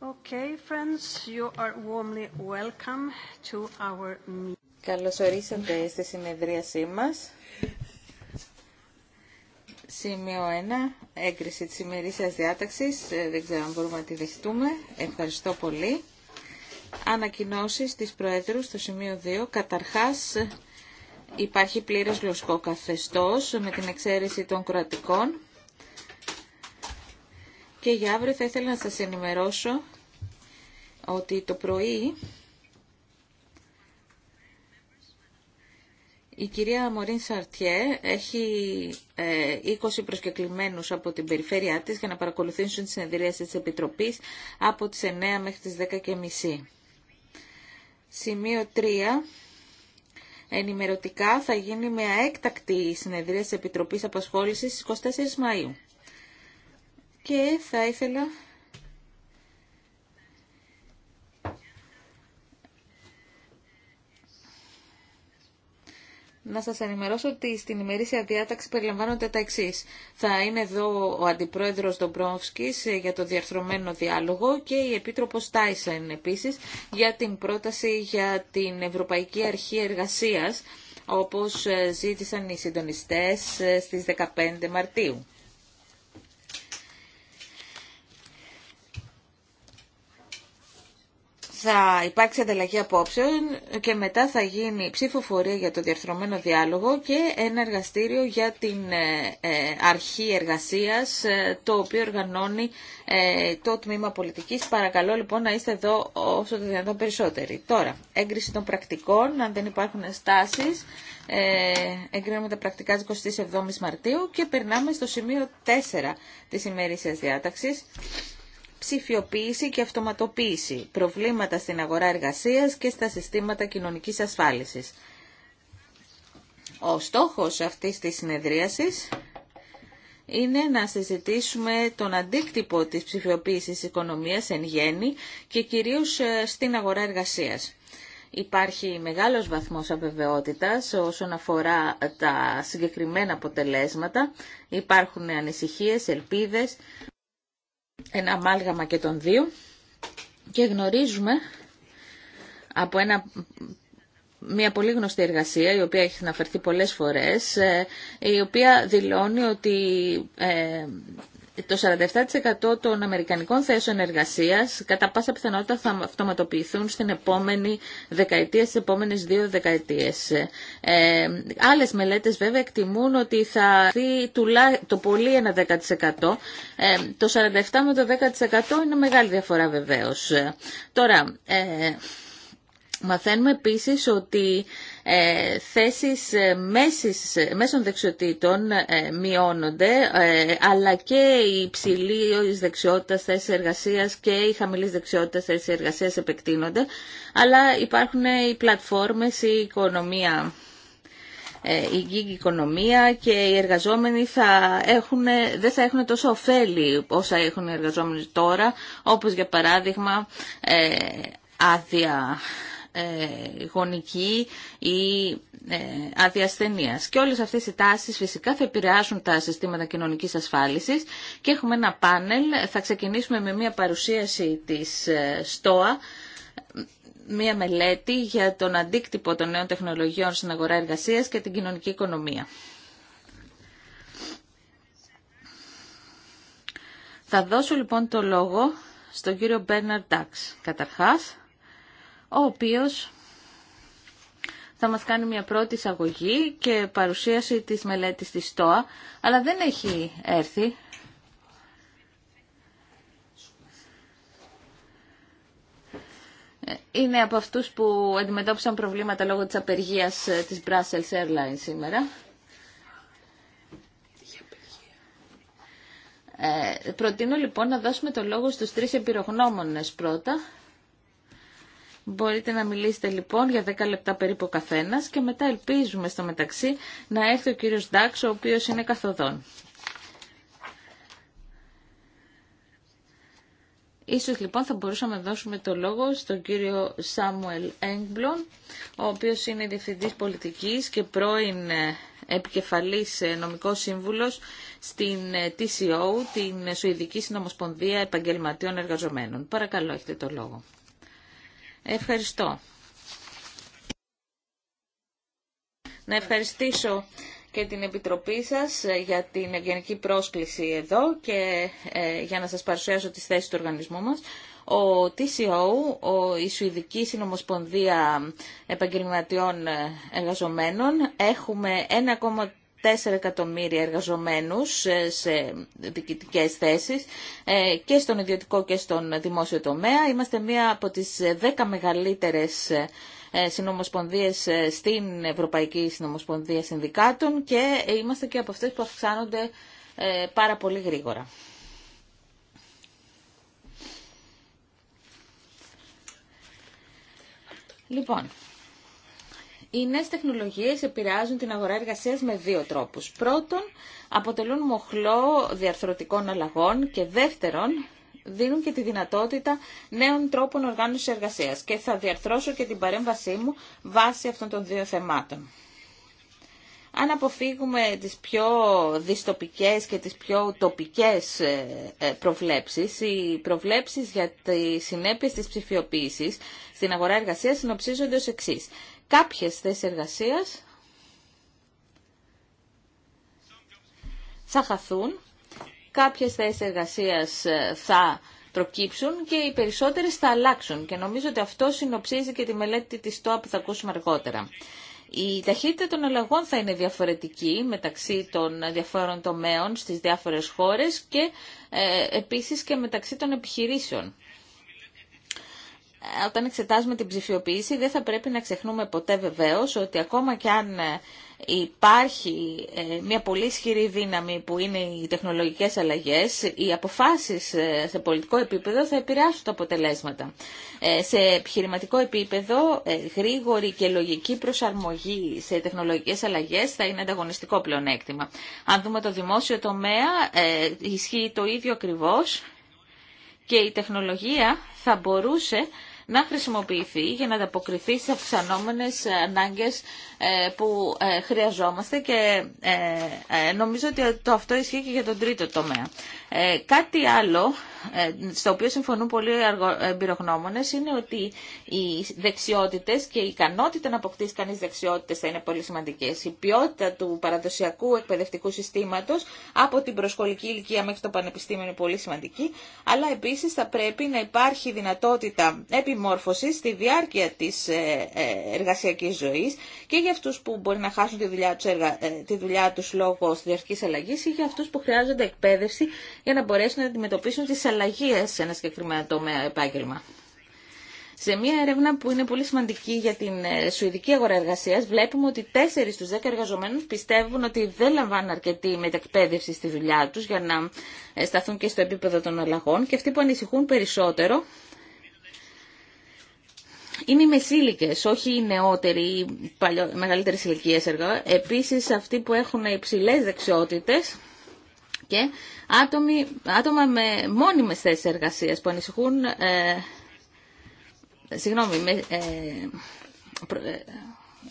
Okay, friends, you are warmly welcome to our meeting. Καλώς ορίσατε στη συνεδρίασή μας. Σημείο 1, έγκριση της ημερήσιας διάταξης. Ε, δεν ξέρω αν μπορούμε να τη δεχτούμε. Ευχαριστώ πολύ. Ανακοινώσεις της Προέδρου στο σημείο 2. Καταρχάς, υπάρχει πλήρες γλωσσικό καθεστώς με την εξαίρεση των κρατικών. Και για αύριο θα ήθελα να σας ενημερώσω ότι το πρωί Η κυρία Μωρίν Σαρτιέ έχει 20 ε, προσκεκλημένους από την περιφέρειά της για να παρακολουθήσουν τις συνεδρίες της Επιτροπής από τις 9 μέχρι τις 10.30. Σημείο 3. Ενημερωτικά θα γίνει μια έκτακτη συνεδρία της Επιτροπής Απασχόλησης στις 24 Μαΐου. Και θα ήθελα να σας ενημερώσω ότι στην ημερήσια διάταξη περιλαμβάνονται τα εξή. Θα είναι εδώ ο Αντιπρόεδρος Ντομπρόφσκης για το διαρθρωμένο διάλογο και η Επίτροπος Τάισεν επίσης για την πρόταση για την Ευρωπαϊκή Αρχή Εργασίας όπως ζήτησαν οι συντονιστές στις 15 Μαρτίου. θα υπάρξει ανταλλαγή απόψεων και μετά θα γίνει ψηφοφορία για το διαρθρωμένο διάλογο και ένα εργαστήριο για την ε, ε, αρχή εργασίας ε, το οποίο οργανώνει το Τμήμα Πολιτικής. Παρακαλώ λοιπόν να είστε εδώ όσο το δυνατόν περισσότεροι. Τώρα, έγκριση των πρακτικών, αν δεν υπάρχουν στάσεις, εγκρίνουμε τα πρακτικά 27 Μαρτίου και περνάμε στο σημείο 4 της ημερήσιας διάταξης ψηφιοποίηση και αυτοματοποίηση, προβλήματα στην αγορά εργασίας και στα συστήματα κοινωνικής ασφάλισης. Ο στόχος αυτής της συνεδρίασης είναι να συζητήσουμε τον αντίκτυπο της ψηφιοποίησης οικονομίας εν γέννη και κυρίως ε, στην αγορά εργασίας. Υπάρχει μεγάλος βαθμός αβεβαιότητας όσον αφορά τα συγκεκριμένα αποτελέσματα. Υπάρχουν ανησυχίες, ελπίδες ένα αμάλγαμα και των δύο και γνωρίζουμε από ένα μια πολύ γνωστή εργασία, η οποία έχει αναφερθεί πολλές φορές, ε, η οποία δηλώνει ότι ε, το 47% των αμερικανικών θέσεων εργασίας κατά πάσα πιθανότητα θα αυτοματοποιηθούν στην επόμενη δεκαετία, στις επόμενες δύο δεκαετίες. Ε, άλλες μελέτες βέβαια εκτιμούν ότι θα δει το πολύ ένα 10%. Ε, το 47% με το 10% είναι μεγάλη διαφορά βεβαίως. Τώρα, ε, Μαθαίνουμε επίσης ότι ε, θέσεις ε, μέσης, ε, μέσων δεξιοτήτων ε, μειώνονται, αλλά και η υψηλή δεξιότητα θέσεις εργασίας και οι χαμηλή δεξιότητα θέσεις εργασίας επεκτείνονται, αλλά υπάρχουν οι πλατφόρμες, η οικονομία η γη οικονομία και οι εργαζόμενοι θα έχουν, δεν θα έχουν τόσο ωφέλη όσα έχουν οι εργαζόμενοι τώρα, όπως για παράδειγμα άδεια ε, γονική ή ε, αδιασθενείας. Και όλες αυτές οι τάσεις φυσικά θα επηρεάσουν τα συστήματα κοινωνικής ασφάλισης και έχουμε ένα πάνελ. Θα ξεκινήσουμε με μια παρουσίαση της ε, ΣΤΟΑ μία μελέτη για τον αντίκτυπο των νέων τεχνολογιών στην αγορά εργασίας και την κοινωνική οικονομία. Θα δώσω λοιπόν το λόγο στον κύριο Μπέρναρ Τάξ. καταρχάς, ο οποίος θα μας κάνει μια πρώτη εισαγωγή και παρουσίαση της μελέτης της ΣΤΟΑ, αλλά δεν έχει έρθει. Είναι από αυτούς που αντιμετώπισαν προβλήματα λόγω της απεργίας ε, της Brussels Airlines σήμερα. Ε, προτείνω λοιπόν να δώσουμε το λόγο στους τρεις επιρρογνώμονες πρώτα Μπορείτε να μιλήσετε λοιπόν για 10 λεπτά περίπου καθένας και μετά ελπίζουμε στο μεταξύ να έρθει ο κύριος Ντάξ, ο οποίος είναι καθοδόν. Ίσως λοιπόν θα μπορούσαμε να δώσουμε το λόγο στον κύριο Σάμουελ Έγκμπλον, ο οποίος είναι Διευθυντής Πολιτικής και πρώην ε, επικεφαλής ε, νομικός σύμβουλος στην ε, TCO, την Σουηδική Συνομοσπονδία Επαγγελματιών Εργαζομένων. Παρακαλώ, έχετε το λόγο. Ευχαριστώ. Να ευχαριστήσω και την Επιτροπή σας ε, για την ευγενική πρόσκληση εδώ και ε, για να σας παρουσιάσω τις θέσεις του οργανισμού μας. Ο TCO, ο, η Σουηδική Συνομοσπονδία Επαγγελματιών ε, Εργαζομένων, έχουμε 4 εκατομμύρια εργαζομένους ε, σε διοικητικές θέσεις ε, και στον ιδιωτικό και στον δημόσιο τομέα. Είμαστε μία από τις 10 μεγαλύτερες ε, συνομοσπονδίες στην Ευρωπαϊκή Συνομοσπονδία Συνδικάτων και είμαστε και από αυτές που αυξάνονται πάρα πολύ γρήγορα. Λοιπόν, οι νέε τεχνολογίες επηρεάζουν την αγορά εργασίας με δύο τρόπους. Πρώτον, αποτελούν μοχλό διαρθρωτικών αλλαγών και δεύτερον, δίνουν και τη δυνατότητα νέων τρόπων οργάνωσης εργασίας. Και θα διαρθρώσω και την παρέμβασή μου βάσει αυτών των δύο θεμάτων. Αν αποφύγουμε τις πιο δυστοπικές και τις πιο τοπικές ε, ε, προβλέψεις, οι προβλέψεις για τις συνέπειες της ψηφιοποίησης στην αγορά εργασίας συνοψίζονται ως εξής κάποιες θέσεις εργασίας θα χαθούν, κάποιες θέσεις εργασίας ε, θα προκύψουν και οι περισσότερες θα αλλάξουν. Και νομίζω ότι αυτό συνοψίζει και τη μελέτη της ΤΟΑ που θα ακούσουμε αργότερα. Η ταχύτητα των αλλαγών θα είναι διαφορετική μεταξύ των διαφόρων τομέων στις διάφορες χώρες και ε, επίσης και μεταξύ των επιχειρήσεων όταν εξετάζουμε την ψηφιοποίηση δεν θα πρέπει να ξεχνούμε ποτέ βεβαίως ότι ακόμα κι αν ε, υπάρχει ε, μια πολύ ισχυρή δύναμη που είναι οι τεχνολογικές αλλαγές, οι αποφάσεις ε, σε πολιτικό επίπεδο θα επηρεάσουν τα αποτελέσματα. Σε επιχειρηματικό επίπεδο, γρήγορη και λογική προσαρμογή σε τεχνολογικές αλλαγές θα είναι ανταγωνιστικό πλεονέκτημα. Αν δούμε το δημόσιο τομέα, ισχύει το ίδιο ακριβώς και η τεχνολογία θα μπορούσε να χρησιμοποιηθεί για να ανταποκριθεί στις αυξανόμενες ανάγκες ε, που ε, χρειαζόμαστε και ε, νομίζω ότι το αυτό ισχύει και για τον τρίτο τομέα. Κάτι άλλο στο οποίο συμφωνούν πολλοί εμπειρογνώμονε είναι ότι οι δεξιότητε και η ικανότητα να αποκτήσει κανεί δεξιότητε θα είναι πολύ σημαντικέ. Η ποιότητα του παραδοσιακού εκπαιδευτικού συστήματο από την προσχολική ηλικία μέχρι το πανεπιστήμιο είναι πολύ σημαντική, αλλά επίση θα πρέπει να υπάρχει δυνατότητα επιμέλεια στη διάρκεια της ε, ε, εργασιακής ζωής και για αυτούς που μπορεί να χάσουν τη δουλειά του ε, τη δουλειά τους λόγω αλλαγής ή για αυτούς που χρειάζονται εκπαίδευση για να μπορέσουν να αντιμετωπίσουν τις αλλαγές σε ένα συγκεκριμένο τομέα επάγγελμα. Σε μια έρευνα που είναι πολύ σημαντική για την σουηδική αγορά εργασία, βλέπουμε ότι 4 στου 10 εργαζομένου πιστεύουν ότι δεν λαμβάνουν αρκετή μετεκπαίδευση στη δουλειά του για να σταθούν και στο επίπεδο των αλλαγών και αυτοί που ανησυχούν περισσότερο είναι οι μεσήλικες, όχι οι νεότεροι ή μεγαλύτερες ηλικίες έργα. Επίσης αυτοί που έχουν υψηλές δεξιότητες και άτομοι, άτομα με μόνιμες θέσει εργασίας που ανησυχούν... Ε, συγγνώμη, ε, ε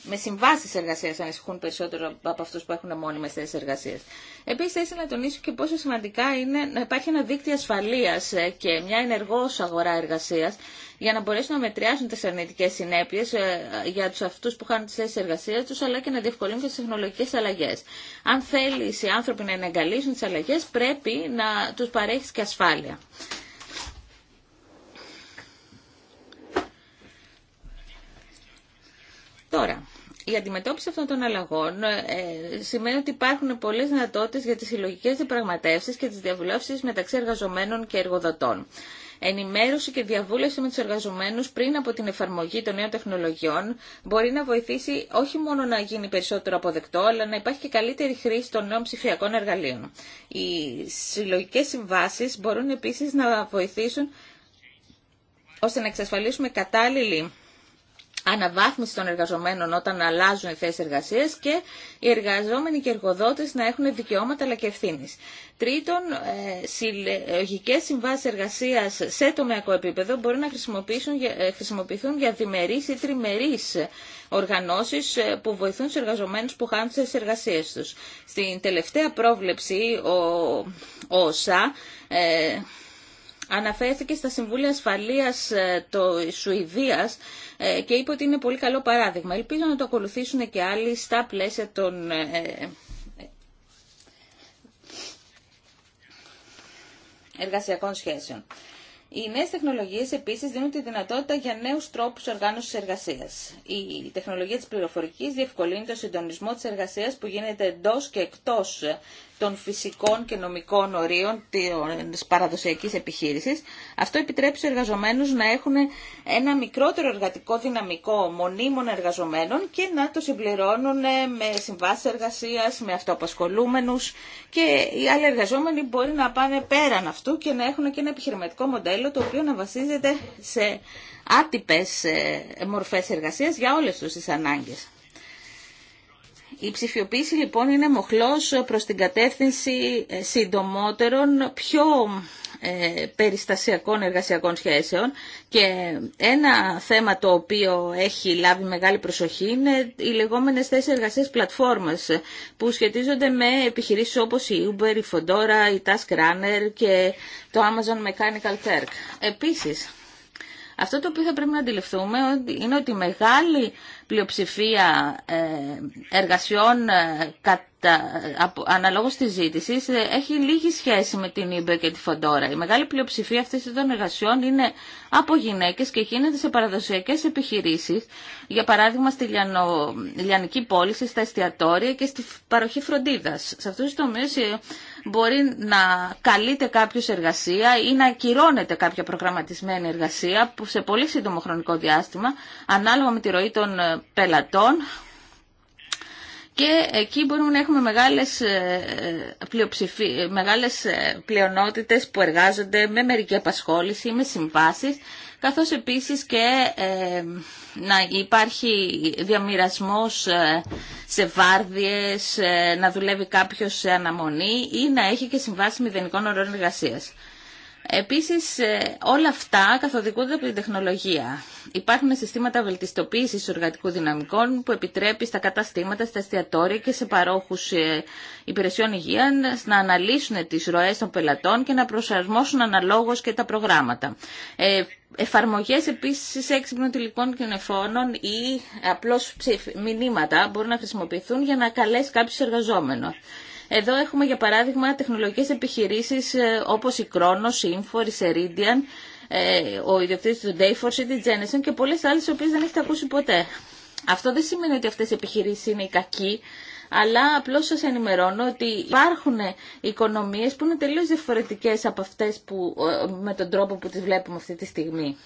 με συμβάσεις εργασία ανησυχούν περισσότερο από αυτού που έχουν μόνιμες θέσει εργασία. Επίση θα ήθελα να τονίσω και πόσο σημαντικά είναι να υπάρχει ένα δίκτυο ασφαλείας ε, και μια ενεργό αγορά εργασία για να μπορέσουν να μετριάσουν τι αρνητικέ συνέπειε ε, για του αυτού που χάνουν τι θέσει εργασία του, αλλά και να διευκολύνουν και τι τεχνολογικέ αλλαγέ. Αν θέλει οι άνθρωποι να εναγκαλίσουν τι αλλαγέ, πρέπει να του παρέχει και ασφάλεια. Τώρα, η αντιμετώπιση αυτών των αλλαγών ε, σημαίνει ότι υπάρχουν πολλέ δυνατότητε για τι συλλογικέ διαπραγματεύσει και τι διαβουλεύσει μεταξύ εργαζομένων και εργοδοτών. Ενημέρωση και διαβούλευση με του εργαζομένου πριν από την εφαρμογή των νέων τεχνολογιών μπορεί να βοηθήσει όχι μόνο να γίνει περισσότερο αποδεκτό, αλλά να υπάρχει και καλύτερη χρήση των νέων ψηφιακών εργαλείων. Οι συλλογικέ συμβάσει μπορούν επίση να βοηθήσουν ώστε να εξασφαλίσουμε κατάλληλη αναβάθμιση των εργαζομένων όταν αλλάζουν οι θέσει εργασία και οι εργαζόμενοι και οι εργοδότε να έχουν δικαιώματα αλλά και ευθύνη. Τρίτον, ε, συλλογικέ συμβάσει εργασία σε τομεακό επίπεδο μπορεί να ε, χρησιμοποιηθούν για διμερεί ή τριμερεί οργανώσει ε, που βοηθούν του εργαζομένου που χάνουν τι εργασίε του. Στην τελευταία πρόβλεψη, ο, ΩΣΑ, αναφέρθηκε στα Συμβούλια Ασφαλείας ε, το Σουηδίας ε, και είπε ότι είναι πολύ καλό παράδειγμα. Ελπίζω να το ακολουθήσουν και άλλοι στα πλαίσια των ε, εργασιακών σχέσεων. Οι νέε τεχνολογίε επίση δίνουν τη δυνατότητα για νέου τρόπου οργάνωση εργασία. Η τεχνολογία τη πληροφορική διευκολύνει το συντονισμό τη εργασία που γίνεται εντό και εκτό των φυσικών και νομικών ορίων της παραδοσιακής επιχείρησης. Αυτό επιτρέπει στους εργαζομένους να έχουν ένα μικρότερο εργατικό δυναμικό μονίμων εργαζομένων και να το συμπληρώνουν ε, με συμβάσεις εργασίας, με αυτοαπασχολούμενους και οι άλλοι εργαζόμενοι μπορεί να πάνε πέραν αυτού και να έχουν και ένα επιχειρηματικό μοντέλο το οποίο να βασίζεται σε άτυπες ε, μορφές εργασίας για όλες τους τις ανάγκες. Η ψηφιοποίηση λοιπόν είναι μοχλός προς την κατεύθυνση ε, συντομότερων, πιο ε, περιστασιακών εργασιακών σχέσεων και ένα θέμα το οποίο έχει λάβει μεγάλη προσοχή είναι οι λεγόμενες θέσεις εργασίας πλατφόρμας που σχετίζονται με επιχειρήσεις όπως η Uber, η Fondora, η Task και το Amazon Mechanical Turk. Επίσης, αυτό το οποίο θα πρέπει να αντιληφθούμε είναι ότι η μεγάλη πλειοψηφία ε, εργασιών ε, κατά, αναλόγως της ζήτησης ε, έχει λίγη σχέση με την Ήμπε και τη Φοντόρα. Η μεγάλη πλειοψηφία αυτής των εργασιών είναι από γυναίκες και γίνεται σε παραδοσιακές επιχειρήσεις, για παράδειγμα στη λιανο, λιανική πώληση, στα εστιατόρια και στη παροχή φροντίδας. Σε αυτούς τους τομείς μπορεί να καλείται κάποιο εργασία ή να ακυρώνεται κάποια προγραμματισμένη εργασία που σε πολύ σύντομο χρονικό διάστημα, ανάλογα με τη ροή των ε, πελατών, και εκεί μπορούμε να έχουμε μεγάλες, ε, ε, μεγάλες πλειονότητες που εργάζονται με μερική απασχόληση ή με συμβάσεις καθώς επίσης και ε, να υπάρχει διαμοιρασμός ε, σε βάρδιες, ε, να δουλεύει κάποιος σε αναμονή ή να έχει και συμβάσει μηδενικών ωρών εργασίας. Επίσης ε, όλα αυτά καθοδηγούνται από την τεχνολογία. Υπάρχουν συστήματα βελτιστοποίησης εργατικού δυναμικών που επιτρέπει στα καταστήματα, στα εστιατόρια και σε παρόχους ε, υπηρεσιών υγείας να αναλύσουν τις ροές των πελατών και να προσαρμόσουν αναλόγως και τα προγράμματα. Ε, εφαρμογές επίσης έξυπνων τηλικών νεφώνων ή απλώς μηνύματα μπορούν να χρησιμοποιηθούν για να καλέσει κάποιους εργαζόμενους. Εδώ έχουμε για παράδειγμα τεχνολογικές επιχειρήσεις ε, όπως η Κρόνος, η Infor, η Ceridian, ε, ο ιδιοκτήτης του Dayforce, η Geneson και πολλές άλλες οι οποίες δεν έχετε ακούσει ποτέ. Αυτό δεν σημαίνει ότι αυτές οι επιχειρήσεις είναι οι κακοί, αλλά απλώς σας ενημερώνω ότι υπάρχουν οικονομίες που είναι τελείως διαφορετικές από αυτές που, ε, με τον τρόπο που τις βλέπουμε αυτή τη στιγμή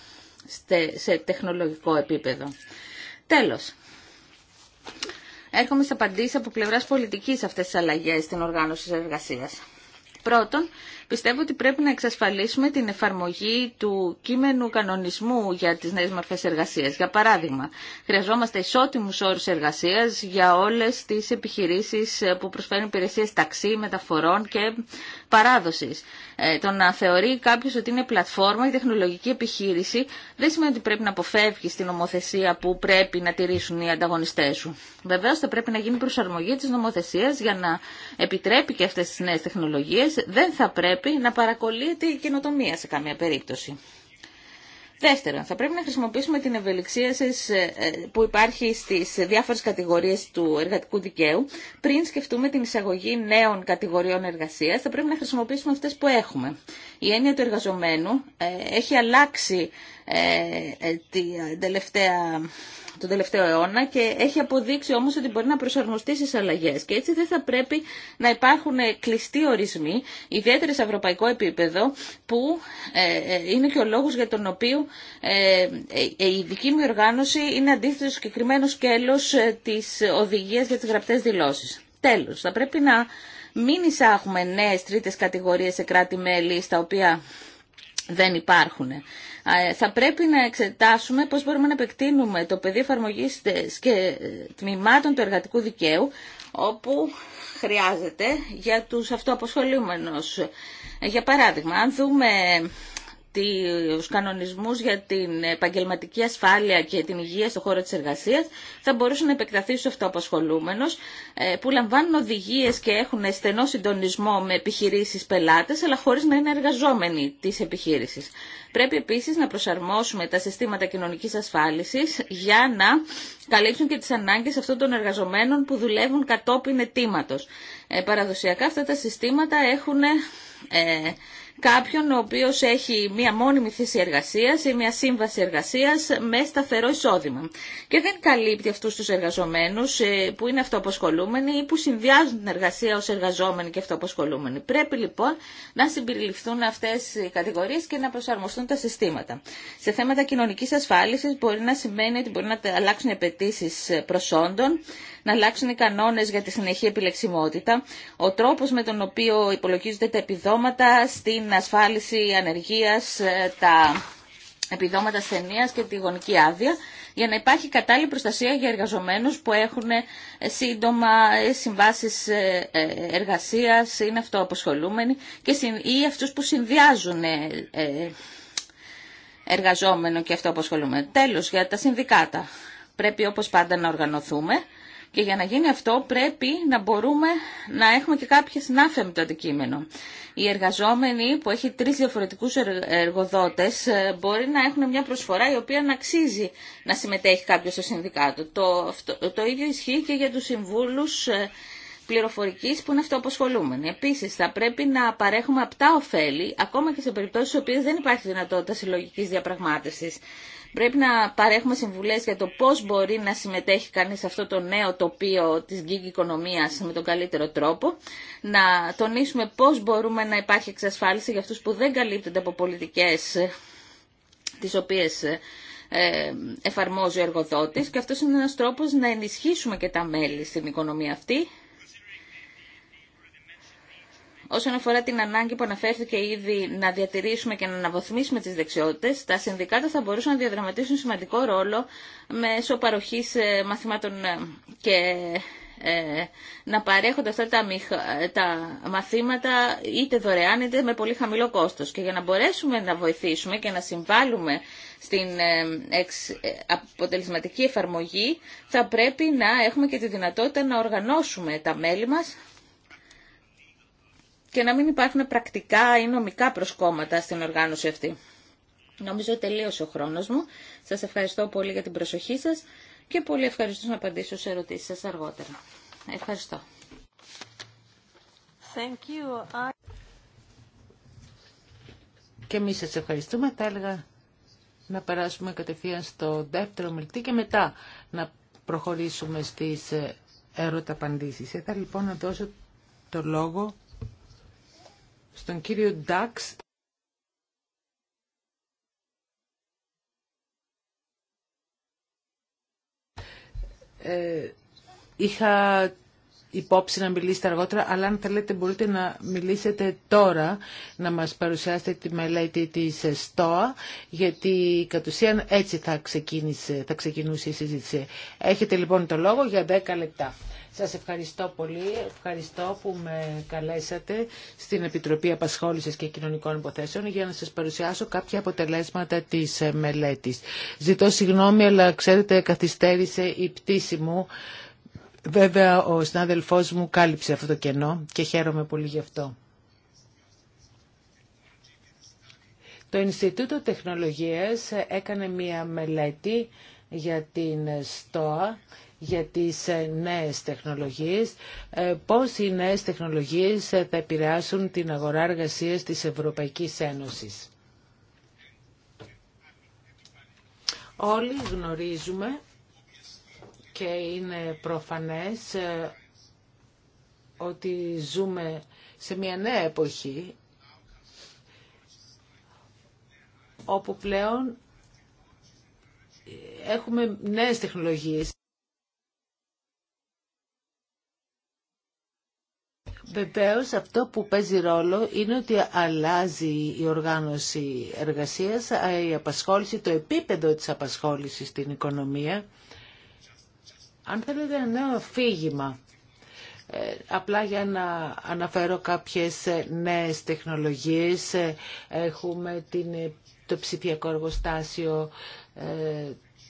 σε τεχνολογικό επίπεδο. Τέλος, έρχομαι σε απαντήσει από πλευρά πολιτική αυτέ τι αλλαγέ στην οργάνωση τη εργασία. Πρώτον, πιστεύω ότι πρέπει να εξασφαλίσουμε την εφαρμογή του κείμενου κανονισμού για τι νέε μορφέ εργασία. Για παράδειγμα, χρειαζόμαστε ισότιμους όρου εργασία για όλε τι επιχειρήσει που προσφέρουν υπηρεσίε ταξί, μεταφορών και παράδοση. Ε, το να θεωρεί κάποιο ότι είναι πλατφόρμα ή τεχνολογική επιχείρηση δεν σημαίνει ότι πρέπει να αποφεύγει την νομοθεσία που πρέπει να τηρήσουν οι ανταγωνιστέ σου. Βεβαίω θα πρέπει να γίνει προσαρμογή τη νομοθεσία για να επιτρέπει και αυτέ τι νέε τεχνολογίε. Δεν θα πρέπει πρέπει να παρακολύεται η καινοτομία σε καμία περίπτωση. Δεύτερον, θα πρέπει να χρησιμοποιήσουμε την ευελιξία ε, που υπάρχει στις διάφορες κατηγορίες του εργατικού δικαίου. Πριν σκεφτούμε την εισαγωγή νέων κατηγοριών εργασίας, θα πρέπει να χρησιμοποιήσουμε αυτές που έχουμε. Η έννοια του εργαζομένου ε, έχει αλλάξει ε, την τελευταία τον τελευταίο αιώνα και έχει αποδείξει όμως ότι μπορεί να προσαρμοστεί στις αλλαγές. Και έτσι δεν θα πρέπει να υπάρχουν κλειστοί ορισμοί, ιδιαίτερα σε ευρωπαϊκό επίπεδο, που ε, ε, είναι και ο λόγος για τον οποίο ε, η δική μου οργάνωση είναι αντίθετο στο συγκεκριμένο σκέλος της οδηγίας για τις γραπτές δηλώσεις. Τέλος, θα πρέπει να μην εισάγουμε νέες τρίτες κατηγορίες σε κράτη-μέλη στα οποία δεν υπάρχουν. Ε, θα πρέπει να εξετάσουμε πώς μπορούμε να επεκτείνουμε το πεδίο εφαρμογή και τμήματων του εργατικού δικαίου, όπου χρειάζεται για τους αυτοαποσχολούμενους. Ε, για παράδειγμα, αν δούμε τους κανονισμούς για την επαγγελματική ασφάλεια και την υγεία στον χώρο της εργασίας θα μπορούσαν να επεκταθεί στους αυτοαπασχολούμενους ε, που λαμβάνουν οδηγίες και έχουν στενό συντονισμό με επιχειρήσεις πελάτες αλλά χωρίς να είναι εργαζόμενοι της επιχείρησης. Πρέπει επίσης να προσαρμόσουμε τα συστήματα κοινωνικής ασφάλισης για να καλύψουν και τις ανάγκες αυτών των εργαζομένων που δουλεύουν κατόπιν ετήματος. Ε, παραδοσιακά αυτά τα συστήματα έχουν ε, κάποιον ο οποίος έχει μία μόνιμη θέση εργασίας ή μία σύμβαση εργασίας με σταθερό εισόδημα. Και δεν καλύπτει αυτούς τους εργαζομένους ε, που είναι αυτοαποσχολούμενοι ή που συνδυάζουν την εργασία ως εργαζόμενοι και αυτοαποσχολούμενοι. Πρέπει λοιπόν να συμπεριληφθούν αυτές οι κατηγορίες και να προσαρμοστούν τα συστήματα. Σε θέματα κοινωνικής ασφάλισης μπορεί να σημαίνει ότι μπορεί να αλλάξουν οι απαιτήσει προσόντων, να αλλάξουν οι κανόνες για τη συνεχή επιλεξιμότητα, ο τρόπος με τον οποίο υπολογίζονται τα επιδόματα, επιδόματα στην ασφάλιση ανεργίας, ε, τα επιδόματα ασθενείας και τη γονική άδεια για να υπάρχει κατάλληλη προστασία για εργαζομένους που έχουν ε, σύντομα ε, συμβάσεις εργασίας, είναι αυτοαποσχολούμενοι και ή αυτούς που συνδυάζουν εργαζόμενο και αυτοαποσχολούμενο. Τέλος, για τα συνδικάτα. Πρέπει όπως πάντα να οργανωθούμε και για να γίνει αυτό πρέπει να μπορούμε να έχουμε και κάποια συνάφεια με το αντικείμενο. Οι εργαζόμενοι που έχει τρεις διαφορετικούς εργοδότες ε, μπορεί να έχουν μια προσφορά η οποία να αξίζει να συμμετέχει κάποιο στο συνδικάτο. Το, το ίδιο ισχύει και για τους συμβούλους ε, πληροφορικής που είναι αυτοαποσχολούμενοι. Επίσης θα πρέπει να παρέχουμε απτά ωφέλη ακόμα και σε περιπτώσεις στις οποίες δεν υπάρχει δυνατότητα συλλογική διαπραγμάτευσης. Πρέπει να παρέχουμε συμβουλές για το πώς μπορεί να συμμετέχει κανείς σε αυτό το νέο τοπίο της γκίγκ οικονομίας με τον καλύτερο τρόπο, να τονίσουμε πώς μπορούμε να υπάρχει εξασφάλιση για αυτούς που δεν καλύπτονται από πολιτικές ε, τις οποίες ε, ε, εφαρμόζει ο εργοδότης και αυτός είναι ένας τρόπος να ενισχύσουμε και τα μέλη στην οικονομία αυτή Όσον αφορά την ανάγκη που αναφέρθηκε ήδη να διατηρήσουμε και να αναβοθμίσουμε τις δεξιότητες, τα συνδικάτα θα μπορούσαν να διαδραματίσουν σημαντικό ρόλο μέσω παροχή ε, μαθημάτων ε, και ε, να παρέχονται αυτά τα, τα μαθήματα είτε δωρεάν είτε με πολύ χαμηλό κόστος. Και για να μπορέσουμε να βοηθήσουμε και να συμβάλλουμε στην αποτελεσματική εφαρμογή θα πρέπει να έχουμε και τη δυνατότητα να οργανώσουμε τα μέλη μας και να μην υπάρχουν πρακτικά ή νομικά προσκόμματα στην οργάνωση αυτή. Νομίζω τελείωσε ο χρόνος μου. Σας ευχαριστώ πολύ για την προσοχή σας και πολύ ευχαριστώ να απαντήσω σε ερωτήσεις σας αργότερα. Ευχαριστώ. Thank you. Και εμείς σας ευχαριστούμε. Θα έλεγα να περάσουμε κατευθείαν στο δεύτερο μιλτή και μετά να προχωρήσουμε στις ε, ερωταπαντήσεις. Θα λοιπόν να δώσω το λόγο στον κύριο Ντάξ. Ε, είχα υπόψη να μιλήσετε αργότερα, αλλά αν θέλετε μπορείτε να μιλήσετε τώρα, να μας παρουσιάσετε τη μελέτη της ΣΤΟΑ, γιατί κατ' ουσίαν έτσι θα, ξεκίνησε, θα ξεκινούσε η συζήτηση. Έχετε λοιπόν το λόγο για 10 λεπτά. Σας ευχαριστώ πολύ. Ευχαριστώ που με καλέσατε στην Επιτροπή Απασχόλησης και Κοινωνικών Υποθέσεων για να σας παρουσιάσω κάποια αποτελέσματα της μελέτης. Ζητώ συγγνώμη, αλλά ξέρετε καθυστέρησε η πτήση μου Βέβαια ο συνάδελφός μου κάλυψε αυτό το κενό και χαίρομαι πολύ γι' αυτό. Το Ινστιτούτο Τεχνολογίας έκανε μία μελέτη για την ΣΤΟΑ, για τις νέες τεχνολογίες, ε, πώς οι νέες τεχνολογίες θα επηρεάσουν την αγορά εργασίας της Ευρωπαϊκής Ένωσης. Όλοι γνωρίζουμε και είναι προφανές ε, ότι ζούμε σε μια νέα εποχή όπου πλέον έχουμε νέες τεχνολογίες. Βεβαίω αυτό που παίζει ρόλο είναι ότι αλλάζει η οργάνωση εργασίας, η απασχόληση, το επίπεδο της απασχόλησης στην οικονομία. Αν θέλετε ένα νέο αφήγημα, ε, απλά για να αναφέρω κάποιες ε, νέες τεχνολογίες, ε, έχουμε την, το ψηφιακό εργοστάσιο,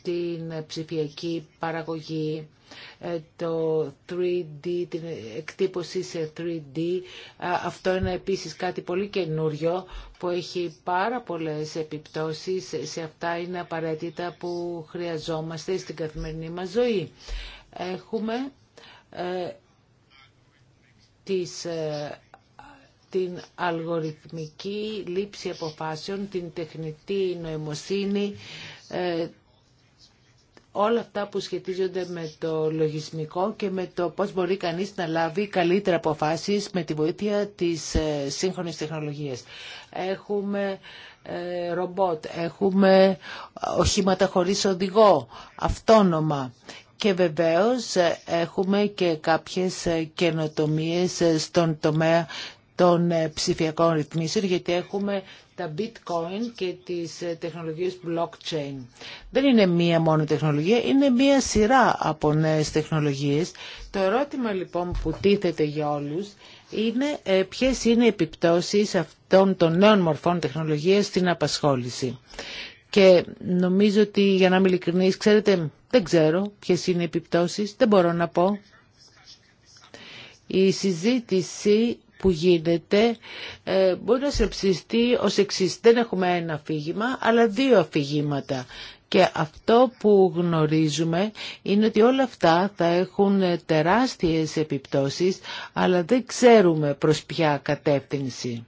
την ψηφιακή παραγωγή, ε, το 3D, την εκτύπωση σε 3D. Ε, αυτό είναι επίσης κάτι πολύ καινούριο που έχει πάρα πολλές επιπτώσεις σε αυτά είναι απαραίτητα που χρειαζόμαστε στην καθημερινή μας ζωή. Έχουμε ε, την αλγοριθμική λήψη αποφάσεων, την τεχνητή νοημοσύνη, όλα αυτά που σχετίζονται με το λογισμικό και με το πώς μπορεί κανείς να λάβει καλύτερα αποφάσεις με τη βοήθεια της ε, σύγχρονης τεχνολογίας. Έχουμε ε, ρομπότ, έχουμε ε, οχήματα χωρίς οδηγό, αυτόνομα και βεβαίως έχουμε και κάποιες καινοτομίες στον τομέα των ψηφιακών ρυθμίσεων, γιατί έχουμε τα bitcoin και τις ε, τεχνολογίες blockchain. Δεν είναι μία μόνο τεχνολογία, είναι μία σειρά από νέες τεχνολογίες. Το ερώτημα λοιπόν που τίθεται για όλους είναι ε, ποιες είναι οι επιπτώσεις αυτών των νέων μορφών τεχνολογίας στην απασχόληση. Και νομίζω ότι για να είμαι ειλικρινής, ξέρετε, δεν ξέρω ποιες είναι οι επιπτώσεις, δεν μπορώ να πω. Η συζήτηση που γίνεται ε, μπορεί να ψηστεί ως εξής. Δεν έχουμε ένα αφήγημα, αλλά δύο αφηγήματα. Και αυτό που γνωρίζουμε είναι ότι όλα αυτά θα έχουν ε, τεράστιες επιπτώσεις, αλλά δεν ξέρουμε προς ποια κατεύθυνση.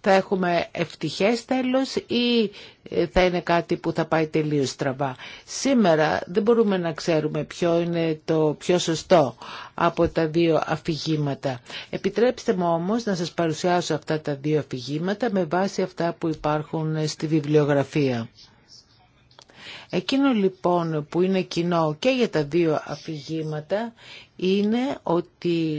Θα έχουμε ευτυχές τέλος ή ε, θα είναι κάτι που θα πάει τελείως στραβά. Σήμερα δεν μπορούμε να ξέρουμε ποιο είναι το πιο σωστό από τα δύο αφηγήματα. Επιτρέψτε μου όμως να σας παρουσιάσω αυτά τα δύο αφηγήματα με βάση αυτά που υπάρχουν στη βιβλιογραφία. Εκείνο λοιπόν που είναι κοινό και για τα δύο αφηγήματα είναι ότι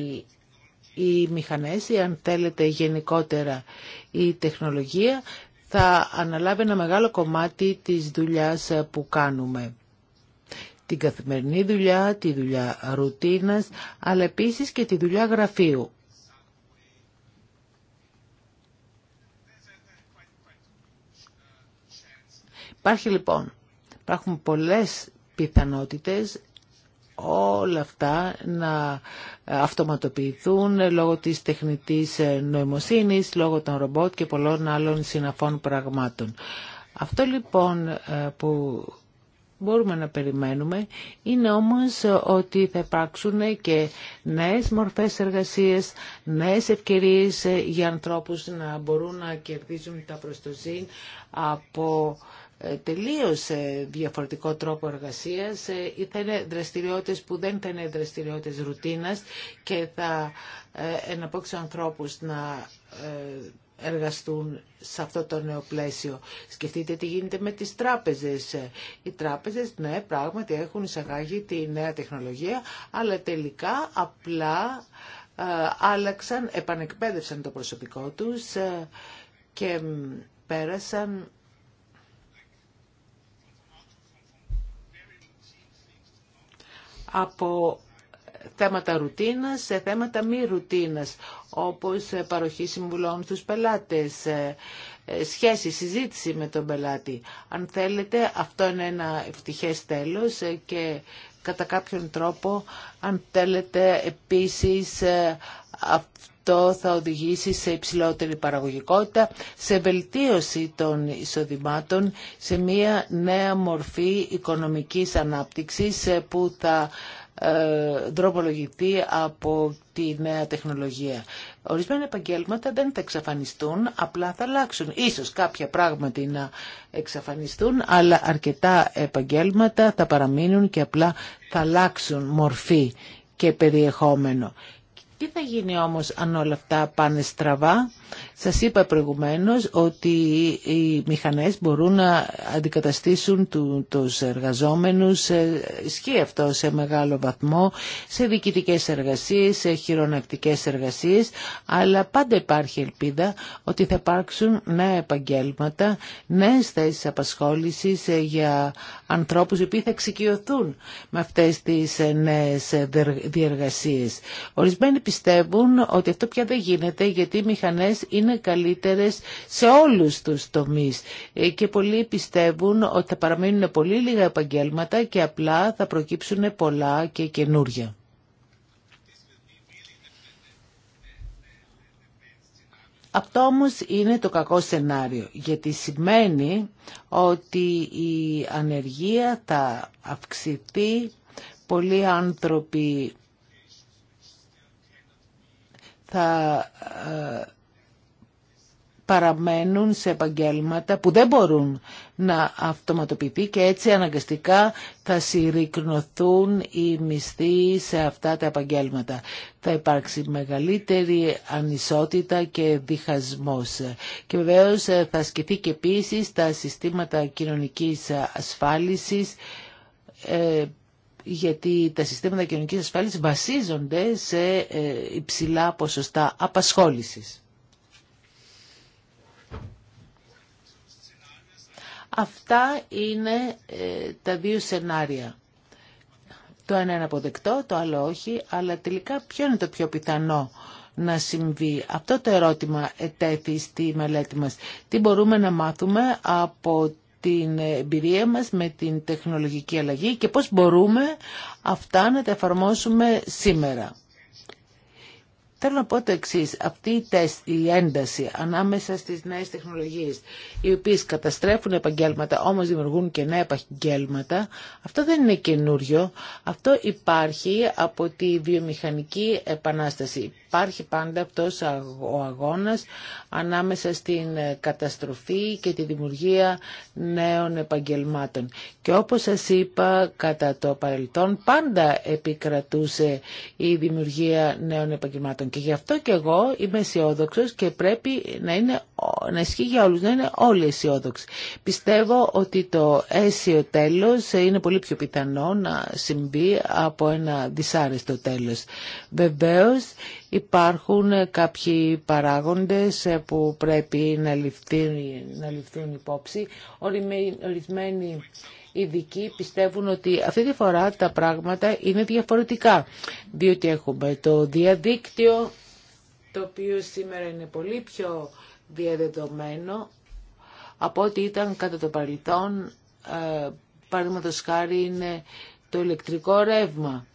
οι μηχανές ή αν θέλετε γενικότερα η τεχνολογία θα αναλάβει ένα μεγάλο κομμάτι της δουλειάς που κάνουμε. Την καθημερινή δουλειά, τη δουλειά ρουτίνας, αλλά επίσης και τη δουλειά γραφείου. Υπάρχει λοιπόν, υπάρχουν πολλές πιθανότητες όλα αυτά να αυτοματοποιηθούν λόγω της τεχνητής ε, νοημοσύνης, λόγω των ρομπότ και πολλών άλλων συναφών πραγμάτων. Αυτό λοιπόν ε, που μπορούμε να περιμένουμε είναι όμως ότι θα υπάρξουν και νέες μορφές εργασίες, νέες ευκαιρίες ε, για ανθρώπους να μπορούν να κερδίζουν τα προστοζή από τελείως ε, διαφορετικό τρόπο εργασίας ε, ή θα είναι δραστηριότητες που δεν θα είναι δραστηριότητες ρουτίνας και θα ε, εναπόξουν ανθρώπους να εργαστούν σε αυτό το νέο πλαίσιο. Σκεφτείτε τι γίνεται με τις τράπεζες. Οι τράπεζες, ναι, πράγματι έχουν εισαγάγει τη νέα τεχνολογία, αλλά τελικά απλά άλλαξαν, επανεκπαίδευσαν το προσωπικό τους και πέρασαν από θέματα ρουτίνας σε θέματα μη ρουτίνας, όπως ε, παροχή συμβουλών στους πελάτες, ε, ε, σχέση, συζήτηση με τον πελάτη. Αν θέλετε, αυτό είναι ένα ευτυχές τέλος και κατά κάποιον τρόπο, αν θέλετε, επίσης το θα οδηγήσει σε υψηλότερη παραγωγικότητα, σε βελτίωση των εισοδημάτων, σε μια νέα μορφή οικονομικής ανάπτυξης ε, που θα ε, δρομολογηθεί από τη νέα τεχνολογία. Ορισμένα επαγγέλματα δεν θα εξαφανιστούν, απλά θα αλλάξουν. Ίσως κάποια πράγματα να εξαφανιστούν, αλλά αρκετά επαγγέλματα θα παραμείνουν και απλά θα αλλάξουν μορφή και περιεχόμενο. Τι θα γίνει όμως αν όλα αυτά πάνε στραβά. Σας είπα προηγουμένως ότι οι μηχανές μπορούν να αντικαταστήσουν τους εργαζόμενους. Ε, ισχύει αυτό σε μεγάλο βαθμό, σε διοικητικές εργασίες, σε χειρονακτικές εργασίες, αλλά πάντα υπάρχει ελπίδα ότι θα υπάρξουν νέα επαγγέλματα, νέες θέσεις απασχόλησης ε, για ανθρώπους οι οποίοι θα εξοικειωθούν με αυτές τις ε, νέες διεργασίες. Ορισμένοι πιστεύουν ότι αυτό πια δεν γίνεται γιατί οι μηχανές είναι καλύτερες σε όλους τους τομείς ε, και πολλοί πιστεύουν ότι θα παραμείνουν πολύ λίγα επαγγέλματα και απλά θα προκύψουν πολλά και καινούργια. Αυτό όμως είναι το κακό σενάριο, γιατί σημαίνει ότι η ανεργία θα αυξηθεί, πολλοί άνθρωποι θα ε, παραμένουν σε επαγγέλματα που δεν μπορούν να αυτοματοποιηθεί και έτσι αναγκαστικά θα συρρυκνωθούν οι μισθοί σε αυτά τα επαγγέλματα. Θα υπάρξει μεγαλύτερη ανισότητα και διχασμός. Και βεβαίως ε, θα ασκηθεί και επίση τα συστήματα κοινωνικής ασφάλισης ε, γιατί τα συστήματα κοινωνική ασφάλιση βασίζονται σε ε, υψηλά ποσοστά απασχόλησης. Αυτά είναι ε, τα δύο σενάρια. Το ένα είναι αποδεκτό, το άλλο όχι, αλλά τελικά ποιο είναι το πιο πιθανό να συμβεί. Αυτό το ερώτημα ετέθη στη μελέτη μας. Τι μπορούμε να μάθουμε από την εμπειρία μας με την τεχνολογική αλλαγή και πώς μπορούμε αυτά να τα εφαρμόσουμε σήμερα. Θέλω να πω το εξή. Αυτή η, ένταση ανάμεσα στι νέε τεχνολογίε, οι οποίε καταστρέφουν επαγγέλματα, όμω δημιουργούν και νέα επαγγέλματα, αυτό δεν είναι καινούριο. Αυτό υπάρχει από τη βιομηχανική επανάσταση. Υπάρχει πάντα αυτό ο αγώνα ανάμεσα στην καταστροφή και τη δημιουργία νέων επαγγελμάτων. Και όπω σα είπα, κατά το παρελθόν πάντα επικρατούσε η δημιουργία νέων επαγγελμάτων. Και γι' αυτό και εγώ είμαι αισιόδοξο και πρέπει να, είναι, να ισχύει για όλους, να είναι όλοι αισιόδοξοι. Πιστεύω ότι το αίσιο τέλος είναι πολύ πιο πιθανό να συμβεί από ένα δυσάρεστο τέλος. Βεβαίω υπάρχουν κάποιοι παράγοντες που πρέπει να ληφθούν, να ληφθούν υπόψη. Ορισμένοι ειδικοί πιστεύουν ότι αυτή τη φορά τα πράγματα είναι διαφορετικά. Διότι έχουμε το διαδίκτυο, το οποίο σήμερα είναι πολύ πιο διαδεδομένο από ό,τι ήταν κατά το παρελθόν. Ε, Παραδείγματο χάρη είναι το ηλεκτρικό ρεύμα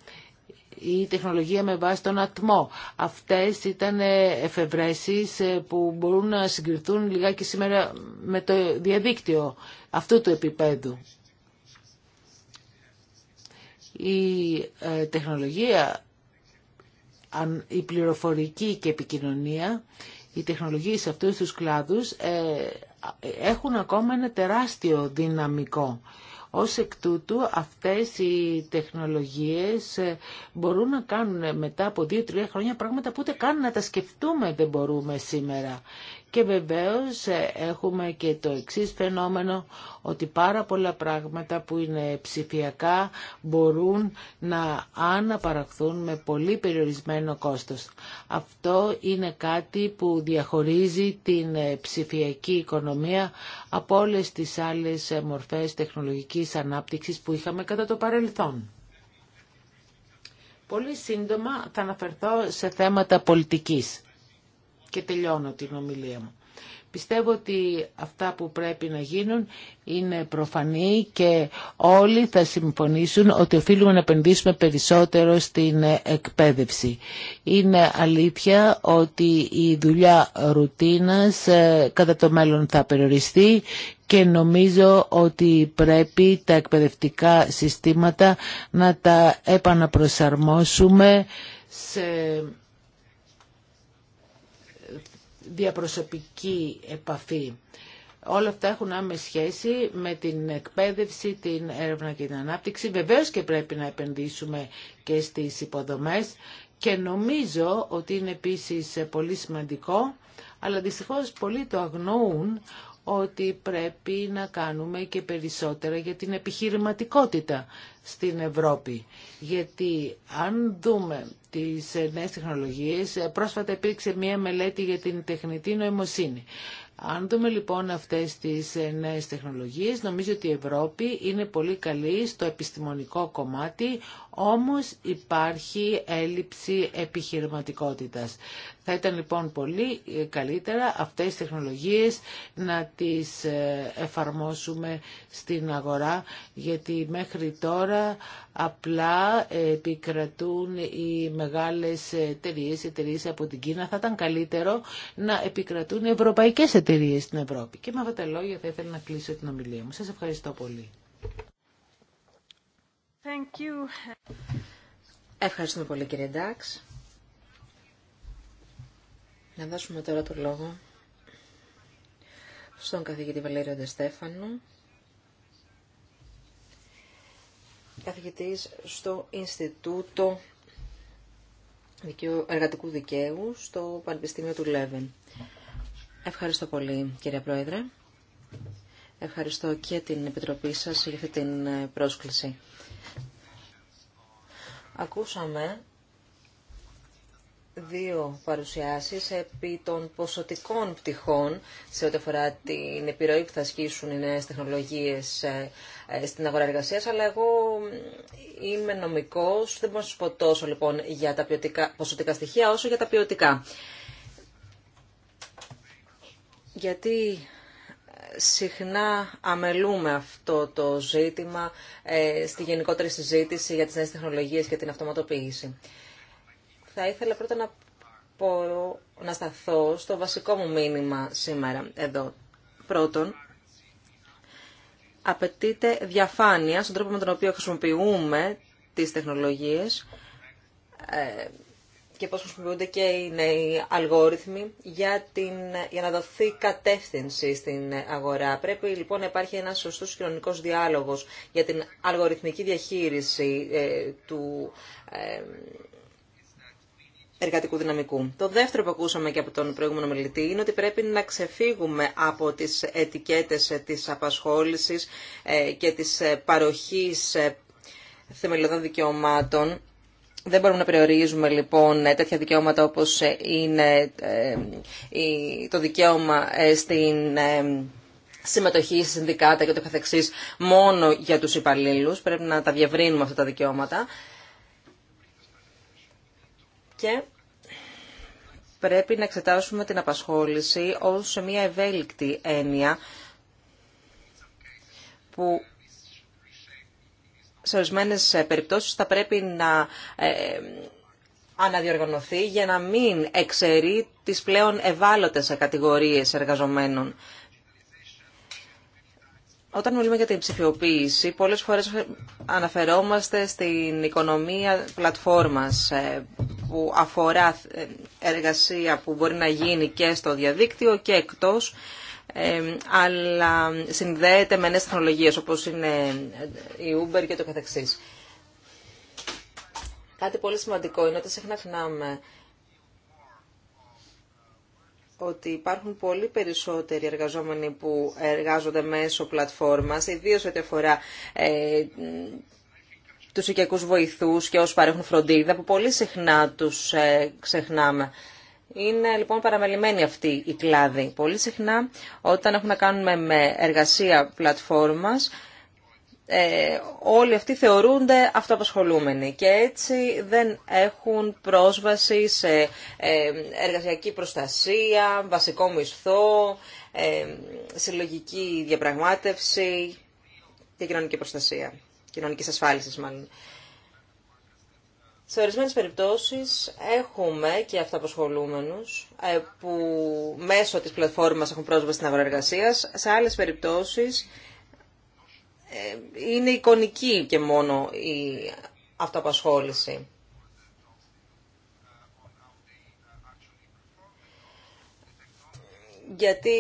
η τεχνολογία με βάση τον ατμό. Αυτές ήταν εφευρέσεις ε, που μπορούν να συγκριθούν λιγάκι σήμερα με το διαδίκτυο αυτού του επίπεδου. Η ε, τεχνολογία, αν, η πληροφορική και επικοινωνία, οι τεχνολογίες σε αυτούς τους κλάδους ε, έχουν ακόμα ένα τεράστιο δυναμικό. Ως εκ τούτου αυτές οι τεχνολογίες ε, μπορούν να κάνουν μετά από δύο-τρία χρόνια πράγματα που ούτε καν να τα σκεφτούμε δεν μπορούμε σήμερα. Και βεβαίως ε, έχουμε και το εξής φαινόμενο ότι πάρα πολλά πράγματα που είναι ψηφιακά μπορούν να αναπαραχθούν με πολύ περιορισμένο κόστος. Αυτό είναι κάτι που διαχωρίζει την ε, ψηφιακή οικονομία από όλες τις άλλες ε, μορφές τεχνολογικής ανάπτυξης που είχαμε κατά το παρελθόν. Πολύ σύντομα θα αναφερθώ σε θέματα πολιτικής και τελειώνω την ομιλία μου. Πιστεύω ότι αυτά που πρέπει να γίνουν είναι προφανή και όλοι θα συμφωνήσουν ότι οφείλουμε να επενδύσουμε περισσότερο στην εκπαίδευση. Είναι αλήθεια ότι η δουλειά ρουτίνας ε, κατά το μέλλον θα περιοριστεί και νομίζω ότι πρέπει τα εκπαιδευτικά συστήματα να τα επαναπροσαρμόσουμε σε διαπροσωπική επαφή. Όλα αυτά έχουν άμεση σχέση με την εκπαίδευση, την έρευνα και την ανάπτυξη. Βεβαίως και πρέπει να επενδύσουμε και στις υποδομές και νομίζω ότι είναι επίσης πολύ σημαντικό, αλλά δυστυχώς πολλοί το αγνοούν ότι πρέπει να κάνουμε και περισσότερα για την επιχειρηματικότητα στην Ευρώπη. Γιατί αν δούμε τις ε, νέες τεχνολογίες, ε, πρόσφατα υπήρξε μία μελέτη για την τεχνητή νοημοσύνη. Αν δούμε λοιπόν αυτές τις ε, νέες τεχνολογίες, νομίζω ότι η Ευρώπη είναι πολύ καλή στο επιστημονικό κομμάτι, όμως υπάρχει έλλειψη επιχειρηματικότητας. Θα ήταν λοιπόν πολύ καλύτερα αυτές τις τεχνολογίες να τις εφαρμόσουμε στην αγορά, γιατί μέχρι τώρα απλά επικρατούν οι μεγάλες εταιρείε, εταιρείε από την Κίνα. Θα ήταν καλύτερο να επικρατούν οι ευρωπαϊκές εταιρείε στην Ευρώπη. Και με αυτά τα λόγια θα ήθελα να κλείσω την ομιλία μου. Σας ευχαριστώ πολύ. Thank you. Ευχαριστούμε πολύ κύριε Ντάξ. Να δώσουμε τώρα το λόγο στον καθηγητή Βαλέριο Ντεστέφανο καθηγητής στο Ινστιτούτο Εργατικού Δικαίου στο Πανεπιστήμιο του Λέβεν. Ευχαριστώ πολύ κύριε Πρόεδρε. Ευχαριστώ και την Επιτροπή σας για αυτή την ε, πρόσκληση. Ακούσαμε δύο παρουσιάσεις επί των ποσοτικών πτυχών σε ό,τι αφορά την επιρροή που θα ασκήσουν οι νέες τεχνολογίες ε, ε, στην αγορά εργασία, αλλά εγώ είμαι νομικός, δεν μπορώ να σας πω τόσο λοιπόν για τα ποιοτικά, ποσοτικά στοιχεία όσο για τα ποιοτικά. Γιατί ε, συχνά αμελούμε αυτό το ζήτημα στη γενικότερη συζήτηση για τις νέες τεχνολογίες και την αυτοματοποίηση θα ήθελα πρώτα να, πω, να σταθώ στο βασικό μου μήνυμα σήμερα εδώ. Πρώτον, απαιτείται διαφάνεια στον τρόπο με τον οποίο χρησιμοποιούμε τις τεχνολογίες ε, και πώς χρησιμοποιούνται και οι νέοι αλγόριθμοι για, την, για να δοθεί κατεύθυνση στην αγορά. Πρέπει λοιπόν να υπάρχει ένας σωστός κοινωνικός διάλογος για την αλγοριθμική διαχείριση ε, του, ε, εργατικού δυναμικού. Το δεύτερο που ακούσαμε και από τον προηγούμενο μιλητή είναι ότι πρέπει να ξεφύγουμε από τις ετικέτες της απασχόλησης ε, και της ε, παροχής ε, θεμελιωδών δικαιωμάτων. Δεν μπορούμε να περιορίζουμε λοιπόν τέτοια δικαιώματα όπως είναι το δικαίωμα στην συμμετοχή σε συνδικάτα και το καθεξής μόνο για τους υπαλλήλους. Πρέπει να τα διευρύνουμε αυτά τα δικαιώματα. Και πρέπει να εξετάσουμε την απασχόληση ως μια ευέλικτη έννοια που σε ορισμένε περιπτώσεις θα πρέπει να ε, αναδιοργανωθεί για να μην εξαιρεί τις πλέον ευάλωτες κατηγορίες εργαζομένων. Όταν μιλούμε για την ψηφιοποίηση, πολλές φορές αναφερόμαστε στην οικονομία πλατφόρμας ε, που αφορά ε, εργασία που μπορεί να γίνει και στο διαδίκτυο και εκτός, ε, αλλά συνδέεται με νέες τεχνολογίες όπως είναι η Uber και το καθεξής. Κάτι πολύ σημαντικό είναι ότι συχνά ότι υπάρχουν πολύ περισσότεροι εργαζόμενοι που εργάζονται μέσω πλατφόρμας, ιδίως ό,τι αφορά ε, τους οικιακούς βοηθούς και όσους παρέχουν φροντίδα, που πολύ συχνά τους ε, ξεχνάμε. Είναι λοιπόν παραμελημένη αυτή η κλάδη. Πολύ συχνά όταν έχουν να κάνουμε με εργασία πλατφόρμας, ε, όλοι αυτοί θεωρούνται αυτοαπασχολούμενοι και έτσι δεν έχουν πρόσβαση σε ε, εργασιακή προστασία, βασικό μισθό, ε, συλλογική διαπραγμάτευση και κοινωνική προστασία, κοινωνικής ασφάλισης μάλλον. Σε ορισμένε περιπτώσεις έχουμε και που ε, που μέσω τη πλατφόρμας έχουν πρόσβαση στην αγορά εργασία Σε άλλε περιπτώσει. Ε, είναι εικονική και μόνο η αυτοαπασχόληση. Γιατί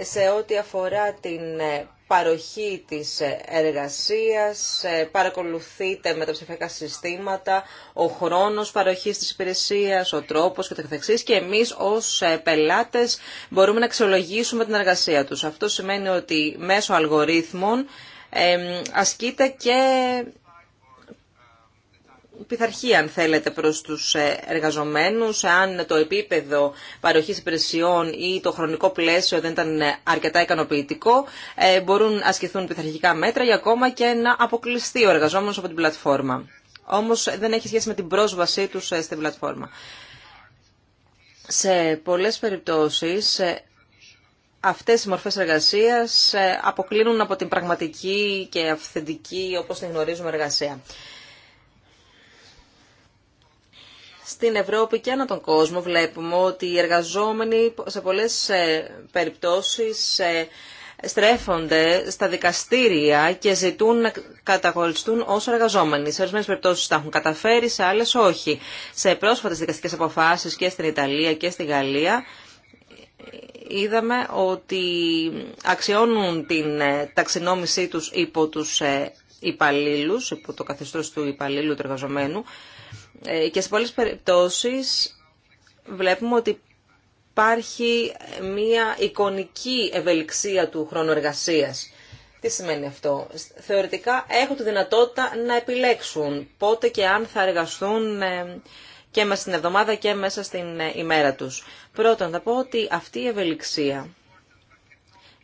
σε ό,τι αφορά την ε, παροχή της ε, εργασίας, παρακολουθείτε με τα ψηφιακά συστήματα, ο χρόνος παροχής της υπηρεσίας, ο τρόπος και το και εμείς ως πελάτες μπορούμε να αξιολογήσουμε την εργασία τους. Αυτό σημαίνει ότι μέσω αλγορίθμων ασκείται και πειθαρχία, αν θέλετε, προς τους ε, εργαζομένους, αν το επίπεδο παροχής υπηρεσιών ή το χρονικό πλαίσιο δεν ήταν ε, αρκετά ικανοποιητικό, ε, μπορούν να ασκηθούν πειθαρχικά μέτρα ή ακόμα και να αποκλειστεί ο εργαζόμενος από την πλατφόρμα. Όμως δεν έχει σχέση με την πρόσβασή τους στην πλατφόρμα. Σε πολλές περιπτώσεις αυτές οι μορφές εργασίας ε, αποκλίνουν από την πραγματική και αυθεντική όπως την γνωρίζουμε εργασία. Στην Ευρώπη και ανά τον κόσμο βλέπουμε ότι οι εργαζόμενοι σε πολλές ε, περιπτώσεις ε, στρέφονται στα δικαστήρια και ζητούν να καταχωριστούν ως εργαζόμενοι. Σε ορισμένε περιπτώσεις τα έχουν καταφέρει, σε άλλε όχι. Σε πρόσφατες δικαστικές αποφάσεις και στην Ιταλία και στη Γαλλία είδαμε ότι αξιώνουν την ε, ταξινόμησή τους υπό τους ε, υπαλλήλους, υπό το καθεστώς του υπαλλήλου του εργαζομένου ε, και σε πολλές περιπτώσεις βλέπουμε ότι υπάρχει μια εικονική ευελιξία του χρόνου εργασίας. Τι σημαίνει αυτό. Θεωρητικά έχουν τη δυνατότητα να επιλέξουν πότε και αν θα εργαστούν και μέσα στην εβδομάδα και μέσα στην ημέρα τους. Πρώτον, θα πω ότι αυτή η ευελιξία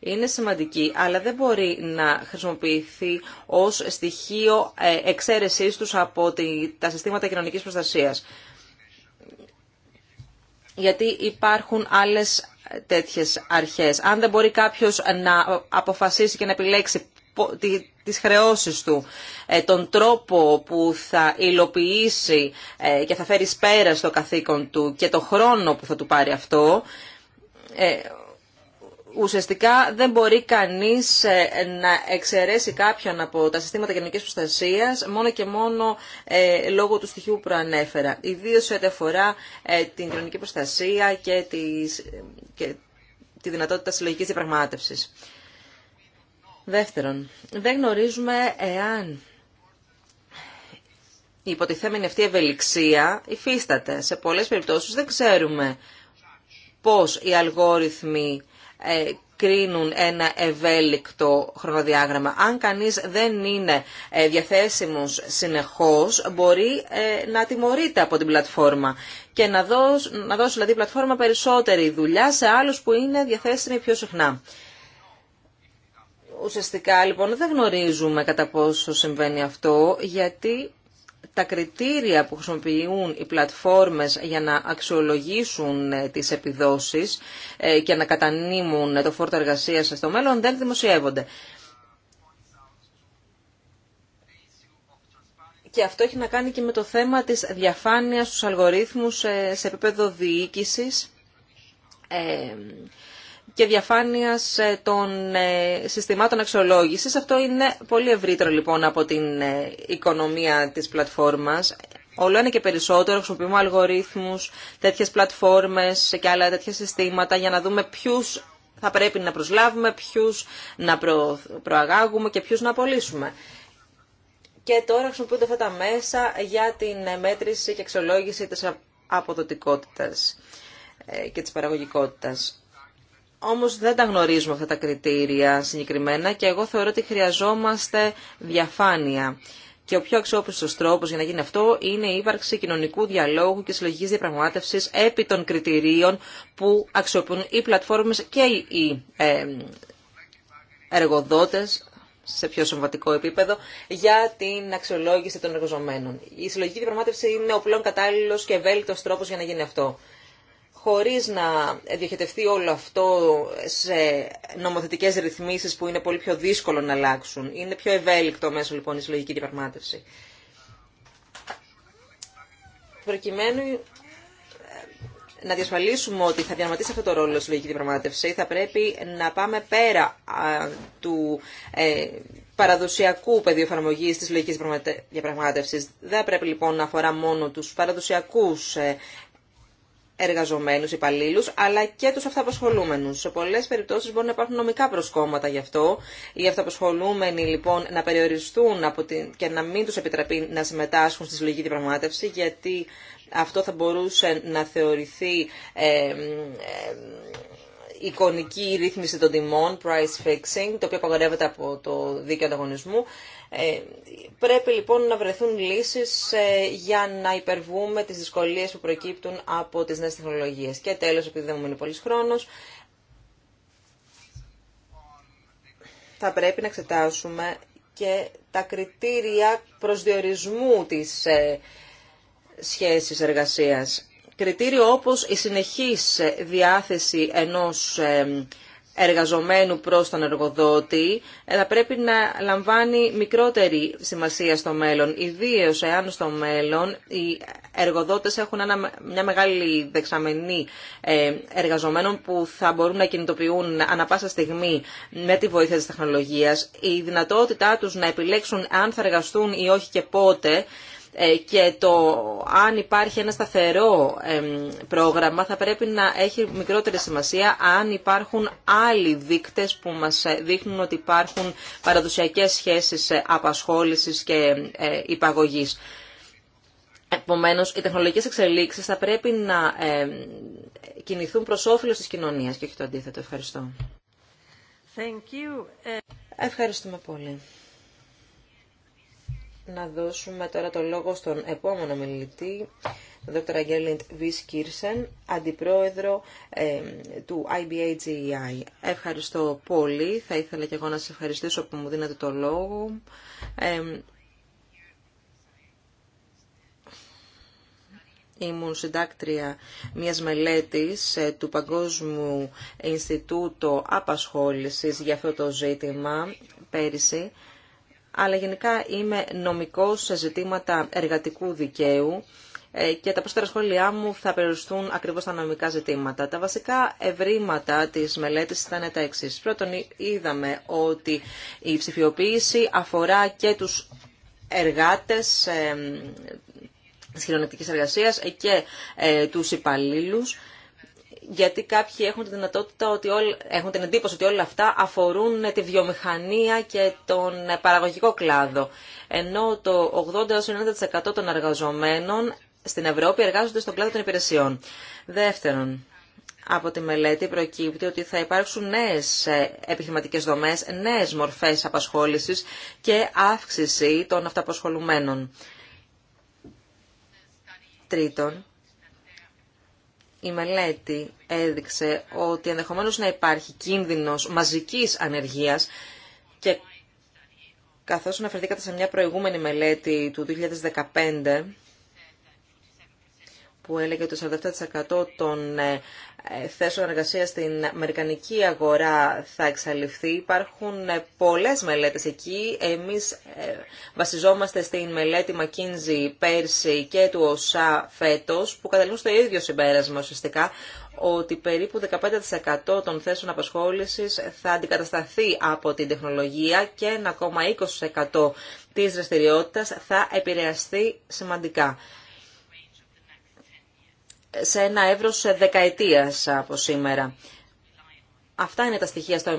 είναι σημαντική, αλλά δεν μπορεί να χρησιμοποιηθεί ως στοιχείο ε, εξαίρεσής τους από τα συστήματα κοινωνικής προστασίας. Γιατί υπάρχουν άλλες τέτοιες αρχές. Αν δεν μπορεί κάποιος να αποφασίσει και να επιλέξει τις χρεώσεις του, ε, τον τρόπο που θα υλοποιήσει ε, και θα φέρει σπέρα στο καθήκον του και το χρόνο που θα του πάρει αυτό, ε, ουσιαστικά δεν μπορεί κανείς να εξαιρέσει κάποιον από τα συστήματα κοινωνικής προστασίας μόνο και μόνο λόγω του στοιχείου που προανέφερα. Ιδίως ό,τι αφορά την κοινωνική προστασία και, τη δυνατότητα συλλογικής διαπραγμάτευσης. Δεύτερον, δεν γνωρίζουμε εάν η υποτιθέμενη αυτή ευελιξία υφίσταται. Σε πολλές περιπτώσεις δεν ξέρουμε πώς οι αλγόριθμοι ε, κρίνουν ένα ευέλικτο χρονοδιάγραμμα. Αν κανείς δεν είναι ε, διαθέσιμος συνεχώς, μπορεί ε, να τιμωρείται από την πλατφόρμα και να δώσει, να δώσει δηλαδή, η πλατφόρμα περισσότερη δουλειά σε άλλους που είναι διαθέσιμοι πιο συχνά. Ουσιαστικά λοιπόν δεν γνωρίζουμε κατά πόσο συμβαίνει αυτό γιατί τα κριτήρια που χρησιμοποιούν οι πλατφόρμες για να αξιολογήσουν ε, τις επιδόσεις ε, και να κατανείμουν το φόρτο εργασίας στο μέλλον δεν δημοσιεύονται. Και αυτό έχει να κάνει και με το θέμα της διαφάνειας στους αλγορίθμους ε, σε επίπεδο διοίκησης και διαφάνεια ε, των ε, συστημάτων αξιολόγηση. Αυτό είναι πολύ ευρύτερο λοιπόν από την ε, οικονομία της πλατφόρμα. Όλο ένα και περισσότερο χρησιμοποιούμε αλγορίθμους, τέτοιε πλατφόρμε και άλλα τέτοια συστήματα για να δούμε ποιου θα πρέπει να προσλάβουμε, ποιου να προαγάγουμε και ποιου να απολύσουμε. Και τώρα χρησιμοποιούνται αυτά τα μέσα για την μέτρηση και αξιολόγηση της αποδοτικότητας και της παραγωγικότητας όμως δεν τα γνωρίζουμε αυτά τα κριτήρια συγκεκριμένα και εγώ θεωρώ ότι χρειαζόμαστε διαφάνεια. Και ο πιο αξιόπιστο τρόπο για να γίνει αυτό είναι η ύπαρξη κοινωνικού διαλόγου και συλλογική διαπραγμάτευση επί των κριτηρίων που αξιοποιούν οι πλατφόρμες και οι ε, εργοδότε σε πιο συμβατικό επίπεδο για την αξιολόγηση των εργοζομένων. Η συλλογική διαπραγμάτευση είναι ο πλέον κατάλληλο και ευέλικτο τρόπο για να γίνει αυτό χωρίς να διοχετευτεί όλο αυτό σε νομοθετικές ρυθμίσεις που είναι πολύ πιο δύσκολο να αλλάξουν. Είναι πιο ευέλικτο μέσω λοιπόν η συλλογική διαπραγμάτευση. Προκειμένου ε, να διασφαλίσουμε ότι θα διανοματίσει αυτό το ρόλο η συλλογική διαπραγμάτευση, θα πρέπει να πάμε πέρα του ε, παραδοσιακού πεδίου εφαρμογή τη συλλογική διαπραγμάτευση. Δεν πρέπει λοιπόν να αφορά μόνο του παραδοσιακού ε, εργαζομένους υπαλλήλους, αλλά και τους αυταπασχολούμενους. Σε πολλές περιπτώσεις μπορεί να υπάρχουν νομικά προσκόμματα γι' αυτό. Οι αυταπασχολούμενοι λοιπόν να περιοριστούν από την... και να μην τους επιτραπεί να συμμετάσχουν στη συλλογική διαπραγμάτευση, γιατί αυτό θα μπορούσε να θεωρηθεί ε, ε, εικονική ρύθμιση των τιμών, price fixing, το οποίο απαγορεύεται από το δίκαιο ανταγωνισμού. Ε, πρέπει λοιπόν να βρεθούν λύσεις ε, για να υπερβούμε τις δυσκολίες που προκύπτουν από τις νέες τεχνολογίες. Και τέλος, επειδή δεν μου μείνει πολύς χρόνος, θα πρέπει να εξετάσουμε και τα κριτήρια προσδιορισμού της ε, σχέσης εργασίας κριτήριο όπως η συνεχής διάθεση ενός εργαζομένου προς τον εργοδότη ε, θα πρέπει να λαμβάνει μικρότερη σημασία στο μέλλον. Ιδίω εάν στο μέλλον οι εργοδότες έχουν μια μεγάλη δεξαμενή ε, εργαζομένων που θα μπορούν να κινητοποιούν ανα πάσα στιγμή με τη βοήθεια της τεχνολογίας. Η δυνατότητά τους να επιλέξουν αν θα εργαστούν ή όχι και πότε ε, και το αν υπάρχει ένα σταθερό πρόγραμμα θα πρέπει να έχει μικρότερη σημασία αν υπάρχουν άλλοι δείκτες που μας ε, δείχνουν ότι υπάρχουν παραδοσιακές σχέσεις ε, απασχόλησης και υπαγωγής. Επομένως, οι τεχνολογικές εξελίξεις θα πρέπει να κινηθούν προς όφελος της κοινωνίας και όχι το αντίθετο. Ευχαριστώ. Thank you. Ευχαριστούμε πολύ. Να δώσουμε τώρα το λόγο στον επόμενο μιλητή, τον Δ. Γέλλιντ Βίσ Κίρσεν, αντιπρόεδρο του IBAGEI. E Ευχαριστώ πολύ. Θα ήθελα και εγώ να σας ευχαριστήσω που μου δίνετε το λόγο. Ε, ήμουν συντάκτρια μιας μελέτης ε, του Παγκόσμιου Ινστιτούτου Απασχόλησης για αυτό το ζήτημα πέρυσι αλλά γενικά είμαι νομικός σε ζητήματα εργατικού δικαίου ε, και τα πρόσφατα σχόλιά μου θα περιοριστούν ακριβώς στα νομικά ζητήματα. Τα βασικά ευρήματα της μελέτης ήταν τα εξή. Πρώτον, είδαμε ότι η ψηφιοποίηση αφορά και τους εργάτες ε, της χειρονεκτικής εργασίας και ε, τους υπαλλήλους γιατί κάποιοι έχουν την δυνατότητα ότι όλοι, έχουν την εντύπωση ότι όλα αυτά αφορούν τη βιομηχανία και τον παραγωγικό κλάδο. Ενώ το 80-90% των εργαζομένων στην Ευρώπη εργάζονται στον κλάδο των υπηρεσιών. Δεύτερον, από τη μελέτη προκύπτει ότι θα υπάρξουν νέες ε, επιχειρηματικές δομές, νέες μορφές απασχόλησης και αύξηση των αυταπασχολουμένων. Τρίτον, η μελέτη έδειξε ότι ενδεχομένως να υπάρχει κίνδυνος μαζικής ανεργίας και καθώς αναφερθήκατε σε μια προηγούμενη μελέτη του 2015 που έλεγε ότι το 47% των ε, ε, θέσεων εργασίας στην αμερικανική αγορά θα εξαλειφθεί. Υπάρχουν ε, πολλές μελέτες εκεί. Εμείς βασιζόμαστε στην μελέτη McKinsey πέρσι και του ΟΣΑ φέτος, που καταλήγουν στο ίδιο συμπέρασμα ουσιαστικά, ότι περίπου 15% των θέσεων απασχόλησης θα αντικατασταθεί από την τεχνολογία και ένα της θα επηρεαστεί σημαντικά σε ένα εύρος δεκαετίας από σήμερα. Αυτά είναι τα στοιχεία στα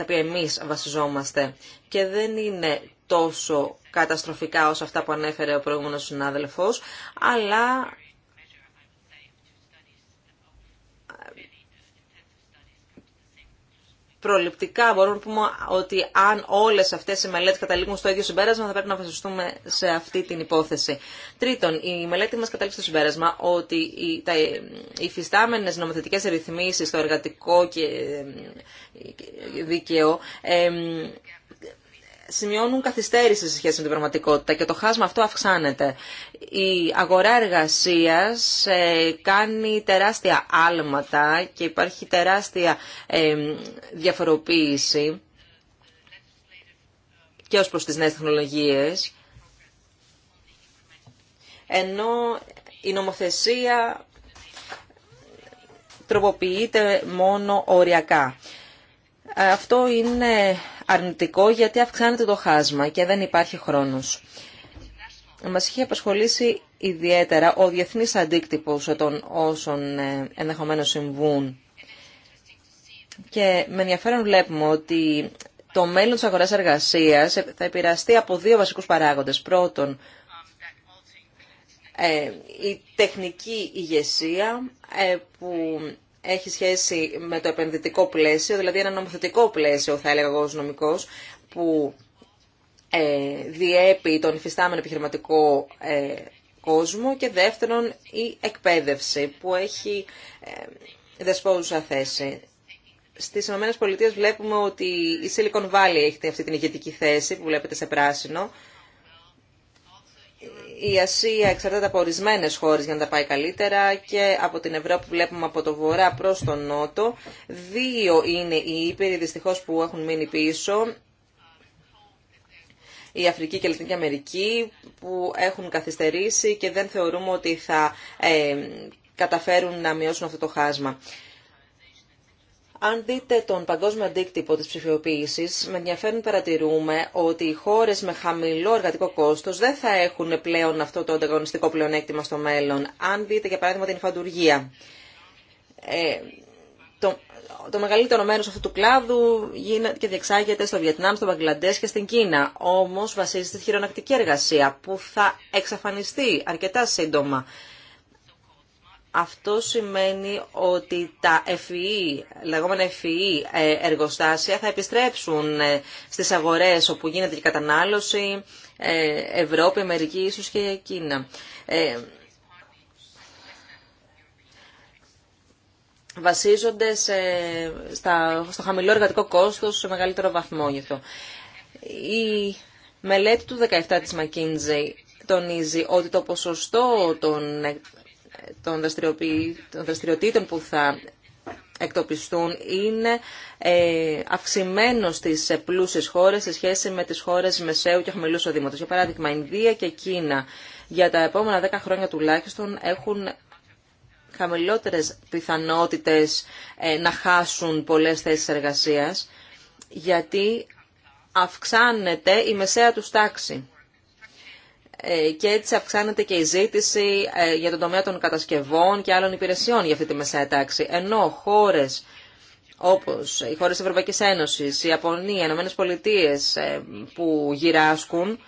οποία εμείς βασιζόμαστε και δεν είναι τόσο καταστροφικά όσα αυτά που ανέφερε ο προηγούμενος συνάδελφος, αλλά προληπτικά μπορούμε να πούμε ότι αν όλες αυτές οι μελέτες καταλήγουν στο ίδιο συμπέρασμα θα πρέπει να βασιστούμε σε αυτή την υπόθεση. Τρίτον, η μελέτη μας καταλήγει στο συμπέρασμα ότι οι, τα, οι φυστάμενες νομοθετικές ρυθμίσεις στο εργατικό και ε, ε, δίκαιο ε, σημειώνουν καθυστέρηση σε σχέση με την πραγματικότητα και το χάσμα αυτό αυξάνεται. Η αγορά εργασίας ε, κάνει τεράστια άλματα και υπάρχει τεράστια ε, διαφοροποίηση και ως προς τις νέες τεχνολογίες, ενώ η νομοθεσία τροποποιείται μόνο οριακά. Αυτό είναι αρνητικό γιατί αυξάνεται το χάσμα και δεν υπάρχει χρόνος. Μας είχε απασχολήσει ιδιαίτερα ο διεθνής αντίκτυπος των όσων ε, ενδεχομένως συμβούν. Και με ενδιαφέρον βλέπουμε ότι το μέλλον της αγοράς εργασίας θα επηρεαστεί από δύο βασικούς παράγοντες. Πρώτον, ε, η τεχνική ηγεσία ε, που έχει σχέση με το επενδυτικό πλαίσιο, δηλαδή ένα νομοθετικό πλαίσιο, θα έλεγα εγώ ως νομικός, που ε, διέπει τον υφιστάμενο επιχειρηματικό ε, κόσμο και δεύτερον η εκπαίδευση που έχει ε, δεσπόζουσα θέση. Στις ΗΠΑ βλέπουμε ότι η Silicon Valley έχει αυτή την ηγετική θέση που βλέπετε σε πράσινο η Ασία εξαρτάται από ορισμένε χώρες για να τα πάει καλύτερα και από την Ευρώπη βλέπουμε από το βορρά προς τον νότο. Δύο είναι οι ήπειροι δυστυχώ που έχουν μείνει πίσω. Η Αφρική και η Λατινική Αμερική που έχουν καθυστερήσει και δεν θεωρούμε ότι θα ε, καταφέρουν να μειώσουν αυτό το χάσμα. Αν δείτε τον παγκόσμιο αντίκτυπο της ψηφιοποίησης, με ενδιαφέρον παρατηρούμε ότι οι χώρες με χαμηλό εργατικό κόστος δεν θα έχουν πλέον αυτό το ανταγωνιστικό πλεονέκτημα στο μέλλον. Αν δείτε για παράδειγμα την υφαντουργία, ε, το, το μεγαλύτερο μέρος αυτού του κλάδου γίνεται και διεξάγεται στο Βιετνάμ, στο Μπαγκλαντές και στην Κίνα. Όμως βασίζεται στη χειρονακτική εργασία που θα εξαφανιστεί αρκετά σύντομα. Αυτό σημαίνει ότι τα FE, e, λεγόμενα FEE e, ε, εργοστάσια θα επιστρέψουν ε, στις αγορές όπου γίνεται η κατανάλωση, ε, Ευρώπη, Αμερική, ίσως και Κίνα. βασίζονται σε, στα, στο χαμηλό εργατικό κόστος σε μεγαλύτερο βαθμό γι' αυτό. Η μελέτη του 17 της McKinsey τονίζει ότι το ποσοστό των των, των δραστηριοτήτων που θα εκτοπιστούν είναι ε, αυξημένο στις πλούσιες χώρες σε σχέση με τις χώρες μεσαίου και χαμηλού οδήματος. Για παράδειγμα, Ινδία και Κίνα για τα επόμενα δέκα χρόνια τουλάχιστον έχουν χαμηλότερες πιθανότητες ε, να χάσουν πολλές θέσεις εργασίας γιατί αυξάνεται η μεσαία του τάξη. Ε, και έτσι αυξάνεται και η ζήτηση ε, για τον τομέα των κατασκευών και άλλων υπηρεσιών για αυτή τη μεσαία τάξη. Ενώ χώρες όπως οι χώρε της Ευρωπαϊκής Ένωσης, η Ιαπωνία, οι Ηνωμένε Πολιτείε ε, που γυράσκουν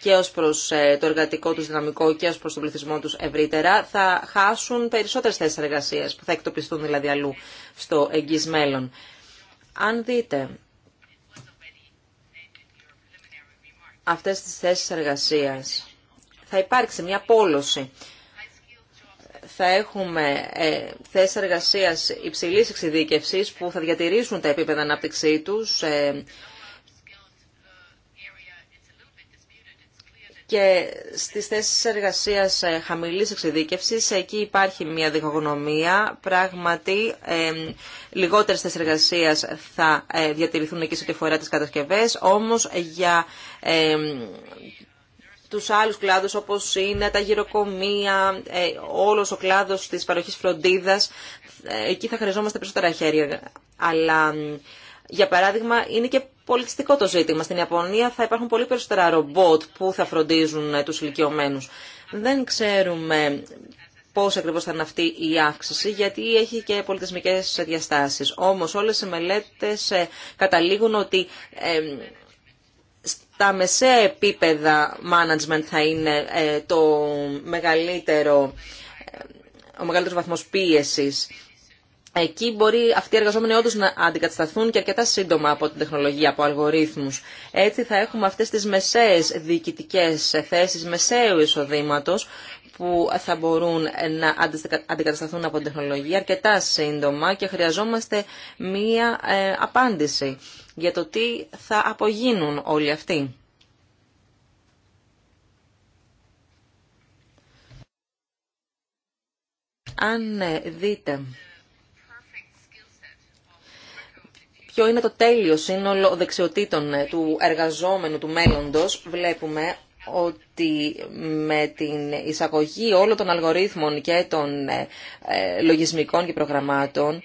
και ως προς το εργατικό του δυναμικό και ως προς τον πληθυσμό τους ευρύτερα, θα χάσουν περισσότερες θέσει εργασία που θα εκτοπιστούν δηλαδή αλλού στο εγγύ μέλλον. Αν δείτε αυτές τις θέσεις εργασίας. Θα υπάρξει μια πόλωση. Θα έχουμε ε, θέσεις εργασίας υψηλής που θα διατηρήσουν τα επίπεδα ανάπτυξή τους, ε, και στις θέσεις εργασίας ε, χαμηλής εξειδίκευσης εκεί υπάρχει μια διχογνωμία. Πράγματι, λιγότερες θέσεις εργασίας θα ε, διατηρηθούν εκεί σε ό,τι φορά τις κατασκευές, όμως για τους άλλους κλάδους όπως είναι τα γυροκομεία, ε, όλος ο κλάδος της παροχής φροντίδας, εκεί θα χρειαζόμαστε περισσότερα χέρια. Αλλά για παράδειγμα, είναι και πολιτιστικό το ζήτημα. Στην Ιαπωνία θα υπάρχουν πολύ περισσότερα ρομπότ που θα φροντίζουν ε, τους ηλικιωμένους. Δεν ξέρουμε πώ ακριβώς θα είναι αυτή η αύξηση, γιατί έχει και πολιτισμικές διαστάσει. Όμως όλες οι μελέτες ε, καταλήγουν ότι ε, στα μεσαία επίπεδα management θα είναι το μεγαλύτερο, ο μεγαλύτερος βαθμός Εκεί μπορεί αυτοί οι εργαζόμενοι όντω να αντικατασταθούν και αρκετά σύντομα από την τεχνολογία, από αλγορίθμους. Έτσι θα έχουμε αυτές τις μεσαίε διοικητικέ θέσει μεσαίου εισοδήματο που θα μπορούν να αντικατασταθούν από την τεχνολογία αρκετά σύντομα και χρειαζόμαστε μία ε, απάντηση για το τι θα απογίνουν όλοι αυτοί. Αν ε, δείτε ποιο είναι το τέλειο σύνολο δεξιοτήτων ε, του εργαζόμενου, του μέλλοντος, βλέπουμε ότι με την εισαγωγή όλων των αλγορίθμων και των ε, ε, λογισμικών και προγραμμάτων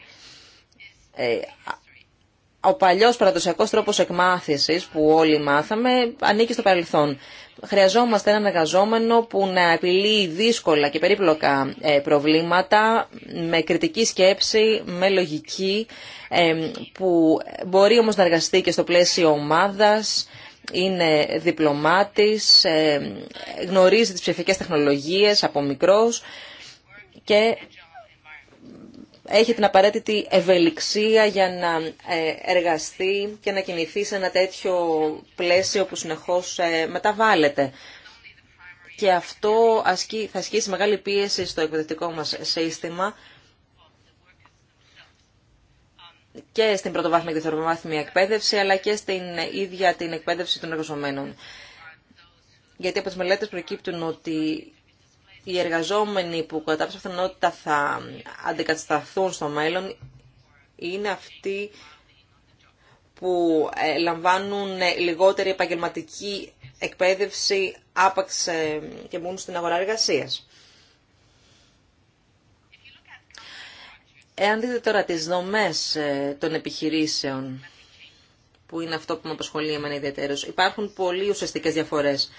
ο παλιο παραδοσιακό τρόπος εκμάθησης που όλοι μάθαμε ανήκει στο παρελθόν. Χρειαζόμαστε έναν εργαζόμενο που να επιλύει δύσκολα και περίπλοκα ε, προβλήματα με κριτική σκέψη, με λογική, ε, που μπορεί όμως να εργαστεί και στο πλαίσιο ομάδας, είναι διπλωμάτης, ε, γνωρίζει τις ψηφιακές τεχνολογίες από μικρός και έχει την απαραίτητη ευελιξία για να ε, εργαστεί και να κινηθεί σε ένα τέτοιο πλαίσιο που συνεχώς ε, μεταβάλλεται. Και αυτό ασκεί, θα ασκήσει μεγάλη πίεση στο εκπαιδευτικό μας σύστημα και στην πρωτοβάθμια και θεωροβάθμια εκπαίδευση, αλλά και στην ίδια την εκπαίδευση των εργαζομένων. Γιατί από τις μελέτες προκύπτουν ότι οι εργαζόμενοι που κατά πάσα πιθανότητα θα αντικατασταθούν στο μέλλον είναι αυτοί που ε, λαμβάνουν ε, λιγότερη επαγγελματική εκπαίδευση άπαξ ε, και μπουν στην αγορά εργασίας. Εάν δείτε τώρα τις δομές των επιχειρήσεων, που είναι αυτό που με απασχολεί εμένα υπάρχουν πολύ ουσιαστικές διαφορές.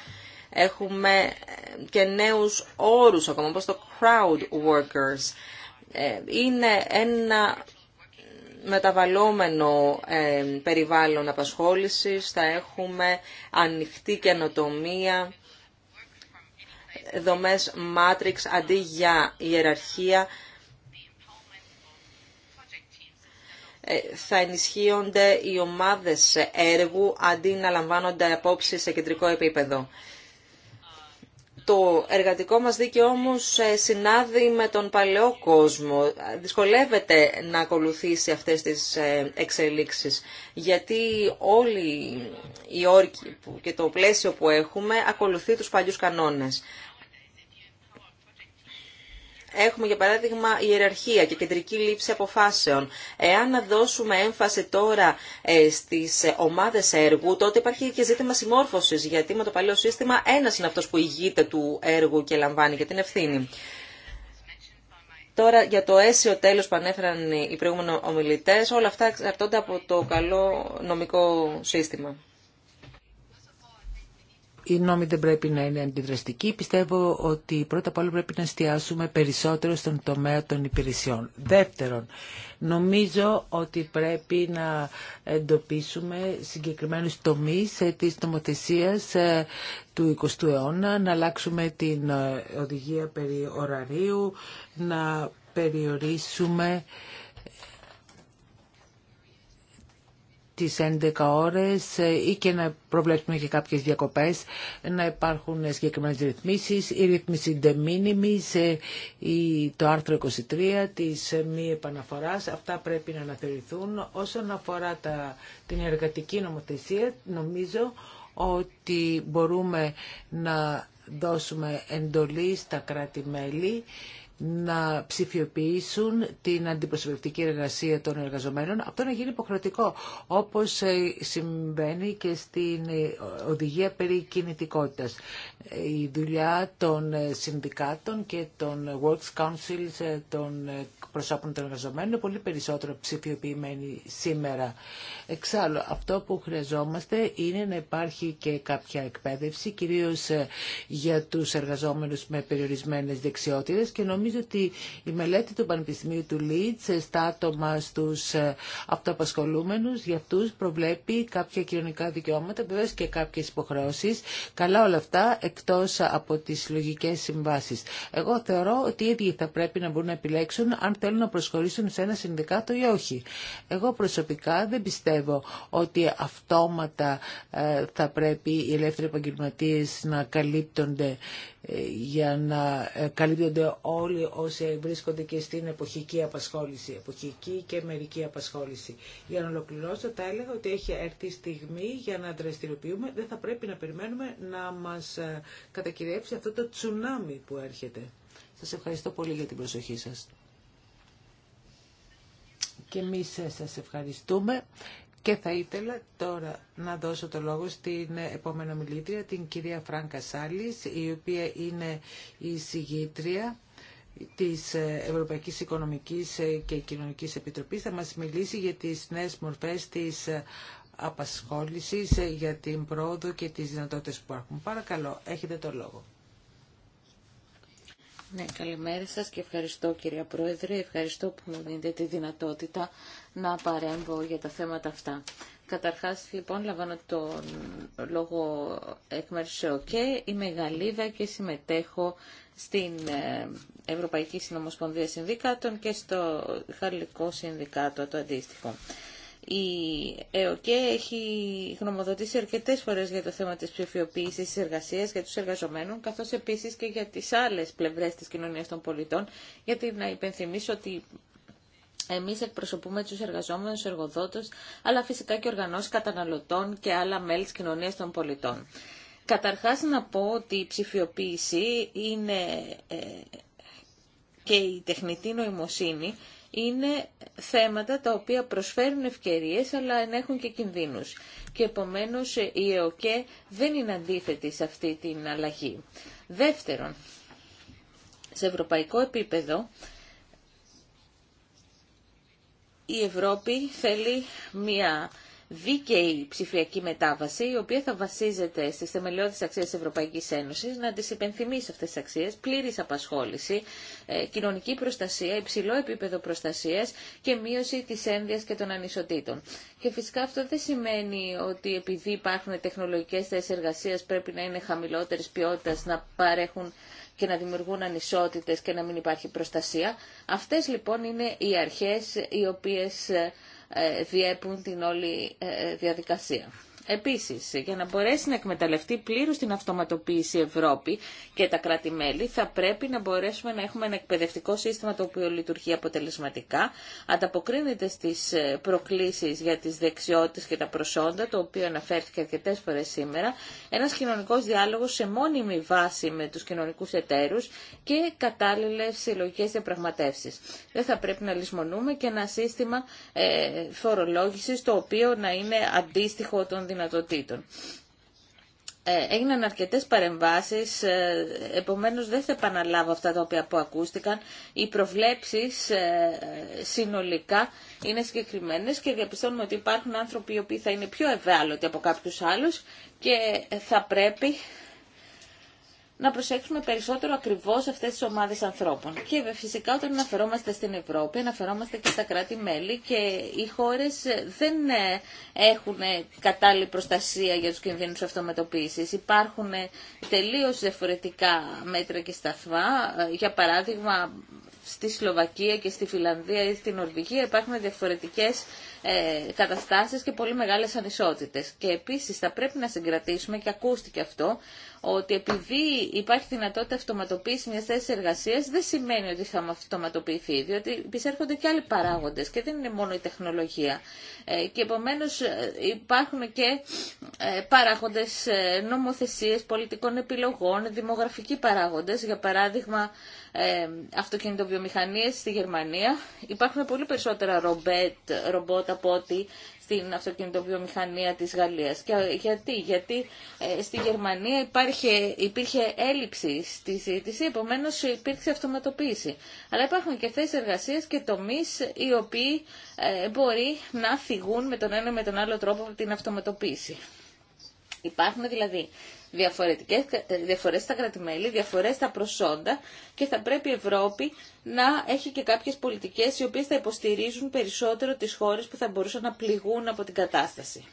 Έχουμε ε, και νέους όρους ακόμα, όπως το crowd workers. Ε, είναι ένα μεταβαλλόμενο ε, περιβάλλον απασχόλησης. Θα έχουμε ανοιχτή καινοτομία, δομές matrix αντί για ιεραρχία. θα ενισχύονται οι ομάδες έργου αντί να λαμβάνονται απόψεις σε κεντρικό επίπεδο. Το εργατικό μας δίκαιο όμως ε, συνάδει με τον παλαιό κόσμο. Δυσκολεύεται να ακολουθήσει αυτές τις ε, εξελίξεις, γιατί όλοι οι όρκοι και το πλαίσιο που έχουμε ακολουθεί τους παλιούς κανόνες. Έχουμε για παράδειγμα ιεραρχία και κεντρική λήψη αποφάσεων. Εάν να δώσουμε έμφαση τώρα ε, στις ε, ομάδες έργου, τότε υπάρχει και ζήτημα συμμόρφωσης, γιατί με το παλιό σύστημα ένας είναι αυτός που ηγείται του έργου και λαμβάνει και την ευθύνη. Τώρα για το αίσιο τέλος που ανέφεραν οι προηγούμενοι ομιλητές, όλα αυτά εξαρτώνται από το καλό νομικό σύστημα οι νόμοι δεν πρέπει να είναι αντιδραστικοί. Πιστεύω ότι πρώτα απ' όλα πρέπει να εστιάσουμε περισσότερο στον τομέα των υπηρεσιών. Δεύτερον, νομίζω ότι πρέπει να εντοπίσουμε συγκεκριμένους τομείς ε, της νομοθεσίας ε, του 20ου αιώνα, να αλλάξουμε την ε, οδηγία περί ωραρίου, να περιορίσουμε τις 11 ώρες ε, ή και να προβλέψουμε και κάποιες διακοπές, να υπάρχουν συγκεκριμένες ρυθμίσεις, η ρύθμιση de minimis, ε, το άρθρο 23 της ε, μη επαναφοράς, αυτά πρέπει να αναθεωρηθούν. Όσον αφορά τα, την εργατική νομοθεσία, νομίζω ότι μπορούμε να δώσουμε εντολή στα κράτη-μέλη να ψηφιοποιήσουν την αντιπροσωπευτική εργασία των εργαζομένων. Αυτό να γίνει υποχρεωτικό, όπως ε, συμβαίνει και στην ε, οδηγία περί κινητικότητας. Η δουλειά των ε, συνδικάτων και των Works Councils των προσώπων των εργαζομένων είναι πολύ περισσότερο ψηφιοποιημένη σήμερα. Εξάλλου, αυτό που χρειαζόμαστε είναι να υπάρχει και κάποια εκπαίδευση, κυρίως για τους εργαζόμενους με περιορισμένες δεξιότητες και Νομίζω ότι η μελέτη του Πανεπιστημίου του Λίτς στα άτομα στους ε, αυτοαπασχολούμενους για αυτούς προβλέπει κάποια κοινωνικά δικαιώματα, βεβαίω και κάποιες υποχρεώσεις. Καλά όλα αυτά εκτός από τις λογικές συμβάσεις. Εγώ θεωρώ ότι οι ίδιοι θα πρέπει να μπορούν να επιλέξουν αν θέλουν να προσχωρήσουν σε ένα συνδικάτο ή όχι. Εγώ προσωπικά δεν πιστεύω ότι αυτόματα ε, θα πρέπει οι ελεύθεροι επαγγελματίε να καλύπτονται ε, για να ε, καλύπτονται όλοι όσοι βρίσκονται και στην εποχική απασχόληση, εποχική και μερική απασχόληση. Για να ολοκληρώσω, τα έλεγα ότι έχει έρθει η στιγμή για να δραστηριοποιούμε. Δεν θα πρέπει να περιμένουμε να μας ε, κατακυρεύσει αυτό το τσουνάμι που έρχεται. Σας ευχαριστώ πολύ για την προσοχή σας. Και εμείς σας ευχαριστούμε. Και θα ήθελα τώρα να δώσω το λόγο στην επόμενη μιλήτρια, την κυρία Φράνκα Σάλης, η οποία είναι η συγγήτρια της Ευρωπαϊκής Οικονομικής και Κοινωνικής Επιτροπής. Θα μας μιλήσει για τις νέες μορφές της απασχόλησης, για την πρόοδο και τις δυνατότητες που έχουν. Παρακαλώ, έχετε το λόγο. Ναι, καλημέρα σας και ευχαριστώ κυρία Πρόεδρε, ευχαριστώ που μου δίνετε τη δυνατότητα να παρέμβω για τα θέματα αυτά. Καταρχάς, λοιπόν, λαμβάνω τον λόγο εκ μέρους σε ΟΚΕ. Είμαι Γαλλίδα και συμμετέχω στην ε, Ευρωπαϊκή Συνομοσπονδία Συνδικάτων και στο Γαλλικό Συνδικάτο το αντίστοιχο. Η ΕΟΚΕ έχει γνωμοδοτήσει αρκετές φορές για το θέμα της ψηφιοποίησης της εργασίας για τους εργαζομένους, καθώς επίσης και για τις άλλες πλευρές της κοινωνίας των πολιτών, γιατί να υπενθυμίσω ότι εμείς εκπροσωπούμε τους εργαζόμενους εργοδότους, αλλά φυσικά και οργανώσεις καταναλωτών και άλλα μέλη της κοινωνίας των πολιτών. Καταρχάς να πω ότι η ψηφιοποίηση είναι, ε, και η τεχνητή νοημοσύνη είναι θέματα τα οποία προσφέρουν ευκαιρίες αλλά ενέχουν και κινδύνους. Και επομένως η ΕΟΚΕ δεν είναι αντίθετη σε αυτή την αλλαγή. Δεύτερον, σε ευρωπαϊκό επίπεδο η Ευρώπη θέλει μια δίκαιη ψηφιακή μετάβαση, η οποία θα βασίζεται στις θεμελιώδεις αξίες της Ευρωπαϊκής Ένωσης, να τις υπενθυμίσει αυτές τις αξίες, πλήρης απασχόληση, ε, κοινωνική προστασία, υψηλό επίπεδο προστασίας και μείωση της ένδυας και των ανισοτήτων. Και φυσικά αυτό δεν σημαίνει ότι επειδή υπάρχουν τεχνολογικές θέσεις εργασίας πρέπει να είναι χαμηλότερης ποιότητας, να παρέχουν και να δημιουργούν ανισότητες και να μην υπάρχει προστασία. Αυτές λοιπόν είναι οι αρχές οι οποίες ε, ε, διέπουν την όλη ε, ε, διαδικασία. Επίσης, για να μπορέσει να εκμεταλλευτεί πλήρως την αυτοματοποίηση Ευρώπη και τα κράτη-μέλη, θα πρέπει να μπορέσουμε να έχουμε ένα εκπαιδευτικό σύστημα το οποίο λειτουργεί αποτελεσματικά, ανταποκρίνεται στις ε, προκλήσεις για τις δεξιότητες και τα προσόντα, το οποίο αναφέρθηκε αρκετές φορές σήμερα, ένας κοινωνικός διάλογος σε μόνιμη βάση με τους κοινωνικούς εταίρους και κατάλληλες συλλογικές διαπραγματεύσεις. Δεν θα πρέπει να λησμονούμε και ένα σύστημα ε, φορολόγησης το οποίο να είναι αντίστοιχο των ε, έγιναν αρκετές παρεμβάσεις, ε, επομένως δεν θα επαναλάβω αυτά τα οποία που ακούστηκαν. Οι προβλέψεις ε, συνολικά είναι συγκεκριμένες και διαπιστώνουμε ότι υπάρχουν άνθρωποι οι οποίοι θα είναι πιο ευάλωτοι από κάποιους άλλους και θα πρέπει να προσέξουμε περισσότερο ακριβώ αυτέ τι ομάδε ανθρώπων. Και φυσικά όταν αναφερόμαστε στην Ευρώπη, αναφερόμαστε και στα κράτη-μέλη και οι χώρε δεν ε, έχουν ε, κατάλληλη προστασία για του κινδύνου αυτομετοποίηση. Υπάρχουν ε, τελείω διαφορετικά μέτρα και σταθμά. Για παράδειγμα, στη Σλοβακία και στη Φιλανδία ή στην Ορβηγία υπάρχουν διαφορετικές ε, καταστάσεις και πολύ μεγάλες ανισότητες. Και επίσης θα πρέπει να συγκρατήσουμε, και ακούστηκε αυτό, ότι επειδή υπάρχει δυνατότητα αυτοματοποίηση μια θέση εργασία, δεν σημαίνει ότι θα αυτοματοποιηθεί, διότι επισέρχονται και άλλοι παράγοντε και δεν είναι μόνο η τεχνολογία. Ε, και επομένω ε, υπάρχουν και ε, παράγοντε νομοθεσίε, πολιτικών επιλογών, δημογραφικοί παράγοντε. Για παράδειγμα, αυτοκινητοβιομηχανίε στη Γερμανία υπάρχουν πολύ περισσότερα ρομπέτ, ρομπότ από ότι στην αυτοκινητοβιομηχανία της Γαλλίας. Και γιατί, γιατί ε, στη Γερμανία υπήρχε έλλειψη στη ζήτηση, επομένως υπήρξε αυτοματοποίηση. Αλλά υπάρχουν και θέσεις εργασίας και τομείς οι οποίοι ε, μπορεί να φυγούν με τον ένα ή με τον άλλο τρόπο από την αυτοματοποίηση. Υπάρχουν δηλαδή διαφορετικές διαφορές στα κρατημέλη, διαφορές στα προσόντα και θα πρέπει η Ευρώπη να έχει και κάποιες πολιτικές οι οποίες θα υποστηρίζουν περισσότερο τις χώρες που θα μπορούσαν να πληγούν από την κατάσταση.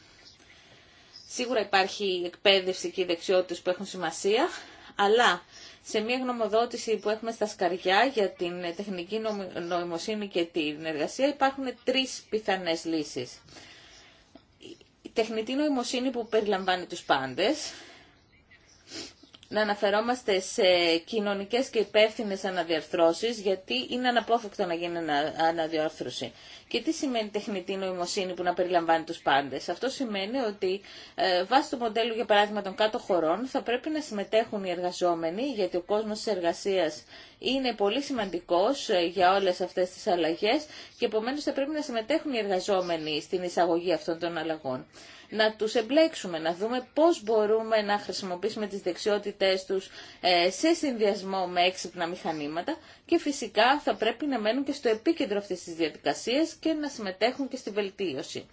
Σίγουρα υπάρχει η εκπαίδευση και οι δεξιότητες που έχουν σημασία, αλλά σε μια γνωμοδότηση που έχουμε στα σκαριά για την τεχνική νοημοσύνη και την εργασία υπάρχουν τρεις πιθανές λύσεις. Η τεχνητή νοημοσύνη που περιλαμβάνει τους πάντες, να αναφερόμαστε σε κοινωνικές και υπεύθυνε αναδιαρθρώσεις, γιατί είναι αναπόφευκτο να γίνει αναδιάρθρωση. Και τι σημαίνει τεχνητή νοημοσύνη που να περιλαμβάνει τους πάντες. Αυτό σημαίνει ότι ε, βάσει του μοντέλου, για παράδειγμα, των κάτω χωρών, θα πρέπει να συμμετέχουν οι εργαζόμενοι, γιατί ο κόσμος της εργασίας είναι πολύ σημαντικός ε, για όλες αυτές τις αλλαγές και επομένως θα πρέπει να συμμετέχουν οι εργαζόμενοι στην εισαγωγή αυτών των αλλαγών να τους εμπλέξουμε, να δούμε πώς μπορούμε να χρησιμοποιήσουμε τις δεξιότητές τους ε, σε συνδυασμό με έξυπνα μηχανήματα και φυσικά θα πρέπει να μένουν και στο επίκεντρο αυτής της διαδικασίας και να συμμετέχουν και στη βελτίωση.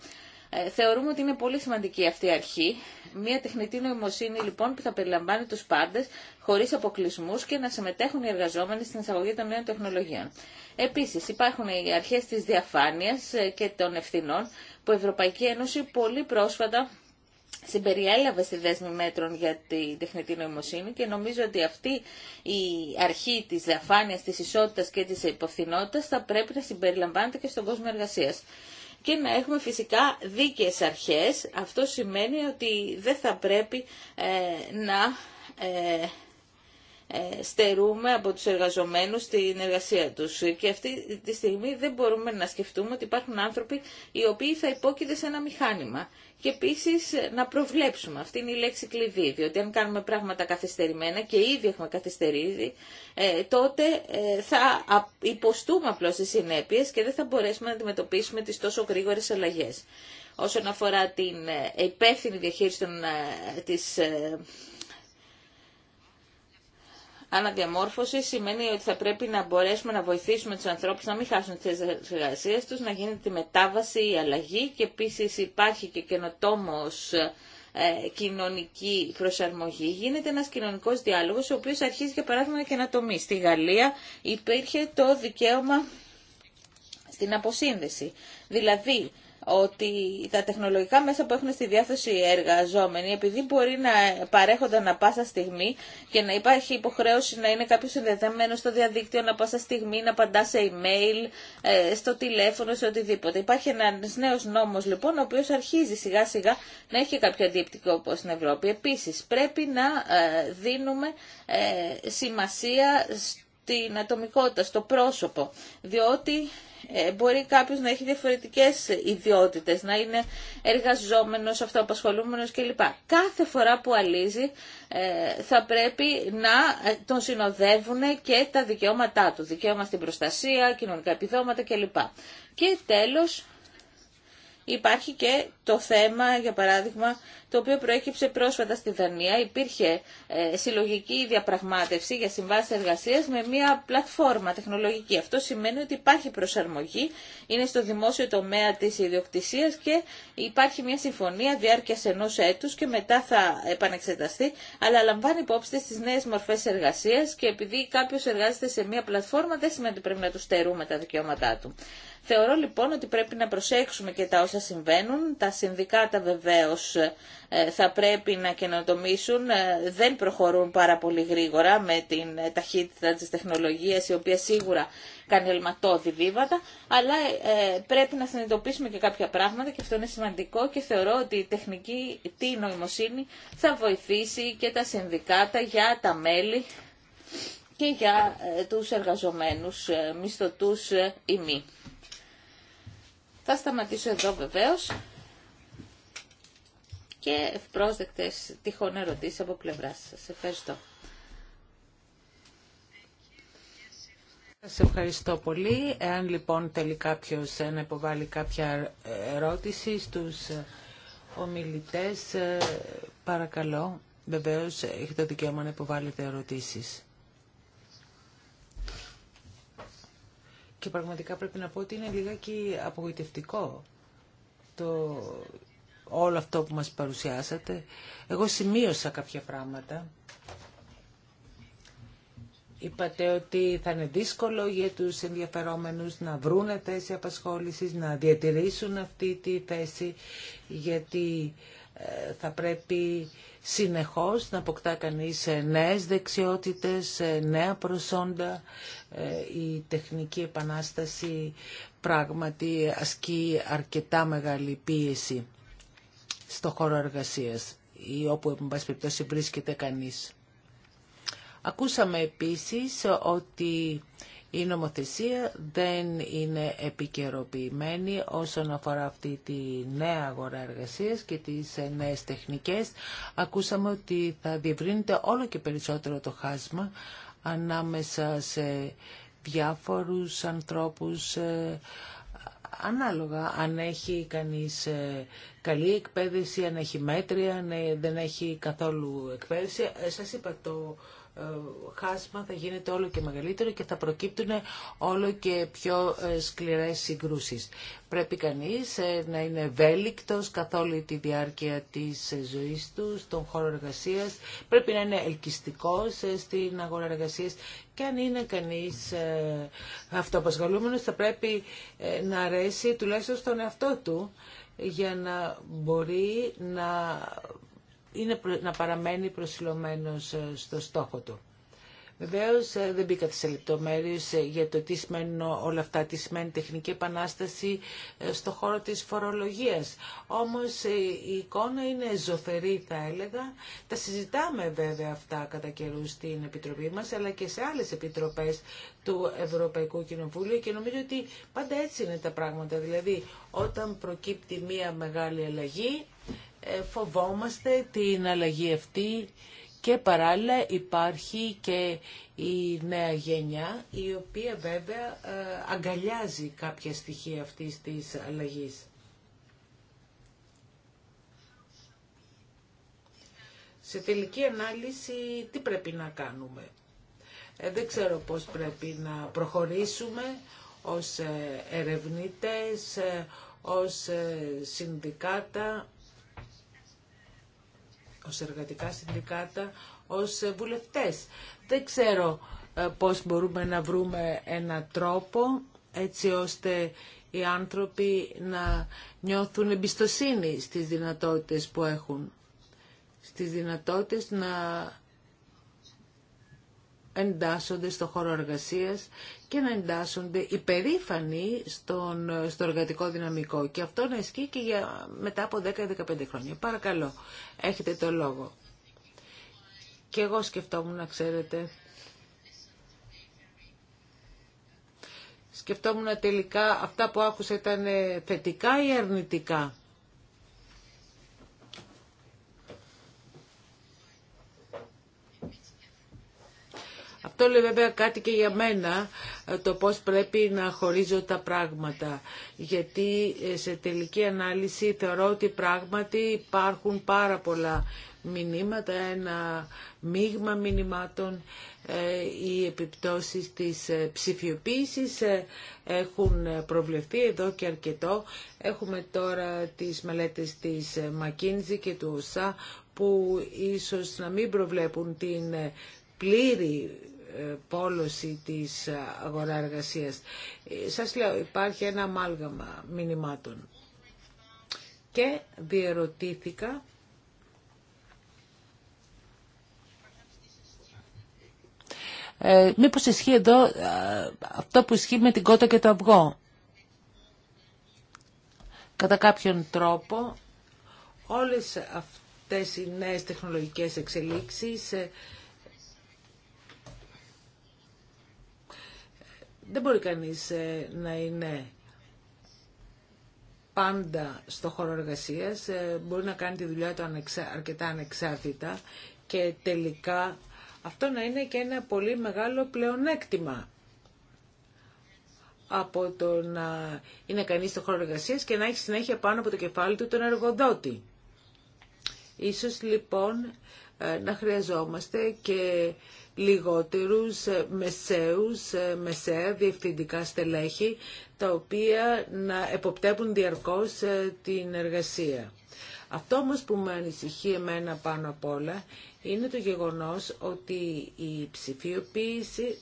Ε, θεωρούμε ότι είναι πολύ σημαντική αυτή η αρχή. Μία τεχνητή νοημοσύνη λοιπόν που θα περιλαμβάνει τους πάντες χωρίς αποκλεισμούς και να συμμετέχουν οι εργαζόμενοι στην εισαγωγή των νέων τεχνολογιών. Επίσης υπάρχουν οι αρχές της διαφάνειας ε, και των ευθυνών που η Ευρωπαϊκή Ένωση πολύ πρόσφατα συμπεριέλαβε στη δέσμη μέτρων για τη τεχνητή νοημοσύνη και νομίζω ότι αυτή η αρχή της διαφάνειας, της ισότητας και της υποφθηνότητα θα πρέπει να συμπεριλαμβάνεται και στον κόσμο και να έχουμε φυσικά δίκαιες αρχές. Αυτό σημαίνει ότι δεν θα πρέπει ε, να... Ε, ε, στερούμε από τους εργαζομένους την εργασία τους. Και αυτή τη στιγμή δεν μπορούμε να σκεφτούμε ότι υπάρχουν άνθρωποι οι οποίοι θα υπόκειται σε ένα μηχάνημα. Και επίση ε, να προβλέψουμε. Αυτή είναι η λέξη κλειδί. Διότι αν κάνουμε πράγματα καθυστερημένα και ήδη έχουμε καθυστερήσει, ε, τότε θα υποστούμε απλώ τι συνέπειε και δεν θα μπορέσουμε να αντιμετωπίσουμε τι τόσο γρήγορε αλλαγέ. Όσον αφορά την υπεύθυνη διαχείριση των, της Αναδιαμόρφωση σημαίνει ότι θα πρέπει να μπορέσουμε να βοηθήσουμε τους ανθρώπους να μην χάσουν τις εργασίες τους, να γίνεται η μετάβαση, η αλλαγή και επίση υπάρχει και καινοτόμος ε, κοινωνική προσαρμογή. Γίνεται ένας κοινωνικός διάλογος, ο οποίος αρχίζει για παράδειγμα και ανατομή. Στη Γαλλία υπήρχε το δικαίωμα στην αποσύνδεση. Δηλαδή, ότι τα τεχνολογικά μέσα που έχουν στη διάθεση οι εργαζόμενοι, επειδή μπορεί να παρέχονται ανα πάσα στιγμή και να υπάρχει υποχρέωση να είναι κάποιο συνδεδεμένο στο διαδίκτυο ανα πάσα στιγμή, να απαντά σε email, ε, στο τηλέφωνο, σε οτιδήποτε. Υπάρχει ένα νέο νόμο λοιπόν, ο οποίο αρχίζει σιγά σιγά να έχει κάποιο αντίπτυκο όπω στην Ευρώπη. Επίση, πρέπει να ε, δίνουμε ε, σημασία την ατομικότητα, στο πρόσωπο, διότι ε, μπορεί κάποιος να έχει διαφορετικές ιδιότητες, να είναι εργαζόμενος, αυτοαπασχολούμενος κλπ. Κάθε φορά που αλύζει ε, θα πρέπει να ε, τον συνοδεύουν και τα δικαιώματά του, δικαίωμα στην προστασία, κοινωνικά επιδόματα κλπ. Και τέλος, Υπάρχει και το θέμα, για παράδειγμα, το οποίο προέκυψε πρόσφατα στη Δανία. Υπήρχε ε, συλλογική διαπραγμάτευση για συμβάσει εργασία με μια πλατφόρμα τεχνολογική. Αυτό σημαίνει ότι υπάρχει προσαρμογή, είναι στο δημόσιο τομέα τη ιδιοκτησία και υπάρχει μια συμφωνία διάρκεια ενό έτου και μετά θα επανεξεταστεί, αλλά λαμβάνει υπόψη τι νέε μορφέ εργασία και επειδή κάποιο εργάζεται σε μια πλατφόρμα, δεν σημαίνει ότι πρέπει να του στερούμε τα δικαιώματά του. Θεωρώ λοιπόν ότι πρέπει να προσέξουμε και τα όσα συμβαίνουν. Τα συνδικάτα βεβαίως ε, θα πρέπει να καινοτομήσουν. Ε, δεν προχωρούν πάρα πολύ γρήγορα με την ε, ταχύτητα της τεχνολογίας η οποία σίγουρα κάνει ελματώδη Αλλά πρέπει να συνειδητοποιήσουμε και κάποια πράγματα και αυτό είναι σημαντικό και θεωρώ ότι η τεχνική τη νοημοσύνη θα βοηθήσει και τα συνδικάτα για τα μέλη και για τους εργαζομένους μισθωτούς ή μη. Θα σταματήσω εδώ βεβαίως και ευπρόσδεκτες τυχόν ερωτήσεις από πλευρά σας. Ευχαριστώ. Σας ευχαριστώ πολύ. Εάν λοιπόν θέλει κάποιος ε, να υποβάλει κάποια ερώτηση στους ε, ομιλητές, ε, παρακαλώ, βεβαίως έχετε το δικαίωμα να υποβάλλετε ερωτήσεις. και πραγματικά πρέπει να πω ότι είναι λιγάκι απογοητευτικό το όλο αυτό που μας παρουσιάσατε. Εγώ σημείωσα κάποια πράγματα. Είπατε ότι θα είναι δύσκολο για τους ενδιαφερόμενους να βρουν θέση απασχόλησης, να διατηρήσουν αυτή τη θέση, γιατί θα πρέπει συνεχώς να αποκτά κανείς ε, νέες δεξιότητες, ε, νέα προσόντα. Ε, η τεχνική επανάσταση πράγματι ασκεί αρκετά μεγάλη πίεση στο χώρο εργασίας ή όπου, εν πάση περιπτώσει, βρίσκεται κανείς. Ακούσαμε επίσης ότι η νομοθεσία δεν είναι επικαιροποιημένη όσον αφορά αυτή τη νέα αγορά εργασίας και τις νέες τεχνικές. Ακούσαμε ότι θα διευρύνεται όλο και περισσότερο το χάσμα ανάμεσα σε διάφορους ανθρώπους ε, ανάλογα αν έχει κανείς ε, καλή εκπαίδευση, αν έχει μέτρια, αν ε, δεν έχει καθόλου εκπαίδευση. Σας είπα το ε, χάσμα θα γίνεται όλο και μεγαλύτερο και θα προκύπτουν όλο και πιο ε, σκληρές συγκρούσεις. Πρέπει κανείς ε, να είναι ευέλικτος καθ' όλη τη διάρκεια της ζωής του, στον χώρο εργασίας. Πρέπει να είναι ελκυστικός στην αγορά εργασίας και αν είναι κανείς αυτοαπασχολούμενος θα πρέπει να αρέσει τουλάχιστον στον εαυτό του για να μπορεί να είναι να παραμένει προσιλωμένος ε, στο στόχο του. Βεβαίω ε, δεν μπήκατε σε λεπτομέρειε ε, για το τι σημαίνουν όλα αυτά, τι σημαίνει τεχνική επανάσταση στο χώρο της φορολογίας. Όμως η εικόνα είναι ζωφερή θα έλεγα. Τα συζητάμε βέβαια αυτά κατά καιρού στην Επιτροπή μας αλλά και σε άλλες επιτροπές του Ευρωπαϊκού Κοινοβουλίου και νομίζω ότι πάντα έτσι είναι τα πράγματα. Δηλαδή όταν προκύπτει μία μεγάλη αλλαγή φοβόμαστε την αλλαγή αυτή και παράλληλα υπάρχει και η νέα γενιά η οποία βέβαια ε, αγκαλιάζει κάποια στοιχεία αυτής της αλλαγής. Σε τελική ανάλυση τι πρέπει να κάνουμε. Ε, δεν ξέρω πώς πρέπει να προχωρήσουμε ως ε, ερευνητές, ε, ως συνδικάτα, ως εργατικά συνδικάτα, ως ε, βουλευτές. Δεν ξέρω ε, πώς μπορούμε να βρούμε ένα τρόπο έτσι ώστε οι άνθρωποι να νιώθουν εμπιστοσύνη στις δυνατότητες που έχουν, στις δυνατότητες να εντάσσονται στο χώρο εργασίας και να εντάσσονται υπερήφανοι στον, στο εργατικό δυναμικό. Και αυτό να ισχύει και για, μετά από 10-15 χρόνια. Παρακαλώ, έχετε το λόγο. Και εγώ σκεφτόμουν, να ξέρετε, σκεφτόμουν τελικά αυτά που άκουσα ήταν ε, θετικά ή αρνητικά. Αυτό λέει βέβαια κάτι και για μένα, ε, το πώς πρέπει να χωρίζω τα πράγματα. Γιατί ε, σε τελική ανάλυση θεωρώ ότι πράγματι υπάρχουν πάρα πολλά μηνύματα, ένα μείγμα μηνυμάτων. Ε, οι επιπτώσεις της ψηφιοποίησης έχουν προβλεφθεί εδώ και αρκετό. Έχουμε τώρα τις μελέτες της McKinsey και του ΩΣΑ που ίσως να μην προβλέπουν την πλήρη ε, πόλωση της αγορά εργασίας. Σας λέω, υπάρχει ένα αμάλγαμα μηνυμάτων. Και διερωτήθηκα ε, μήπως ισχύει εδώ ε, αυτό που ισχύει με την κότα και το αυγό. Κατά κάποιον τρόπο όλες αυτές οι νέες τεχνολογικές εξελίξεις ε, δεν μπορεί κανείς ε, να είναι πάντα στο χώρο εργασίας, ε, μπορεί να κάνει τη δουλειά του αρκετά ανεξάρτητα και τελικά αυτό να είναι και ένα πολύ μεγάλο πλεονέκτημα από το να είναι κανείς στο χώρο εργασίας και να έχει συνέχεια πάνω από το κεφάλι του τον εργοδότη. Ίσως λοιπόν ε, να χρειαζόμαστε και λιγότερους ε, μεσαίους, ε, μεσαία διευθυντικά στελέχη, τα οποία να εποπτεύουν διαρκώς ε, την εργασία. Αυτό όμως που με ανησυχεί εμένα πάνω απ' όλα είναι το γεγονός ότι η ψηφιοποίηση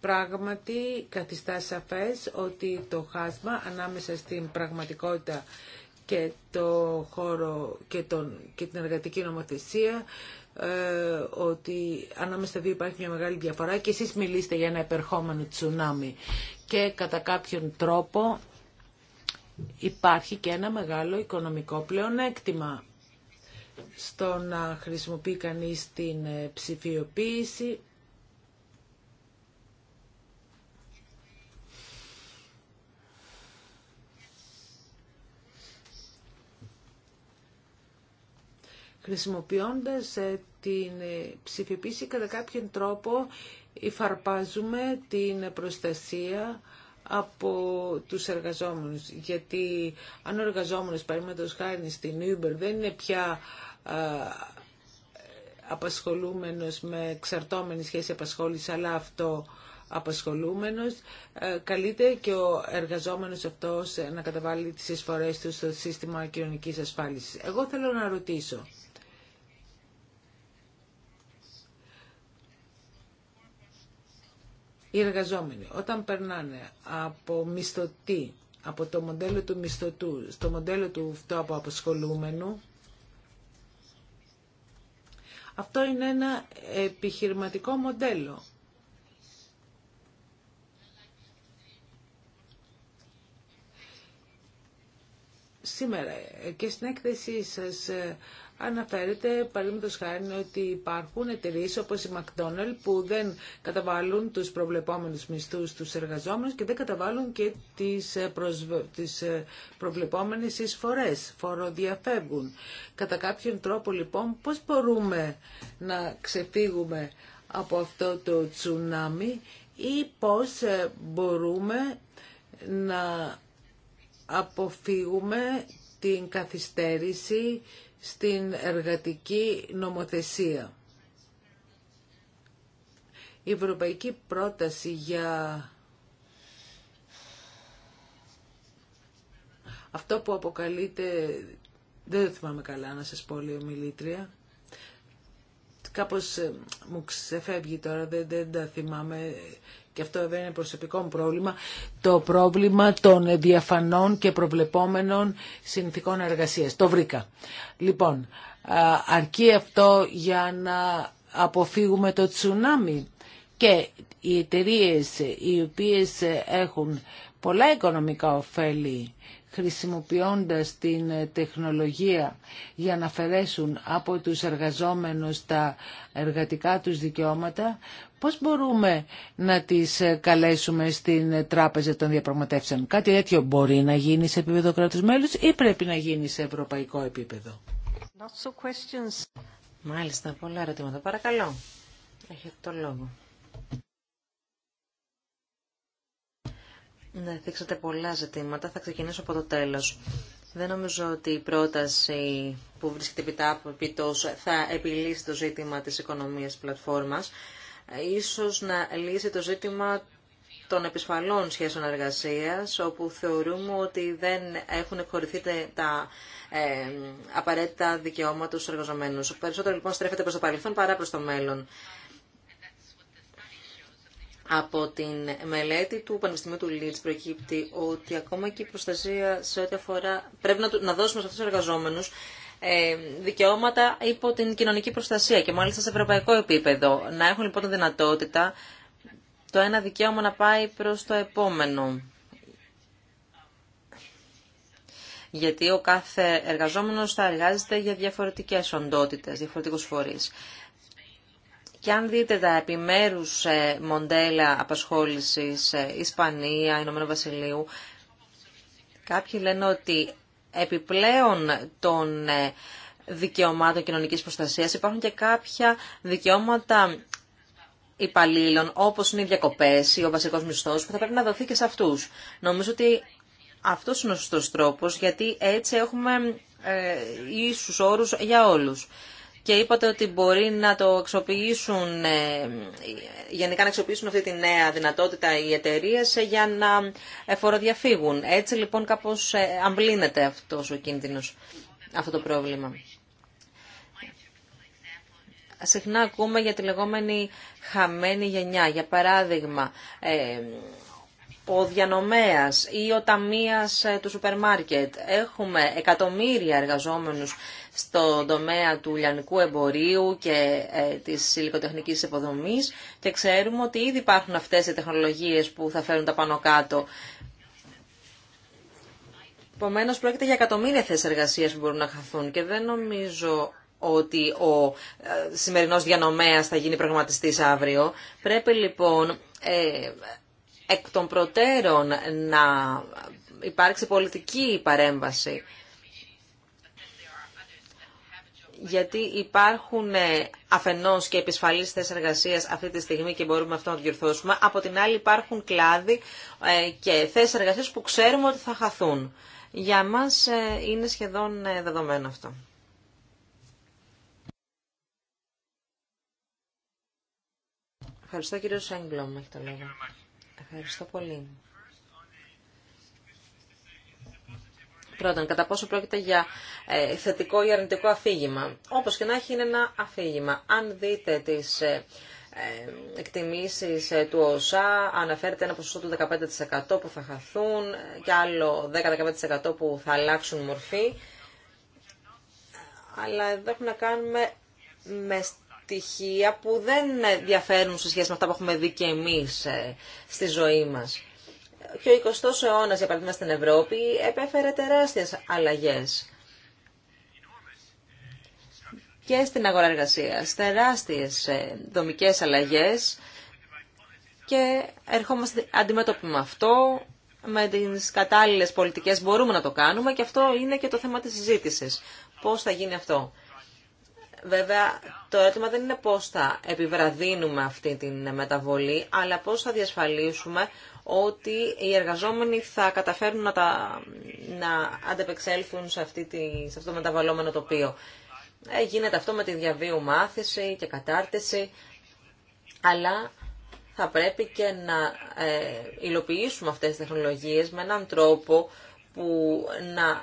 πράγματι καθιστά σαφές ότι το χάσμα ανάμεσα στην πραγματικότητα και, το χώρο, και, τον, και την εργατική νομοθεσία ε, ότι ανάμεσα δύο υπάρχει μια μεγάλη διαφορά και εσείς μιλήσετε για ένα επερχόμενο τσουνάμι και κατά κάποιον τρόπο υπάρχει και ένα μεγάλο οικονομικό πλεονέκτημα στο να χρησιμοποιεί κανείς την ε, ψηφιοποίηση Χρησιμοποιώντας ε, την ε, ψηφιοποίηση κατά κάποιον τρόπο υφαρπάζουμε την προστασία από τους εργαζόμενους. Γιατί αν ο εργαζόμενος, παραδείγματος χάρη στην Uber, δεν είναι πια απασχολούμενος με εξαρτώμενη σχέση απασχόληση, αλλά αυτό απασχολούμενος, ε, καλείται και ο εργαζόμενος αυτός να καταβάλει τις εισφορές του στο σύστημα κοινωνικής ασφάλισης. Εγώ θέλω να ρωτήσω, οι όταν περνάνε από μισθωτή, από το μοντέλο του μισθωτού στο μοντέλο του από αποσχολούμενου, αυτό είναι ένα επιχειρηματικό μοντέλο. Σήμερα ε, και στην έκθεσή σας ε, αναφέρεται παραδείγματο χάρη ότι υπάρχουν εταιρείε όπω η McDonald's που δεν καταβάλουν του προβλεπόμενου μισθού στου εργαζόμενου και δεν καταβάλουν και τι τις ε, ε, προβλεπόμενε εισφορέ. Φοροδιαφεύγουν. Κατά κάποιον τρόπο λοιπόν πώ μπορούμε να ξεφύγουμε από αυτό το τσουνάμι ή πώς ε, μπορούμε να αποφύγουμε την καθυστέρηση στην εργατική νομοθεσία. Η ευρωπαϊκή πρόταση για αυτό που αποκαλείται, δεν θυμάμαι καλά να σας πω λέει ομιλήτρια, Κάπως ε, μου ξεφεύγει τώρα, δεν, δεν τα θυμάμαι και αυτό δεν είναι προσωπικό μου πρόβλημα, το πρόβλημα των διαφανών και προβλεπόμενων συνθήκων εργασίας. Το βρήκα. Λοιπόν, αρκεί αυτό για να αποφύγουμε το τσουνάμι και οι εταιρείε οι οποίες έχουν πολλά οικονομικά ωφέλη χρησιμοποιώντας την ε, τεχνολογία για να αφαιρέσουν από τους εργαζόμενους τα εργατικά τους δικαιώματα, πώς μπορούμε να τις ε, καλέσουμε στην ε, τράπεζα των διαπραγματεύσεων. Κάτι τέτοιο μπορεί να γίνει σε επίπεδο κράτους μέλους ή πρέπει να γίνει σε ευρωπαϊκό επίπεδο. Μάλιστα, πολλά ερωτήματα. Παρακαλώ, έχετε το λόγο. Ναι, δείξατε πολλά ζητήματα. Θα ξεκινήσω από το τέλος. Δεν νομίζω ότι η πρόταση που βρίσκεται τόσο θα επιλύσει το ζήτημα της οικονομίας πλατφόρμας. Ίσως να λύσει το ζήτημα των επισφαλών σχέσεων εργασίας, όπου θεωρούμε ότι δεν έχουν εκχωρηθεί τα ε, απαραίτητα δικαιώματα στους εργαζομένους. Περισσότερο λοιπόν στρέφεται προς το παρελθόν παρά προς το μέλλον. Από την μελέτη του Πανεπιστημίου του Λίτς προκύπτει ότι ακόμα και η προστασία σε ό,τι αφορά... Πρέπει να, να δώσουμε σε αυτούς τους εργαζόμενους ε, δικαιώματα υπό την κοινωνική προστασία και μάλιστα σε ευρωπαϊκό επίπεδο. Να έχουν λοιπόν τη δυνατότητα το ένα δικαίωμα να πάει προς το επόμενο. Γιατί ο κάθε εργαζόμενος θα εργάζεται για διαφορετικές οντότητες, διαφορετικούς φορείς. Και αν δείτε τα επιμέρους ε, μοντέλα απασχόλησης ε, Ισπανία, Ηνωμένου Βασιλείου, κάποιοι λένε ότι επιπλέον των ε, δικαιωμάτων κοινωνικής προστασίας υπάρχουν και κάποια δικαιώματα υπαλλήλων, όπως είναι οι διακοπές ή ο βασικός μισθός, που θα πρέπει να δοθεί και σε αυτούς. Νομίζω ότι αυτό είναι ο σωστός τρόπος, γιατί έτσι έχουμε ίσους όρους για όλους και είπατε ότι μπορεί να το εξοποιήσουν ε, γενικά να αξιοποιήσουν αυτή τη νέα δυνατότητα οι εταιρείε ε, για να ε, φοροδιαφύγουν. Έτσι λοιπόν κάπως αμπλύνεται αυτός ο κίνδυνος, αυτό το πρόβλημα. Συχνά ακούμε για τη λεγόμενη χαμένη γενιά. Για παράδειγμα, ο διανομέας ή ο ταμείας ε, του σούπερ μάρκετ. Έχουμε εκατομμύρια εργαζόμενους στον τομέα του λιανικού εμπορίου και ε, της υλικοτεχνικής υποδομής και ξέρουμε ότι ήδη υπάρχουν αυτές οι τεχνολογίες που θα φέρουν τα πάνω κάτω. Επομένω, πρόκειται για εκατομμύρια θέσει εργασία που μπορούν να χαθούν και δεν νομίζω ότι ο ε, σημερινός διανομέας θα γίνει προγραμματιστής αύριο. Πρέπει λοιπόν εκ των προτέρων να υπάρξει πολιτική παρέμβαση. Γιατί υπάρχουν ε, αφενός και επισφαλείς θέσεις εργασίας αυτή τη στιγμή και μπορούμε αυτό να διορθώσουμε. Από την άλλη υπάρχουν κλάδοι ε, και θέσεις εργασίας που ξέρουμε ότι θα χαθούν. Για μας ε, είναι σχεδόν δεδομένο αυτό. Ευχαριστώ κύριο Σέγγλωμ, έχει Ευχαριστώ πολύ. Πρώτον, κατά πόσο πρόκειται για ε, θετικό ή αρνητικό αφήγημα. Όπως και να έχει είναι ένα αφήγημα. Αν δείτε τις ε, ε, εκτιμήσεις του ΟΣΑ, αναφέρεται ένα ποσοστό του 15% που θα χαθούν και άλλο 10-15% που θα αλλάξουν μορφή. Αλλά εδώ έχουμε να κάνουμε με στοιχεία που δεν διαφέρουν σε σχέση με αυτά που έχουμε δει και εμείς ε, στη ζωή μα. Και ο 20 ο αιώνα, για παράδειγμα, στην Ευρώπη επέφερε τεράστιε αλλαγέ και στην αγορά εργασία. Τεράστιε ε, δομικέ αλλαγέ και ερχόμαστε αντιμέτωποι με αυτό. Με τι κατάλληλε πολιτικέ μπορούμε να το κάνουμε και αυτό είναι και το θέμα τη συζήτηση. Πώ θα γίνει αυτό. Βέβαια, το ερώτημα δεν είναι πώς θα επιβραδύνουμε αυτή την μεταβολή, αλλά πώς θα διασφαλίσουμε ότι οι εργαζόμενοι θα καταφέρουν να, τα, να αντεπεξέλθουν σε, αυτή τη, σε αυτό το μεταβαλλόμενο τοπίο. Ε, γίνεται αυτό με τη διαβίου μάθηση και κατάρτιση, αλλά θα πρέπει και να ε, υλοποιήσουμε αυτές τις τεχνολογίες με έναν τρόπο που να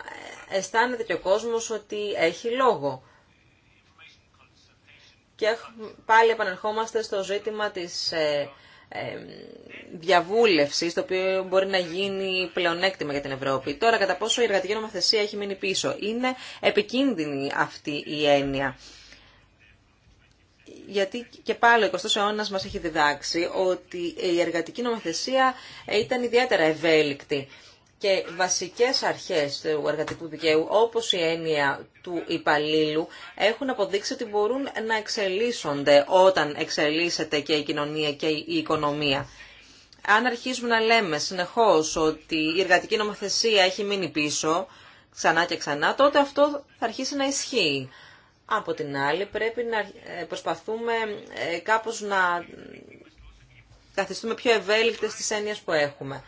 αισθάνεται και ο κόσμος ότι έχει λόγο. Και πάλι επανερχόμαστε στο ζήτημα της ε, ε, διαβούλευσης, το οποίο μπορεί να γίνει πλεονέκτημα για την Ευρώπη. Τώρα, κατά πόσο η εργατική νομοθεσία έχει μείνει πίσω. Είναι επικίνδυνη αυτή η έννοια. Γιατί και πάλι ο 20 ο αιώνας μας έχει διδάξει ότι η εργατική νομοθεσία ήταν ιδιαίτερα ευέλικτη και βασικές αρχές του εργατικού δικαίου, όπως η έννοια του υπαλλήλου, έχουν αποδείξει ότι μπορούν να εξελίσσονται όταν εξελίσσεται και η κοινωνία και η οικονομία. Αν αρχίσουμε να λέμε συνεχώς ότι η εργατική νομοθεσία έχει μείνει πίσω, ξανά και ξανά, τότε αυτό θα αρχίσει να ισχύει. Από την άλλη πρέπει να προσπαθούμε ε, κάπως να καθιστούμε πιο ευέλικτες τις έννοιες που έχουμε.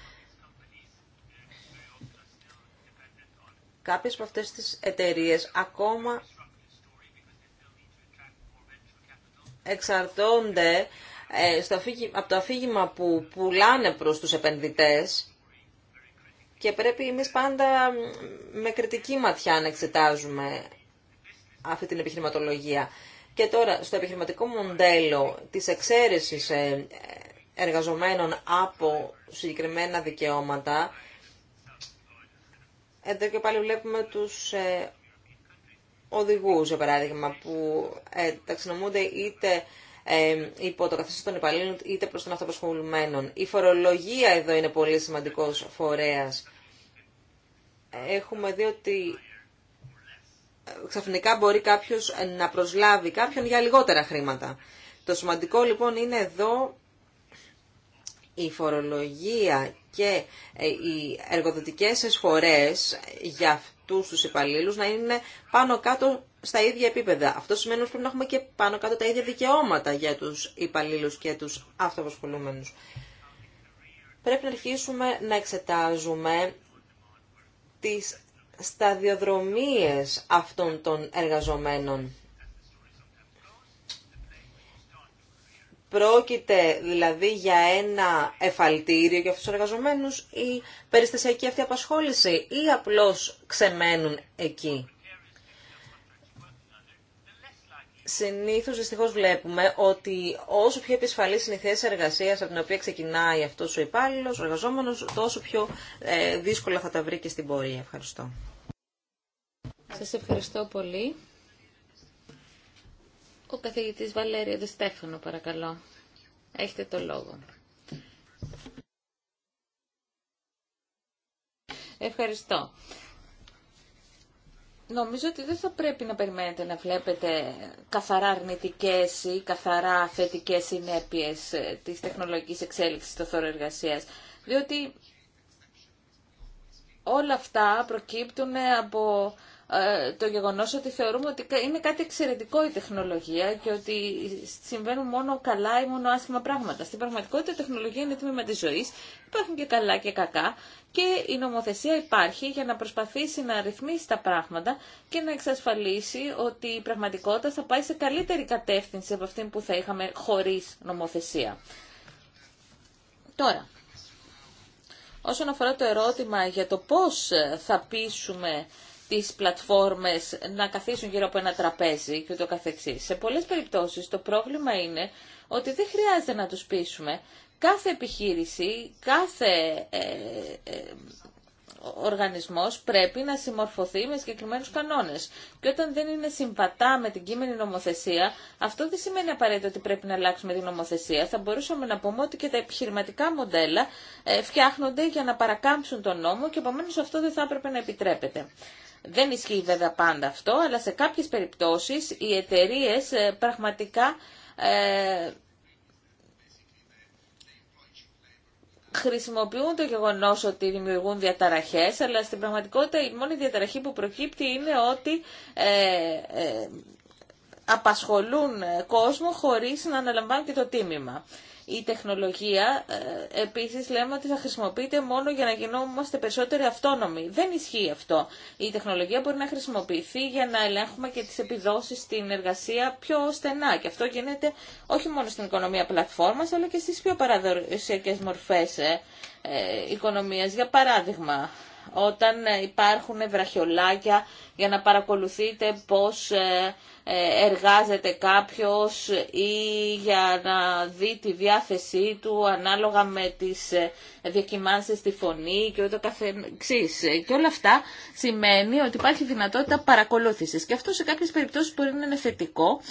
Κάποιες από αυτές τις εταιρείες ακόμα εξαρτώνται ε, στο από το αφήγημα που πουλάνε προς τους επενδυτές και πρέπει εμείς πάντα με κριτική ματιά να εξετάζουμε αυτή την επιχειρηματολογία. Και τώρα, στο επιχειρηματικό μοντέλο της εξαίρεσης ε, εργαζομένων από συγκεκριμένα δικαιώματα, εδώ και πάλι βλέπουμε τους ε, οδηγούς, για παράδειγμα, που ε, ταξινομούνται είτε ε, υπό το καθεστώς των υπαλλήλων, είτε προς τον αυτοπασχολουμένων. Η φορολογία εδώ είναι πολύ σημαντικός φορέας. Έχουμε δει ότι ε, ξαφνικά μπορεί κάποιος να προσλάβει κάποιον για λιγότερα χρήματα. Το σημαντικό λοιπόν είναι εδώ η φορολογία και ε, οι εργοδοτικές εσφορές για αυτούς τους υπαλλήλους να είναι πάνω κάτω στα ίδια επίπεδα. Αυτό σημαίνει ότι πρέπει να έχουμε και πάνω κάτω τα ίδια δικαιώματα για τους υπαλλήλου και τους αυτοαπασχολούμενους. Πρέπει να αρχίσουμε να εξετάζουμε τις σταδιοδρομίες αυτών των εργαζομένων. Πρόκειται δηλαδή για ένα εφαλτήριο για αυτούς τους εργαζομένους ή περιστασιακή αυτή απασχόληση ή απλώς ξεμένουν εκεί. Συνήθως δυστυχώς βλέπουμε ότι όσο πιο επισφαλής είναι η θέση εργασίας από την οποία ξεκινάει αυτός ο υπάλληλο, ο εργαζόμενος, τόσο πιο ε, δύσκολα θα τα βρει και στην πορεία. Ευχαριστώ. Σας ευχαριστώ πολύ. Ο καθηγητής Βαλέριο Δεστέφανο, παρακαλώ. Έχετε το λόγο. Ευχαριστώ. Νομίζω ότι δεν θα πρέπει να περιμένετε να βλέπετε καθαρά αρνητικέ ή καθαρά θετικέ συνέπειε ε, της τεχνολογική εξέλιξη των χώρο εργασία. Διότι όλα αυτά προκύπτουν από ε, το γεγονός ότι θεωρούμε ότι είναι κάτι εξαιρετικό η τεχνολογία και ότι συμβαίνουν μόνο καλά ή μόνο άσχημα πράγματα. Στην πραγματικότητα η τεχνολογία είναι τμήμα της ζωής, υπάρχουν και καλά και κακά και η νομοθεσία υπάρχει για να προσπαθήσει να ρυθμίσει τα πράγματα και να εξασφαλίσει ότι η πραγματικότητα θα πάει σε καλύτερη κατεύθυνση από αυτή που θα είχαμε χωρίς νομοθεσία. Τώρα, όσον αφορά το ερώτημα για το πώς θα πείσουμε τις πλατφόρμες να καθίσουν γύρω από ένα τραπέζι και ούτω καθεξής. Σε πολλές περιπτώσεις το πρόβλημα είναι ότι δεν χρειάζεται να τους πείσουμε. Κάθε επιχείρηση, κάθε ε, ε, οργανισμός πρέπει να συμμορφωθεί με συγκεκριμένους κανόνες. Και όταν δεν είναι συμβατά με την κείμενη νομοθεσία, αυτό δεν σημαίνει απαραίτητο ότι πρέπει να αλλάξουμε την νομοθεσία. Θα μπορούσαμε να πούμε ότι και τα επιχειρηματικά μοντέλα ε, φτιάχνονται για να παρακάμψουν τον νόμο και επομένω αυτό δεν θα έπρεπε να επιτρέπεται. Δεν ισχύει βέβαια πάντα αυτό, αλλά σε κάποιες περιπτώσεις οι εταιρείε ε, πραγματικά ε, χρησιμοποιούν το γεγονός ότι δημιουργούν διαταραχές, αλλά στην πραγματικότητα η μόνη διαταραχή που προκύπτει είναι ότι ε, απασχολούν κόσμο χωρίς να αναλαμβάνουν και το τίμημα η τεχνολογία, ε, επίσης λέμε ότι θα χρησιμοποιείται μόνο για να γινόμαστε περισσότεροι αυτόνομοι. Δεν ισχύει αυτό. Η τεχνολογία μπορεί να χρησιμοποιηθεί για να ελέγχουμε και τις επιδόσεις στην εργασία πιο στενά. Και αυτό γίνεται όχι μόνο στην οικονομία πλατφόρμας, αλλά και στις πιο παραδοσιακές μορφές ε, ε, οικονομίας. Για παράδειγμα, όταν υπάρχουν βραχιολάκια για να παρακολουθείτε πώς ε, ε, εργάζεται κάποιος ή για να δει τη διάθεσή του ανάλογα με τις ε, διακυμάνσεις στη φωνή και ούτω καθεξής. Και όλα αυτά σημαίνει ότι υπάρχει δυνατότητα παρακολούθησης και αυτό σε κάποιες περιπτώσεις μπορεί να είναι θετικό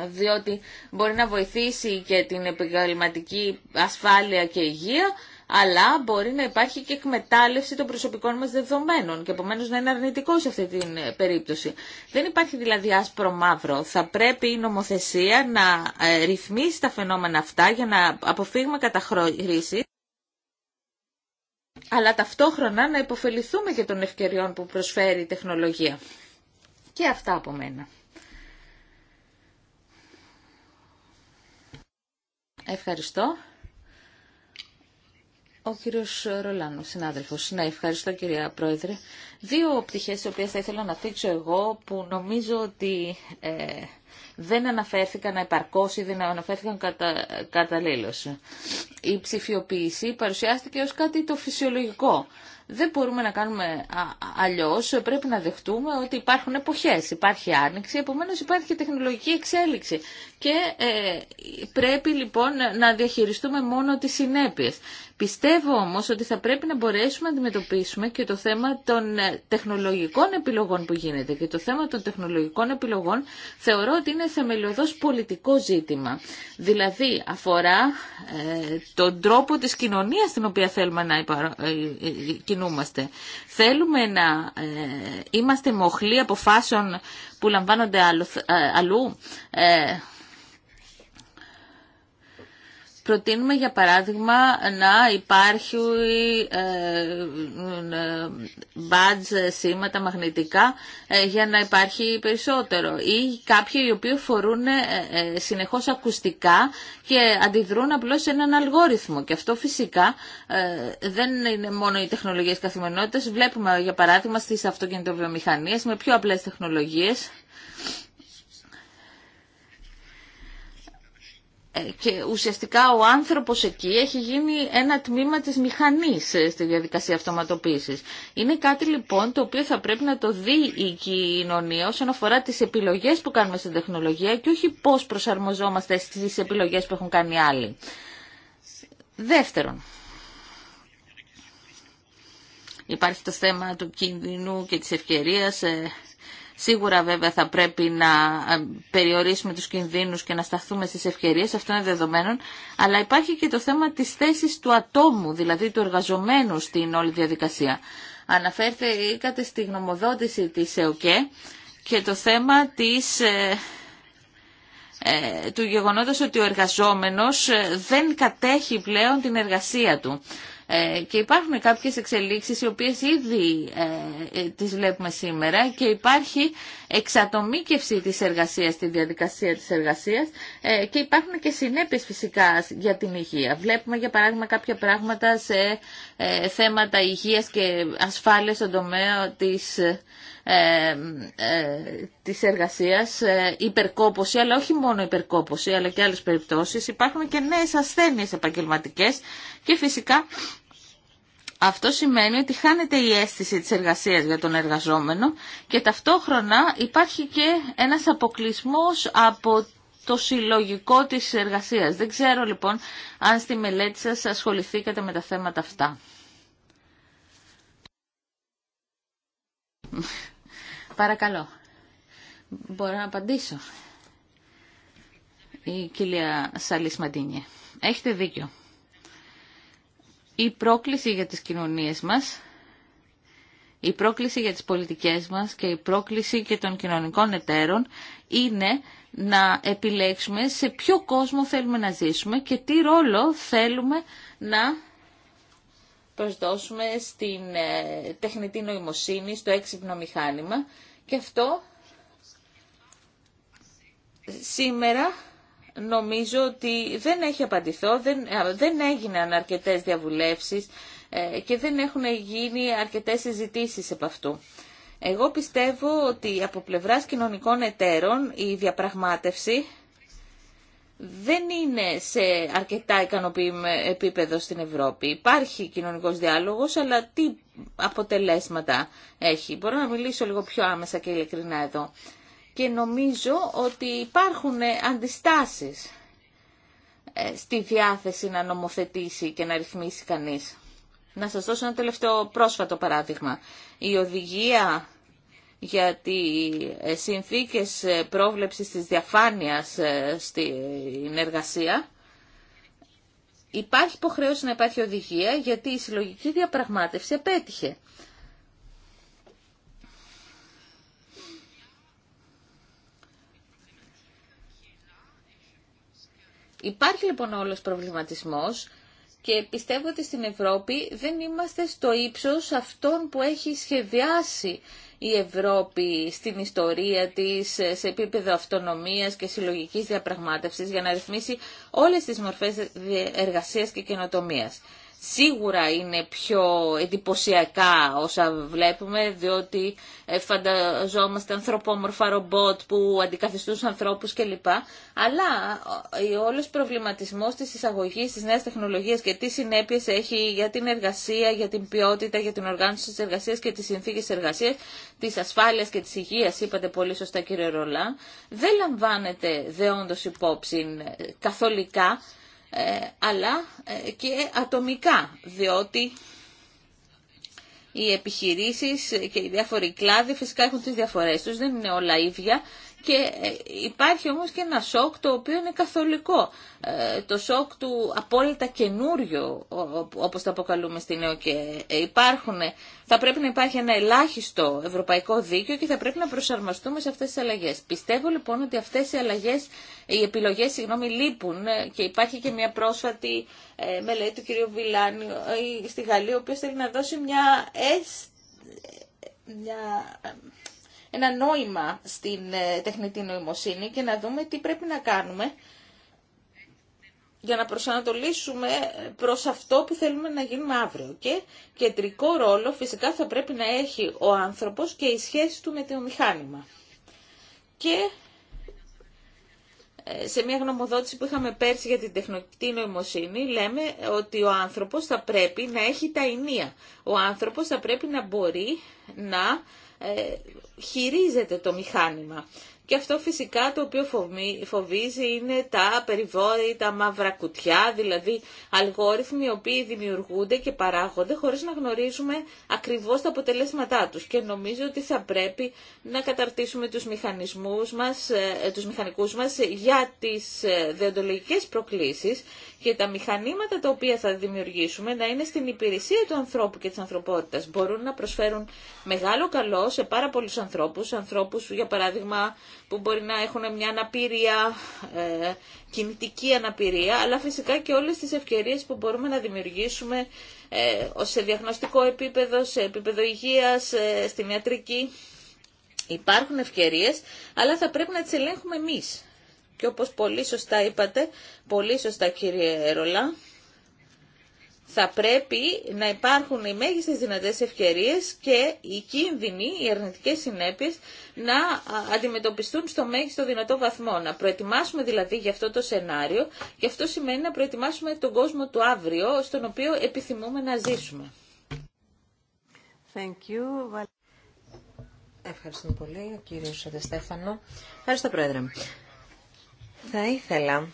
διότι μπορεί να βοηθήσει και την επαγγελματική ασφάλεια και υγεία αλλά μπορεί να υπάρχει και εκμετάλλευση των προσωπικών μας δεδομένων και επομένω να είναι αρνητικό σε αυτή την ε, περίπτωση. Δεν υπάρχει δηλαδή άσπρο μαύρο. Θα πρέπει η νομοθεσία να ε, ρυθμίσει τα φαινόμενα αυτά για να αποφύγουμε καταχρήσει. αλλά ταυτόχρονα να υποφεληθούμε και των ευκαιριών που προσφέρει η τεχνολογία. Και αυτά από μένα. Ευχαριστώ. Ο κύριος Ρολάνο, συνάδελφος. Ναι, ευχαριστώ κυρία Πρόεδρε. Δύο πτυχές, οι οποίες θα ήθελα να θίξω εγώ, που νομίζω ότι ε, δεν αναφέρθηκαν επαρκώς ή δεν αναφέρθηκαν κατα, καταλήλως η ψηφιοποίηση παρουσιάστηκε ως κάτι το φυσιολογικό. Δεν μπορούμε να κάνουμε αλλιώς, πρέπει να δεχτούμε ότι υπάρχουν εποχές, υπάρχει άνοιξη, επομένως υπάρχει και τεχνολογική εξέλιξη και ε, πρέπει λοιπόν να διαχειριστούμε μόνο τις συνέπειες. Πιστεύω όμως ότι θα πρέπει να μπορέσουμε να αντιμετωπίσουμε και το θέμα των ε, τεχνολογικών επιλογών που γίνεται και το θέμα των τεχνολογικών επιλογών θεωρώ ότι είναι θεμελιωδώς πολιτικό ζήτημα. Δηλαδή αφορά ε, τον τρόπο της κοινωνίας στην οποία θέλουμε να ε, ε, κινούμαστε. Θέλουμε να ε, είμαστε μοχλοί αποφάσεων που λαμβάνονται αλλού. Προτείνουμε για παράδειγμα να υπάρχουν ε, ε, μπάτζ σήματα μαγνητικά ε, για να υπάρχει περισσότερο ή κάποιοι οι οποίοι φορούν συνεχώς ακουστικά και αντιδρούν απλώς σε έναν αλγόριθμο και αυτό φυσικά δεν είναι μόνο οι τεχνολογίες καθημερινότητας. Βλέπουμε για παράδειγμα στις αυτοκινητοβιομηχανίες με πιο απλές τεχνολογίες Ε, και ουσιαστικά ο άνθρωπος εκεί έχει γίνει ένα τμήμα της μηχανής ε, στη διαδικασία αυτοματοποίησης. Είναι κάτι λοιπόν το οποίο θα πρέπει να το δει η κοινωνία όσον αφορά τις επιλογές που κάνουμε στην τεχνολογία και όχι πώς προσαρμοζόμαστε στις επιλογές που έχουν κάνει άλλοι. Δεύτερον, υπάρχει το θέμα του κίνδυνου και της ευκαιρίας ε, Σίγουρα βέβαια θα πρέπει να ε, περιορίσουμε τους κινδύνους και να σταθούμε στις ευκαιρίες, αυτό είναι δεδομένο, αλλά υπάρχει και το θέμα της θέσης του ατόμου, δηλαδή του εργαζομένου στην όλη διαδικασία. Αναφέρθηκατε στη γνωμοδότηση της ΕΟΚΕ και το θέμα της ε, ε, του γεγονότος ότι ο εργαζόμενος δεν κατέχει πλέον την εργασία του. Ε, και υπάρχουν κάποιες εξελίξεις οι οποίες ήδη ε, ε, τις βλέπουμε σήμερα και υπάρχει εξατομίκευση της εργασίας τη διαδικασία της εργασίας και υπάρχουν και συνέπειες φυσικά για την υγεία. Βλέπουμε για παράδειγμα κάποια πράγματα σε θέματα υγείας και ασφάλειας στον τομέα της ε, ε, της εργασίας, ε, υπερκόπωση, αλλά όχι μόνο υπερκόπωση, αλλά και άλλες περιπτώσεις. Υπάρχουν και νέες ασθένειες επαγγελματικές και φυσικά αυτό σημαίνει ότι χάνεται η αίσθηση της εργασίας για τον εργαζόμενο και ταυτόχρονα υπάρχει και ένας αποκλεισμό από το συλλογικό της εργασίας. Δεν ξέρω λοιπόν αν στη μελέτη σας ασχοληθήκατε με τα θέματα αυτά. Παρακαλώ. Μπορώ να απαντήσω. Η κυρία Σαλής Μαντίνιε. Έχετε δίκιο. Η πρόκληση για τις κοινωνίες μας, η πρόκληση για τις πολιτικές μας και η πρόκληση και των κοινωνικών εταίρων είναι να επιλέξουμε σε ποιο κόσμο θέλουμε να ζήσουμε και τι ρόλο θέλουμε να προσδώσουμε στην ε, τεχνητή νοημοσύνη, στο έξυπνο μηχάνημα και αυτό σήμερα νομίζω ότι δεν έχει απαντηθώ, δεν, δεν έγιναν αρκετές διαβουλεύσεις ε, και δεν έχουν γίνει αρκετές συζητήσει επ' αυτού. Εγώ πιστεύω ότι από πλευράς κοινωνικών εταίρων η διαπραγμάτευση δεν είναι σε αρκετά ικανοποιημένο επίπεδο στην Ευρώπη. Υπάρχει κοινωνικός διάλογος, αλλά τι αποτελέσματα έχει. Μπορώ να μιλήσω λίγο πιο άμεσα και ειλικρινά εδώ. Και νομίζω ότι υπάρχουν αντιστάσεις ε, στη διάθεση να νομοθετήσει και να ρυθμίσει κανείς. Να σας δώσω ένα τελευταίο πρόσφατο παράδειγμα. Η οδηγία γιατί ε, συνθήκες ε, πρόβλεψης της διαφάνειας ε, στην εργασία υπάρχει υποχρέωση να υπάρχει οδηγία γιατί η συλλογική διαπραγμάτευση απέτυχε. Υπάρχει λοιπόν όλος προβληματισμός και πιστεύω ότι στην Ευρώπη δεν είμαστε στο ύψος αυτών που έχει σχεδιάσει η Ευρώπη στην ιστορία της σε επίπεδο αυτονομίας και συλλογικής διαπραγμάτευσης για να ρυθμίσει όλες τις μορφές εργασίας και καινοτομίας σίγουρα είναι πιο εντυπωσιακά όσα βλέπουμε, διότι ε, φανταζόμαστε ανθρωπόμορφα ρομπότ που αντικαθιστούν ανθρώπους κλπ. Αλλά ε, ο όλος προβληματισμός της εισαγωγής της νέας τεχνολογίας και τι συνέπειες έχει για την εργασία, για την ποιότητα, για την οργάνωση της εργασίας και τις συνθήκες εργασίας, της ασφάλειας και της υγείας, είπατε πολύ σωστά κύριε Ρολά, δεν λαμβάνεται δεόντως υπόψη ε, καθολικά ε, αλλά ε, και ατομικά, διότι οι επιχειρήσεις και οι διάφοροι κλάδοι φυσικά έχουν τις διαφορές τους, δεν είναι όλα ίδια και ε, υπάρχει όμως και ένα σοκ το οποίο είναι καθολικό. Ε, το σοκ του απόλυτα καινούριο, όπως το αποκαλούμε στην ΕΟΚΕ. Υπάρχουν, θα πρέπει να υπάρχει ένα ελάχιστο ευρωπαϊκό δίκαιο και θα πρέπει να προσαρμοστούμε σε αυτές τις αλλαγές. Πιστεύω λοιπόν ότι αυτές οι αλλαγές, οι επιλογές, συγγνώμη, λείπουν ε, και υπάρχει και μια πρόσφατη μελέτη του κ. Βιλάνη στη Γαλλία, ο οποίος θέλει να δώσει μια, μια ένα νόημα στην ε, τεχνητή νοημοσύνη και να δούμε τι πρέπει να κάνουμε για να προσανατολίσουμε προς αυτό που θέλουμε να γίνουμε αύριο. Και κεντρικό ρόλο φυσικά θα πρέπει να έχει ο άνθρωπος και η σχέση του με το μηχάνημα. Και ε, σε μια γνωμοδότηση που είχαμε πέρσι για την τεχνητή νοημοσύνη, λέμε ότι ο άνθρωπος θα πρέπει να έχει τα ενία. Ο άνθρωπος θα πρέπει να μπορεί να ε, χειρίζεται το μηχάνημα. Και αυτό φυσικά το οποίο φοβίζει είναι τα περιβόητα μαύρα κουτιά, δηλαδή αλγόριθμοι οι οποίοι δημιουργούνται και παράγονται χωρίς να γνωρίζουμε ακριβώς τα αποτελέσματά τους. Και νομίζω ότι θα πρέπει να καταρτήσουμε τους, μηχανισμούς μας, ε, τους μηχανικούς μας για τις ε, δεοντολογικές προκλήσεις και τα μηχανήματα τα οποία θα δημιουργήσουμε να είναι στην υπηρεσία του ανθρώπου και της ανθρωπότητας. Μπορούν να προσφέρουν μεγάλο καλό σε πάρα πολλούς ανθρώπους, ανθρώπους για παράδειγμα που μπορεί να έχουν μια αναπηρία, ε, κινητική αναπηρία, αλλά φυσικά και όλες τις ευκαιρίες που μπορούμε να δημιουργήσουμε ε, σε διαγνωστικό επίπεδο, σε επίπεδο υγείας, ε, στην ιατρική. Υπάρχουν ευκαιρίες, αλλά θα πρέπει να τις ελέγχουμε εμείς. Και όπως πολύ σωστά είπατε, πολύ σωστά κύριε Ρολά, θα πρέπει να υπάρχουν οι μέγιστες δυνατές ευκαιρίες και οι κίνδυνοι, οι αρνητικές συνέπειες να αντιμετωπιστούν στο μέγιστο δυνατό βαθμό. Να προετοιμάσουμε δηλαδή για αυτό το σενάριο και αυτό σημαίνει να προετοιμάσουμε τον κόσμο του αύριο στον οποίο επιθυμούμε να ζήσουμε. Thank you. Ευχαριστούμε πολύ, ο Σαντεστέφανο. Ευχαριστώ, Πρόεδρε. Θα ήθελα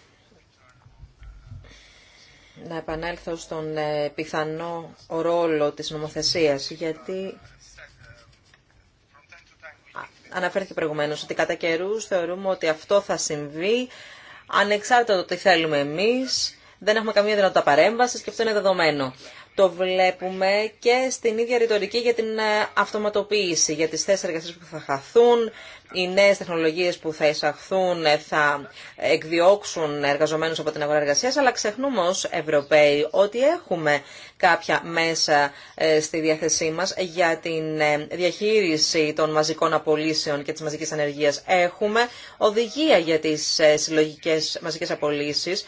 να επανέλθω στον ε, πιθανό ρόλο της νομοθεσίας, γιατί αναφέρθηκε προηγουμένως ότι κατά καιρού θεωρούμε ότι αυτό θα συμβεί ανεξάρτητα το τι θέλουμε εμείς, δεν έχουμε καμία δυνατότητα παρέμβασης και αυτό είναι δεδομένο το βλέπουμε και στην ίδια ρητορική για την ε, αυτοματοποίηση, για τις θέσεις εργασίες που θα χαθούν, οι νέες τεχνολογίες που θα εισαχθούν ε, θα εκδιώξουν εργαζομένους από την αγορά εργασίας, αλλά ξεχνούμε ως Ευρωπαίοι ότι έχουμε κάποια μέσα ε, στη διάθεσή μας για την διαχείριση των μαζικών απολύσεων και της μαζικής ανεργίας. Έχουμε οδηγία για τις συλλογικές μαζικές απολύσεις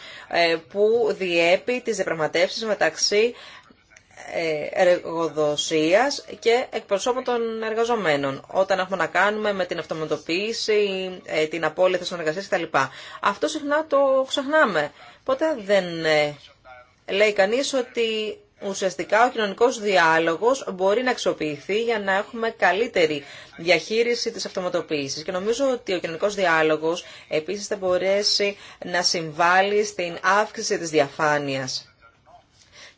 που διέπει τις διαπραγματεύσεις μεταξύ ε, εργοδοσίας και εκπροσώπων των εργαζομένων όταν έχουμε να κάνουμε με την αυτοματοποίηση, ε, την απόλυτη συνεργασία κτλ. Αυτό συχνά το ξεχνάμε. Ποτέ δεν ε, λέει κανείς ότι ουσιαστικά ο κοινωνικός διάλογος μπορεί να αξιοποιηθεί για να έχουμε καλύτερη διαχείριση της αυτοματοποίησης. Και νομίζω ότι ο κοινωνικός διάλογος επίσης θα μπορέσει να συμβάλλει στην αύξηση της διαφάνειας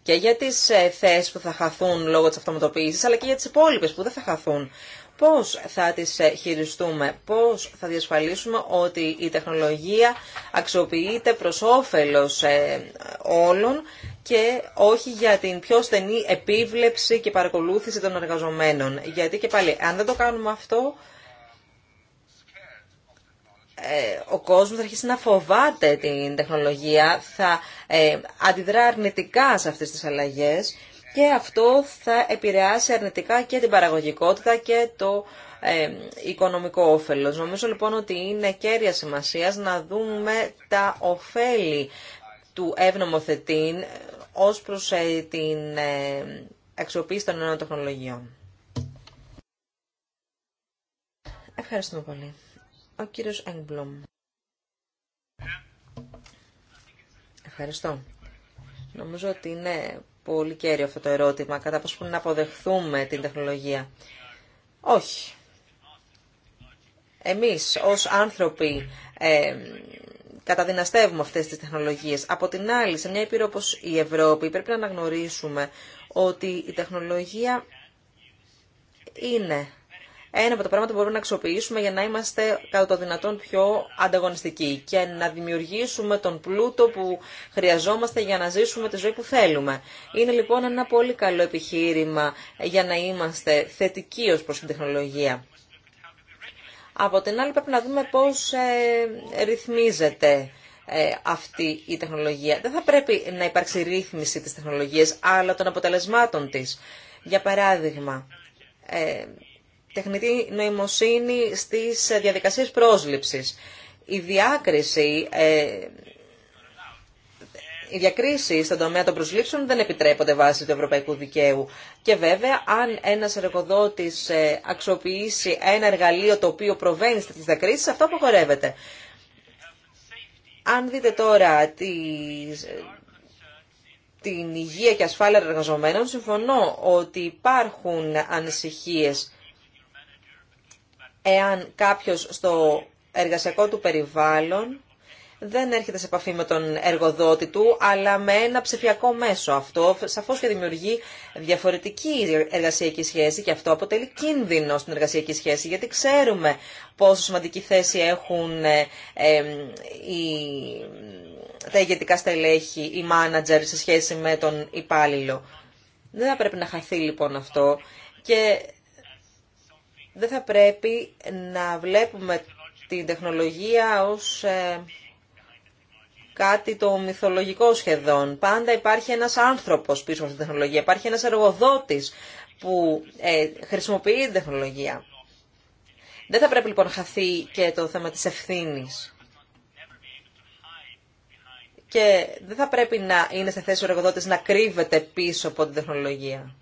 και για τι ε, θέσει που θα χαθούν λόγω τη αυτοματοποίηση, αλλά και για τι υπόλοιπε που δεν θα χαθούν. Πώς θα τις ε, χειριστούμε, πώς θα διασφαλίσουμε ότι η τεχνολογία αξιοποιείται προς όφελος ε, όλων και όχι για την πιο στενή επίβλεψη και παρακολούθηση των εργαζομένων. Γιατί και πάλι, αν δεν το κάνουμε αυτό, ε, ο κόσμος θα αρχίσει να φοβάται την τεχνολογία, θα ε, αντιδρά αρνητικά σε αυτές τις αλλαγές και αυτό θα επηρεάσει αρνητικά και την παραγωγικότητα και το ε, οικονομικό όφελος. Νομίζω λοιπόν ότι είναι κέρια σημασίας να δούμε τα ωφέλη του ευνομοθετήν ως προς την αξιοποίηση των νέων τεχνολογιών. Ευχαριστούμε πολύ. Ο κύριος Έγκμπλουμ. Ευχαριστώ. Νομίζω ότι είναι πολύ κέριο αυτό το ερώτημα, κατά πώς πρέπει να αποδεχθούμε την τεχνολογία. Όχι. Εμείς ως άνθρωποι ε, καταδυναστεύουμε αυτές τις τεχνολογίες. Από την άλλη, σε μια ήπειρο όπως η Ευρώπη, πρέπει να αναγνωρίσουμε ότι η τεχνολογία είναι ένα από τα πράγματα που μπορούμε να αξιοποιήσουμε για να είμαστε κατά το δυνατόν πιο ανταγωνιστικοί και να δημιουργήσουμε τον πλούτο που χρειαζόμαστε για να ζήσουμε τη ζωή που θέλουμε. Είναι λοιπόν ένα πολύ καλό επιχείρημα για να είμαστε θετικοί ως προς την τεχνολογία. Από την άλλη πρέπει να δούμε πώς ε, ρυθμίζεται ε, αυτή η τεχνολογία. Δεν θα πρέπει να υπάρξει ρύθμιση της τεχνολογίας, αλλά των αποτελεσμάτων της. Για παράδειγμα, ε, τεχνητή νοημοσύνη στις διαδικασίες πρόσληψης. Η διάκριση, ε, οι διακρίσει στον τομέα των προσλήψεων δεν επιτρέπονται βάσει του ευρωπαϊκού δικαίου. Και βέβαια, αν ένα εργοδότη ε, αξιοποιήσει ένα εργαλείο το οποίο προβαίνει στι διακρίσει, αυτό απαγορεύεται. Αν δείτε τώρα ε, την υγεία και ασφάλεια εργαζομένων, συμφωνώ ότι υπάρχουν ανησυχίες εάν κάποιος στο εργασιακό του περιβάλλον δεν έρχεται σε επαφή με τον εργοδότη του, αλλά με ένα ψηφιακό μέσο. Αυτό σαφώς και δημιουργεί διαφορετική εργασιακή σχέση και αυτό αποτελεί κίνδυνο στην εργασιακή σχέση, γιατί ξέρουμε πόσο σημαντική θέση έχουν ε, τα ηγετικά στελέχη, οι μάνατζερ σε σχέση με τον υπάλληλο. Δεν θα πρέπει να χαθεί λοιπόν αυτό και δεν θα πρέπει να βλέπουμε την τεχνολογία ως ε, κάτι το μυθολογικό σχεδόν. Πάντα υπάρχει ένας άνθρωπος πίσω από την τεχνολογία, υπάρχει ένας εργοδότης που ε, χρησιμοποιεί την τεχνολογία. Δεν θα πρέπει λοιπόν να χαθεί και το θέμα της ευθύνης. Και δεν θα πρέπει να είναι σε θέση ο εργοδότης να κρύβεται πίσω από την τεχνολογία.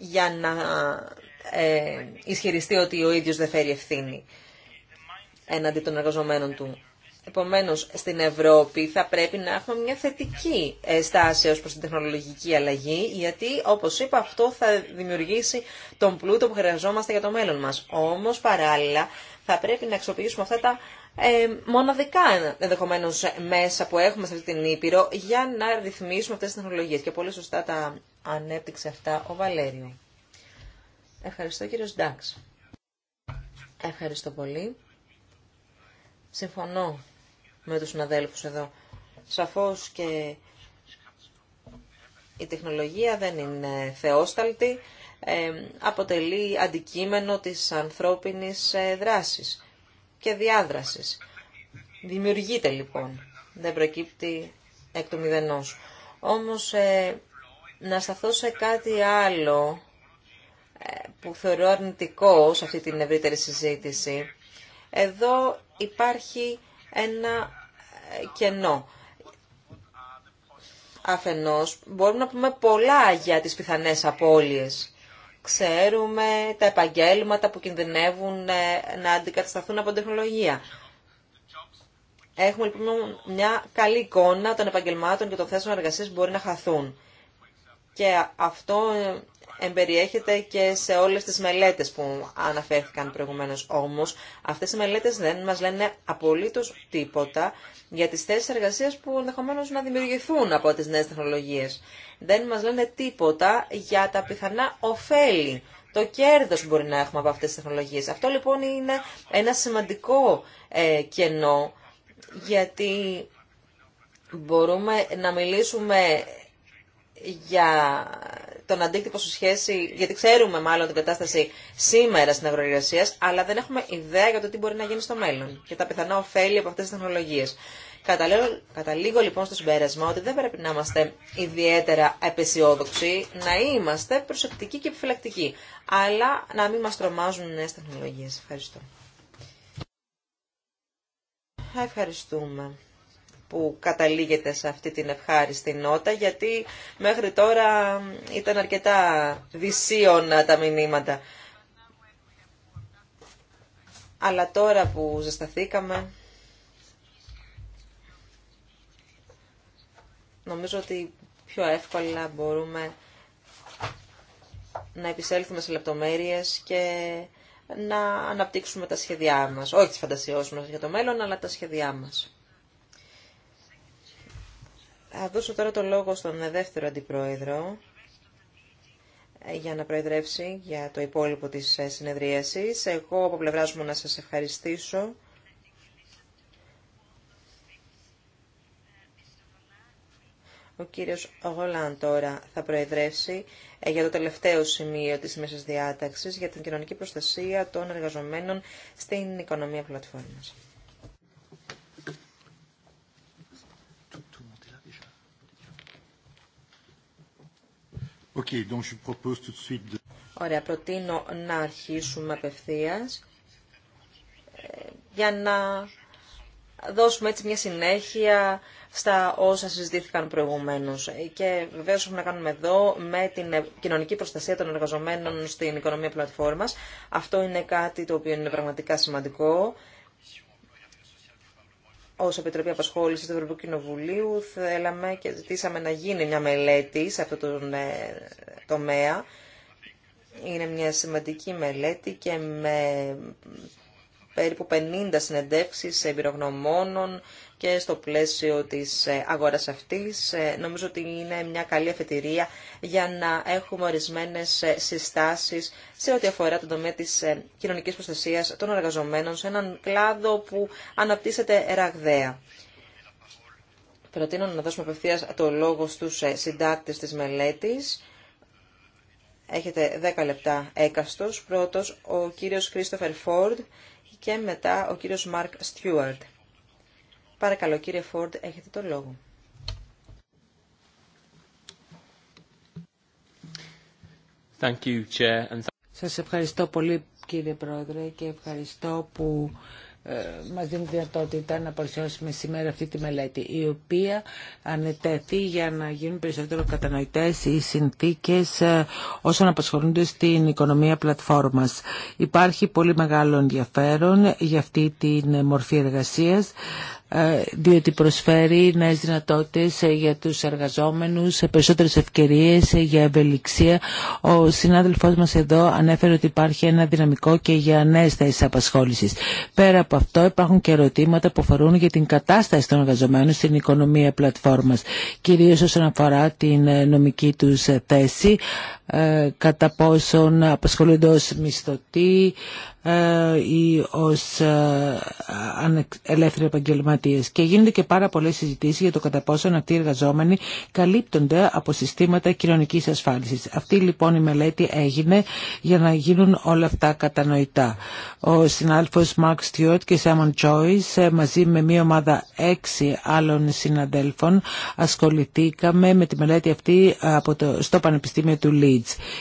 για να ε, ισχυριστεί ότι ο ίδιος δεν φέρει ευθύνη έναντι των εργαζομένων του. Επομένως, στην Ευρώπη θα πρέπει να έχουμε μια θετική στάση ως προς την τεχνολογική αλλαγή, γιατί, όπως είπα, αυτό θα δημιουργήσει τον πλούτο που χρειαζόμαστε για το μέλλον μας. Όμως, παράλληλα, θα πρέπει να αξιοποιήσουμε αυτά τα ε, μοναδικά ενδεχομένω μέσα που έχουμε σε αυτή την Ήπειρο για να ρυθμίσουμε αυτές τις τεχνολογίες. Και πολύ σωστά τα ανέπτυξε αυτά ο Βαλέριο. Ευχαριστώ κύριο Ντάξ. Ευχαριστώ πολύ. Συμφωνώ με τους συναδέλφους εδώ. Σαφώς και η τεχνολογία δεν είναι θεόσταλτη, ε, αποτελεί αντικείμενο της ανθρώπινης ε, δράσης και διάδρασης. Δημιουργείται λοιπόν, δεν προκύπτει εκ του μηδενός. Όμως ε, να σταθώ σε κάτι άλλο ε, που θεωρώ αρνητικό σε αυτή την ευρύτερη συζήτηση. Εδώ υπάρχει ένα ε, κενό. Αφενός, μπορούμε να πούμε πολλά για τις πιθανές απώλειες. Ξέρουμε τα επαγγέλματα που κινδυνεύουν ε, να αντικατασταθούν από την τεχνολογία. Έχουμε λοιπόν μια καλή εικόνα των επαγγελμάτων και των θέσεων εργασίας που μπορεί να χαθούν. Και αυτό εμπεριέχεται και σε όλες τις μελέτες που αναφέρθηκαν προηγουμένως. Όμως, αυτές οι μελέτες δεν μας λένε απολύτως τίποτα για τις θέσεις εργασίας που ενδεχομένως να δημιουργηθούν από τις νέες τεχνολογίες. Δεν μας λένε τίποτα για τα πιθανά ωφέλη, το κέρδος που μπορεί να έχουμε από αυτές τις τεχνολογίες. Αυτό λοιπόν είναι ένα σημαντικό ε, κενό, γιατί μπορούμε να μιλήσουμε για τον αντίκτυπο σου σχέση, γιατί ξέρουμε μάλλον την κατάσταση σήμερα στην αγροεργασία, αλλά δεν έχουμε ιδέα για το τι μπορεί να γίνει στο μέλλον και τα πιθανά ωφέλη από αυτέ τι τεχνολογίε. Καταλήγω λοιπόν στο συμπέρασμα ότι δεν πρέπει να είμαστε ιδιαίτερα απεσιόδοξοι, να είμαστε προσεκτικοί και επιφυλακτικοί, αλλά να μην μα τρομάζουν νέε τεχνολογίε. Ευχαριστώ. Ευχαριστούμε που καταλήγεται σε αυτή την ευχάριστη νότα, γιατί μέχρι τώρα ήταν αρκετά δυσίωνα τα μηνύματα. Αλλά τώρα που ζεσταθήκαμε, νομίζω ότι πιο εύκολα μπορούμε να επισέλθουμε σε λεπτομέρειες και να αναπτύξουμε τα σχέδιά μας. Όχι τις φαντασιώσεις μας για το μέλλον, αλλά τα σχέδιά μας. Θα δώσω τώρα το λόγο στον δεύτερο αντιπρόεδρο ε, για να προεδρεύσει για το υπόλοιπο της ε, συνεδρίασης. Εγώ από πλευράς μου να σας ευχαριστήσω. Ο κύριος Γολάν τώρα θα προεδρεύσει ε, για το τελευταίο σημείο της μέσης διάταξης για την κοινωνική προστασία των εργαζομένων στην οικονομία πλατφόρμας. Ωραία, προτείνω να αρχίσουμε απευθεία ε, για να δώσουμε έτσι μια συνέχεια στα όσα συζητήθηκαν προηγουμένω. Και βεβαίω έχουμε να κάνουμε εδώ με την κοινωνική προστασία των εργαζομένων στην οικονομία πλατφόρμα. Αυτό είναι κάτι το οποίο είναι πραγματικά σημαντικό Ω Επιτροπή απασχόληση του Ευρωπαϊκού Κοινοβουλίου θέλαμε και ζητήσαμε να γίνει μια μελέτη σε αυτό το ε, τομέα. Είναι μια σημαντική μελέτη και με περίπου 50 συνεντεύξεις εμπειρογνωμόνων, και στο πλαίσιο της ε, αγοράς αυτής. Ε, νομίζω ότι είναι μια καλή αφετηρία για να έχουμε ορισμένες ε, συστάσεις σε ό,τι αφορά τον τομέα της κοινωνικής προστασίας των εργαζομένων σε έναν κλάδο που αναπτύσσεται ραγδαία. Προτείνω να δώσουμε απευθεία το λόγο στους συντάκτες της μελέτης. Έχετε 10 λεπτά έκαστος. Πρώτος ο κύριος Κρίστοφερ Φόρντ και μετά ο κύριος Μάρκ Στιούαρτ. Παρακαλώ κύριε Φόρντ, έχετε το λόγο. Thank Σας ευχαριστώ πολύ κύριε Πρόεδρε και ευχαριστώ που ε, μας δίνει δυνατότητα να παρουσιάσουμε σήμερα αυτή τη μελέτη η οποία ανετέθη για να γίνουν περισσότερο κατανοητές οι συνθήκες ε, όσων απασχολούνται στην οικονομία πλατφόρμας. Υπάρχει πολύ μεγάλο ενδιαφέρον για αυτή τη μορφή εργασίας. Ε, διότι προσφέρει νέες δυνατότητες ε, για τους εργαζόμενους, ε, περισσότερες ευκαιρίες για ευελιξία. Ο συνάδελφός μας εδώ ανέφερε ότι υπάρχει ένα δυναμικό και για νέες θέσεις απασχόλησης. Πέρα από αυτό υπάρχουν και ερωτήματα που αφορούν για την κατάσταση των εργαζομένων στην οικονομία πλατφόρμας, κυρίως όσον αφορά την νομική τους θέση, ε, κατά πόσον απασχολούνται ως μισθωτοί ε, ή ως ε, ελεύθεροι επαγγελματίες. Και γίνονται και πάρα πολλές συζητήσεις για το κατά πόσον αυτοί οι εργαζόμενοι καλύπτονται από συστήματα κοινωνικής ασφάλισης. Αυτή λοιπόν η μελέτη έγινε για να γίνουν όλα αυτά κατανοητά. Ο συνάδελφος Μαρκ Στιούαρτ και Σάμον Τζόις μαζί με μια ομάδα έξι άλλων συναδέλφων ασχοληθήκαμε με τη μελέτη αυτή από το, στο Πανεπιστήμιο του Λίτ.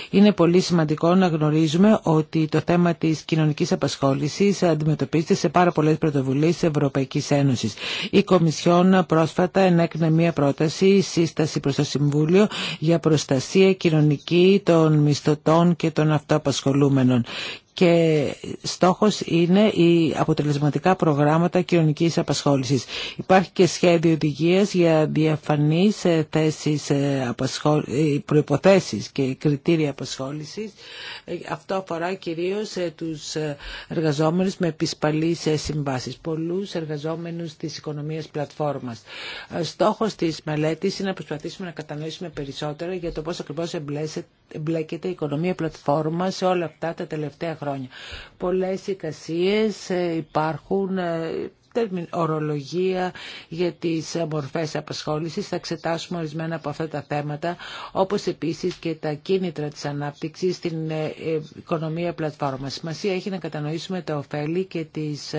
Είναι πολύ σημαντικό να γνωρίζουμε ότι το θέμα της κοινωνικής απασχόλησης αντιμετωπίζεται σε πάρα πολλές πρωτοβουλίες της Ευρωπαϊκής Ένωσης. Η Κομισιόν πρόσφατα ενέκρινε μία πρόταση σύσταση προς το Συμβούλιο για προστασία κοινωνική των μισθωτών και των αυτοαπασχολούμενων και στόχος είναι οι αποτελεσματικά προγράμματα κοινωνικής απασχόλησης. Υπάρχει και σχέδιο οδηγίας για διαφανείς ε, θέσεις ε, ε, προϋποθέσεις και κριτήρια απασχόλησης. Αυτό αφορά κυρίως τους εργαζόμενους με επισπαλείς συμβάσεις, πολλούς εργαζόμενους της οικονομίας πλατφόρμας. Στόχος της μελέτης είναι να προσπαθήσουμε να κατανοήσουμε περισσότερο για το πώς ακριβώς εμπλέκεται η οικονομία πλατφόρμα σε όλα αυτά τα τελευταία χρόνια χρόνια. Πολλές εικασίες ε, υπάρχουν ε, ορολογία για τις μορφές απασχόλησης. Θα εξετάσουμε ορισμένα από αυτά τα θέματα, όπως επίσης και τα κίνητρα της ανάπτυξης στην ε, οικονομία πλατφόρμα. Σημασία έχει να κατανοήσουμε τα ωφέλη και τις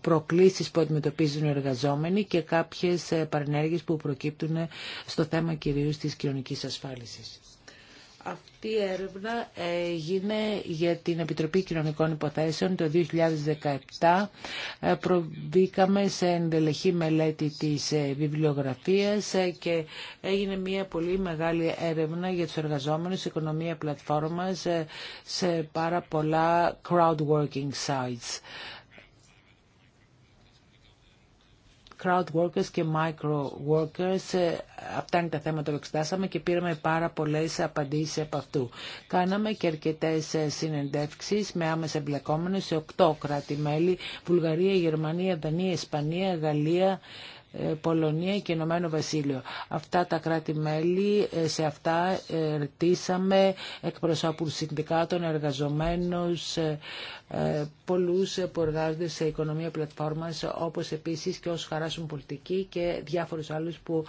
προκλήσεις που αντιμετωπίζουν οι εργαζόμενοι και κάποιες παρενέργειες που προκύπτουν στο θέμα κυρίως της κοινωνικής ασφάλισης. Αυτή η έρευνα ε, έγινε για την Επιτροπή Κοινωνικών Υποθέσεων το 2017. Ε, προβήκαμε σε εντελεχή μελέτη της ε, βιβλιογραφίας και έγινε μια πολύ μεγάλη έρευνα για τους εργαζόμενους οικονομία πλατφόρμας σε πάρα πολλά crowdworking sites. crowd workers και micro workers. Ε, αυτά είναι τα θέματα που εξετάσαμε και πήραμε πάρα πολλές απαντήσεις από αυτού. Κάναμε και αρκετές ε, συνεντεύξεις με άμεσα εμπλεκόμενους σε οκτώ κράτη-μέλη, Βουλγαρία, Γερμανία, Δανία, Ισπανία, Γαλλία, ε, Πολωνία και Ηνωμένο Βασίλειο. Αυτά τα κράτη-μέλη, ε, σε αυτά ρωτήσαμε εκπροσώπους συνδικάτων, εργαζομένους, ε, πολλούς που εργάζονται σε οικονομία πλατφόρμας, όπως επίσης και όσους χαράσουν πολιτική και διάφορους άλλους που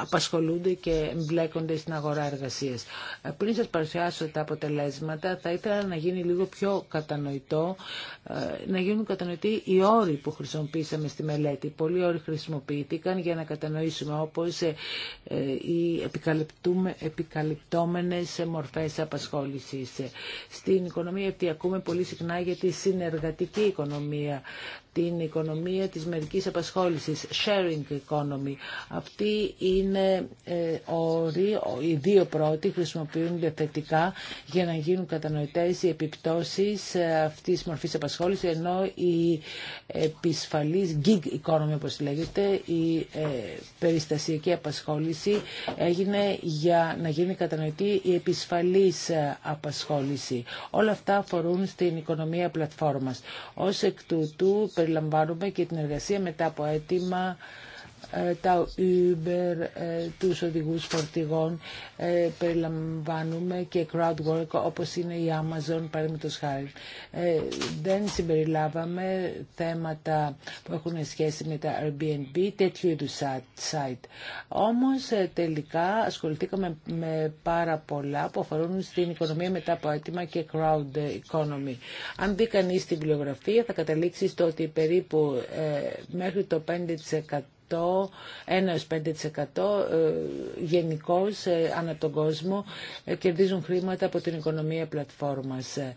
απασχολούνται και εμπλέκονται στην αγορά εργασίας. Ε, πριν σας παρουσιάσω τα αποτελέσματα, θα ήθελα να γίνει λίγο πιο κατανοητό, ε, να γίνουν κατανοητοί οι όροι που χρησιμοποίησαμε στη μελέτη. Πολλοί όροι χρησιμοποιήθηκαν για να κατανοήσουμε όπως ε, οι επικαλυπτόμενες μορφές απασχόλησης. Στην οικονομία αυτή ακούμε πολύ συχνά για τη συνεργατική οικονομία την οικονομία της μερικής απασχόλησης, sharing economy. Αυτοί είναι ε, όροι, οι δύο πρώτοι χρησιμοποιούνται θετικά για να γίνουν κατανοητές οι επιπτώσεις ε, αυτής της μορφής απασχόλησης, ενώ η επισφαλής gig economy, όπως λέγεται, η ε, περιστασιακή απασχόληση έγινε για να γίνει κατανοητή η επισφαλής απασχόληση. Όλα αυτά αφορούν στην οικονομία πλατφόρμας. Ως εκ τούτου, περιλαμβάνουμε και την εργασία μετά από αίτημα ε, τα Uber, ε, τους οδηγούς φορτηγών, ε, περιλαμβάνουμε και crowd work όπως είναι η Amazon παραδείγματος χάρη. Δεν συμπεριλάβαμε θέματα που έχουν σχέση με τα Airbnb, τέτοιου είδου site. Όμως τελικά ασχοληθήκαμε με πάρα πολλά που αφορούν στην οικονομία μετά από αίτημα και crowd economy. Αν δει κανείς την βιβλιογραφία θα καταλήξει στο ότι περίπου μέχρι το 5% 1-5% ε, γενικώ ανά τον κόσμο ε, κερδίζουν χρήματα από την οικονομία πλατφόρμας. Ε.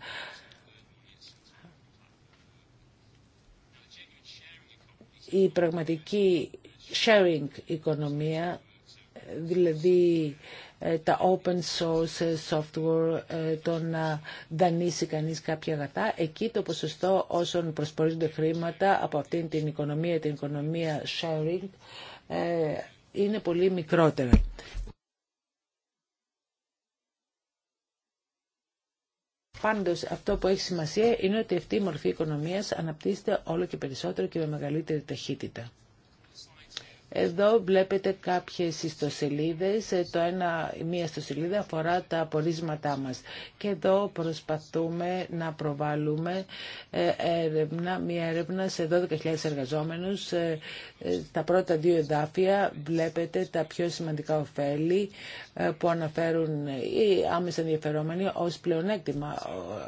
Η πραγματική sharing οικονομία δηλαδή ε, τα open source software, ε, το να δανείσει κανείς κάποια αγαθά. Εκεί το ποσοστό όσων προσπορίζονται χρήματα από αυτήν την οικονομία, την οικονομία sharing, ε, είναι πολύ μικρότερο. Πάντως αυτό που έχει σημασία είναι ότι αυτή η μορφή οικονομίας αναπτύσσεται όλο και περισσότερο και με μεγαλύτερη ταχύτητα. Εδώ βλέπετε κάποιες ιστοσελίδες, ε, το ένα, μία ιστοσελίδα αφορά τα απορίσματά μας. Και εδώ προσπαθούμε να προβάλλουμε ε, μία έρευνα σε 12.000 εργαζόμενους. Ε, τα πρώτα δύο εδάφια βλέπετε τα πιο σημαντικά ωφέλη ε, που αναφέρουν οι άμεσα ενδιαφερόμενοι ως πλεονέκτημα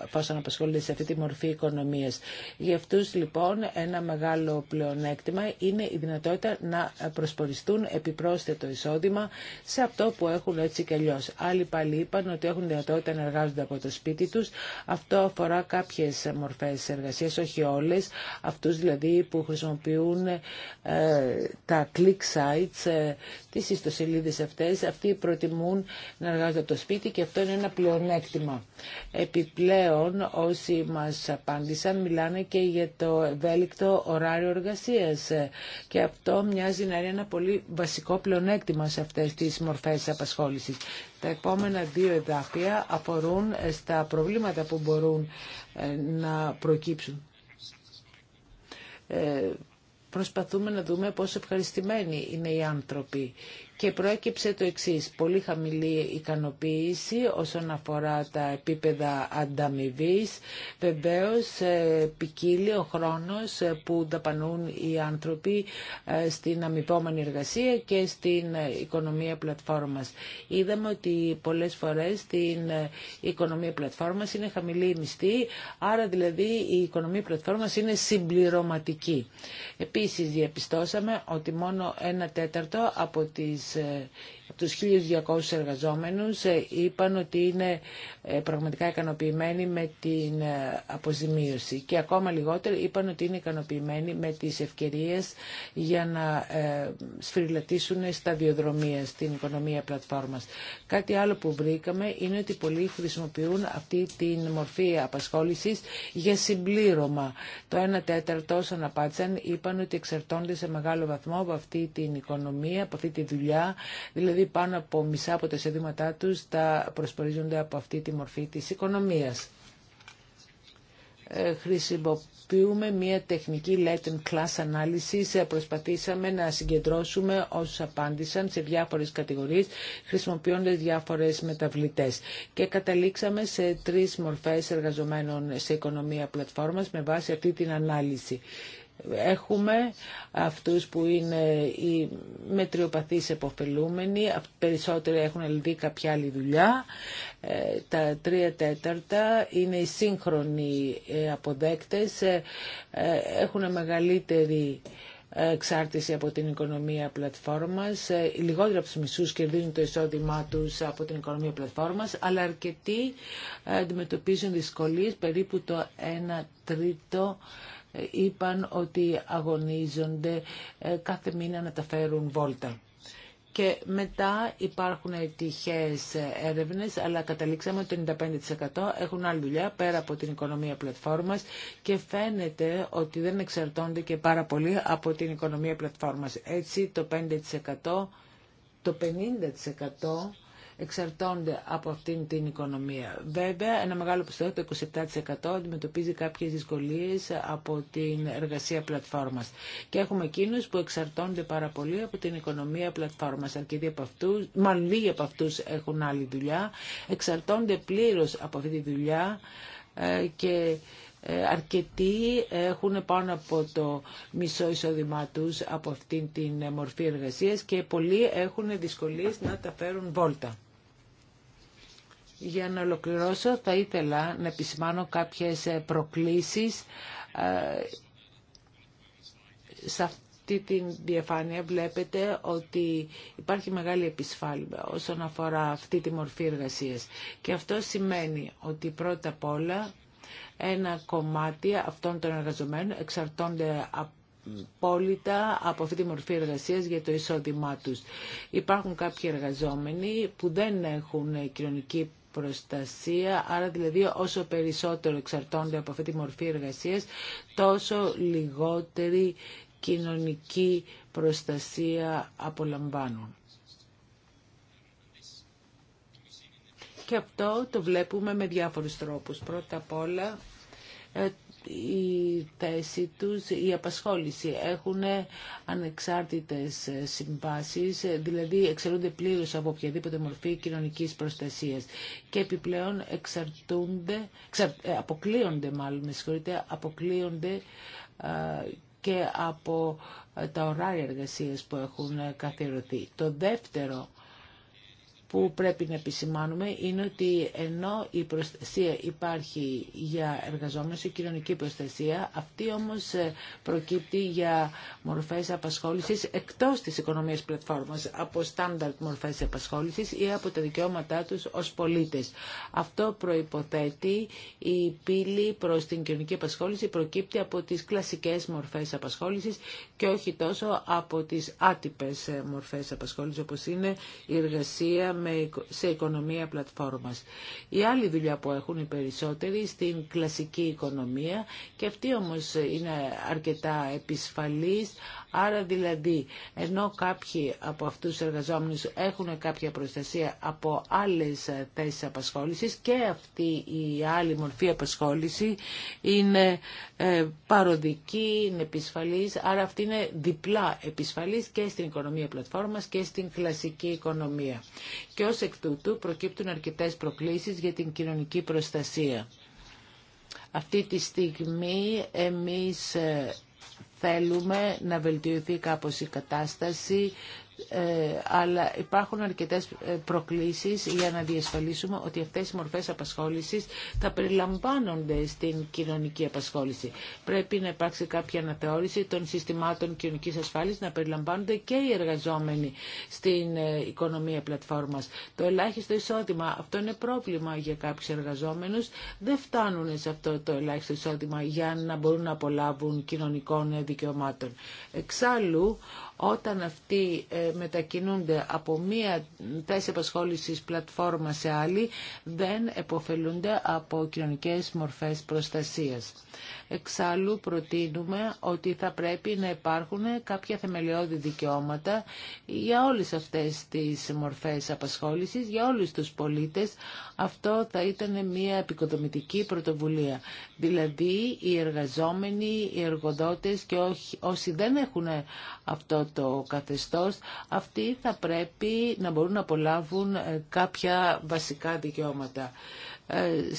εφόσον απασχολεί σε αυτή τη μορφή οικονομίας. Για αυτούς λοιπόν ένα μεγάλο πλεονέκτημα είναι η δυνατότητα να προσποριστούν επιπρόσθετο εισόδημα σε αυτό που έχουν έτσι και αλλιώς. Άλλοι πάλι είπαν ότι έχουν δυνατότητα να εργάζονται από το σπίτι τους. Αυτό αφορά κάποιες μορφές εργασίας, όχι όλες. Αυτούς δηλαδή που χρησιμοποιούν ε, τα click sites, ε, τις ιστοσελίδες αυτές, αυτοί προτιμούν επιθυμούν να εργάζονται το σπίτι και αυτό είναι ένα πλεονέκτημα. Επιπλέον όσοι μας απάντησαν μιλάνε και για το ευέλικτο ωράριο εργασίας και αυτό μοιάζει να είναι ένα πολύ βασικό πλεονέκτημα σε αυτές τις μορφές απασχόλησης. Τα επόμενα δύο εδάφια αφορούν στα προβλήματα που μπορούν ε, να προκύψουν. Ε, προσπαθούμε να δούμε πόσο ευχαριστημένοι είναι οι άνθρωποι και προέκυψε το εξής. Πολύ χαμηλή ικανοποίηση όσον αφορά τα επίπεδα ανταμοιβή. Βεβαίω ε, ποικίλει ο χρόνος ε, που δαπανούν οι άνθρωποι ε, στην αμοιβόμενη εργασία και στην οικονομία πλατφόρμας. Είδαμε ότι πολλές φορές στην οικονομία πλατφόρμας είναι χαμηλή η μισθή, άρα δηλαδή η οικονομία πλατφόρμας είναι συμπληρωματική. Επίσης διαπιστώσαμε ότι μόνο ένα τέταρτο από τις ε τους 1.200 εργαζόμενους ε, είπαν ότι είναι ε, πραγματικά ικανοποιημένοι με την ε, αποζημίωση και ακόμα λιγότερο είπαν ότι είναι ικανοποιημένοι με τις ευκαιρίες για να σφυριλατήσουν στα διοδρομία στην οικονομία πλατφόρμας. Κάτι άλλο που βρήκαμε είναι ότι πολλοί χρησιμοποιούν αυτή την μορφή απασχόλησης για συμπλήρωμα. Το 1 τέταρτο όσων απάντησαν είπαν ότι εξαρτώνται σε μεγάλο βαθμό από αυτή την οικονομία, από αυτή τη δουλειά, δηλαδή, δηλαδή πάνω από μισά από τα εισοδήματά τους τα προσπορίζονται από αυτή τη μορφή της οικονομίας. Ε, χρησιμοποιούμε μία τεχνική Latin Class ανάλυση. Ε, προσπαθήσαμε να συγκεντρώσουμε όσους απάντησαν σε διάφορες κατηγορίες χρησιμοποιώντας διάφορες μεταβλητές. Και καταλήξαμε σε τρεις μορφές εργαζομένων σε οικονομία πλατφόρμας με βάση αυτή την ανάλυση. Έχουμε αυτούς που είναι οι μετριοπαθείς εποφελούμενοι, περισσότεροι έχουν λυθεί κάποια άλλη δουλειά. Ε, τα τρία τέταρτα είναι οι σύγχρονοι ε, αποδέκτες, ε, έχουν μεγαλύτερη εξάρτηση από την οικονομία πλατφόρμας. Οι λιγότεροι από τους μισούς κερδίζουν το εισόδημά τους από την οικονομία πλατφόρμας, αλλά αρκετοί αντιμετωπίζουν δυσκολίες, περίπου το 1 τρίτο είπαν ότι αγωνίζονται ε, κάθε μήνα να τα φέρουν βόλτα. Και μετά υπάρχουν τυχές έρευνες, αλλά καταλήξαμε ότι το 95% έχουν άλλη δουλειά πέρα από την οικονομία πλατφόρμας και φαίνεται ότι δεν εξαρτώνται και πάρα πολύ από την οικονομία πλατφόρμας. Έτσι το 5%, το 50% εξαρτώνται από αυτήν την οικονομία. Βέβαια, ένα μεγάλο ποσοστό, το 27% αντιμετωπίζει κάποιε δυσκολίε από την εργασία πλατφόρμα. Και έχουμε εκείνου που εξαρτώνται πάρα πολύ από την οικονομία πλατφόρμα, Αρκετοί από αυτού, μάλλον λίγοι από αυτού έχουν άλλη δουλειά, εξαρτώνται πλήρω από αυτή τη δουλειά ε, και ε, αρκετοί έχουν πάνω από το μισό εισόδημά τους από αυτήν την μορφή εργασίας και πολλοί έχουν δυσκολίε να τα φέρουν βόλτα. Για να ολοκληρώσω θα ήθελα να επισημάνω κάποιες ε, προκλήσεις. Ε, σε αυτή τη διαφάνεια βλέπετε ότι υπάρχει μεγάλη επισφάλεια όσον αφορά αυτή τη μορφή εργασίας. Και αυτό σημαίνει ότι πρώτα απ' όλα ένα κομμάτι αυτών των εργαζομένων εξαρτώνται απόλυτα από αυτή τη μορφή εργασίας για το εισόδημά τους. Υπάρχουν κάποιοι εργαζόμενοι που δεν έχουν κοινωνική προστασία, άρα δηλαδή όσο περισσότερο εξαρτώνται από αυτή τη μορφή εργασίας, τόσο λιγότερη κοινωνική προστασία απολαμβάνουν. Και αυτό το βλέπουμε με διάφορους τρόπους. Πρώτα απ' όλα ε, η θέση τους, η απασχόληση. Έχουν ανεξάρτητες συμβάσεις, δηλαδή εξαιρούνται πλήρως από οποιαδήποτε μορφή κοινωνικής προστασίας και επιπλέον εξαρτούνται, ε, αποκλείονται μάλλον, με αποκλείονται και από ε, τα ωράρια εργασίας που έχουν καθιερωθεί. Το δεύτερο που πρέπει να επισημάνουμε είναι ότι ενώ η προστασία υπάρχει για εργαζόμενους, η κοινωνική προστασία, αυτή όμως ε, προκύπτει για μορφές απασχόλησης εκτός της οικονομίας πλατφόρμας, από στάνταρτ μορφές απασχόλησης ή από τα δικαιώματά τους ως πολίτες. Αυτό προϋποθέτει η πύλη προς την κοινωνική απασχόληση προκύπτει από τις κλασικές μορφές απασχόλησης και όχι τόσο από τις άτυπες ε, μορφές απασχόλησης όπως είναι η εργασία σε οικονομία πλατφόρμας. Η άλλη δουλειά που έχουν οι περισσότεροι στην κλασική οικονομία και αυτή όμως είναι αρκετά επισφαλής, Άρα δηλαδή, ενώ κάποιοι από αυτούς τους εργαζόμενους έχουν κάποια προστασία από άλλες ε, θέσεις απασχόλησης και αυτή η άλλη μορφή απασχόληση είναι ε, παροδική, είναι επισφαλής, άρα αυτή είναι διπλά επισφαλής και στην οικονομία πλατφόρμας και στην κλασική οικονομία. Και ως εκ τούτου προκύπτουν αρκετές προκλήσεις για την κοινωνική προστασία. Αυτή τη στιγμή εμείς ε, θέλουμε να βελτιωθεί κάπως η κατάσταση ε, αλλά υπάρχουν αρκετές ε, προκλήσεις για να διασφαλίσουμε ότι αυτές οι μορφές απασχόλησης θα περιλαμβάνονται στην κοινωνική απασχόληση. Πρέπει να υπάρξει κάποια αναθεώρηση των συστημάτων κοινωνικής ασφάλισης να περιλαμβάνονται και οι εργαζόμενοι στην ε, οικονομία πλατφόρμας. Το ελάχιστο εισόδημα, αυτό είναι πρόβλημα για κάποιους εργαζόμενους, δεν φτάνουν σε αυτό το ελάχιστο εισόδημα για να μπορούν να απολάβουν κοινωνικών δικαιωμάτων. Εξάλλου, όταν αυτοί ε, μετακινούνται από μία θέση απασχόλησης πλατφόρμα σε άλλη, δεν εποφελούνται από κοινωνικές μορφές προστασίας. Εξάλλου προτείνουμε ότι θα πρέπει να υπάρχουν κάποια θεμελιώδη δικαιώματα για όλες αυτές τις μορφές απασχόλησης, για όλους τους πολίτες. Αυτό θα ήταν μια επικοδομητική πρωτοβουλία. Δηλαδή οι εργαζόμενοι, οι εργοδότες και όσοι δεν επωφελούνται απο κοινωνικες μορφες προστασιας εξαλλου προτεινουμε οτι θα πρεπει να υπαρχουν καποια θεμελιωδη δικαιωματα για ολες αυτες τις μορφες απασχολησης αυτό το καθεστώς, αυτοί θα πρέπει να μπορούν να απολάβουν ε, κάποια βασικά δικαιώματα. Ε,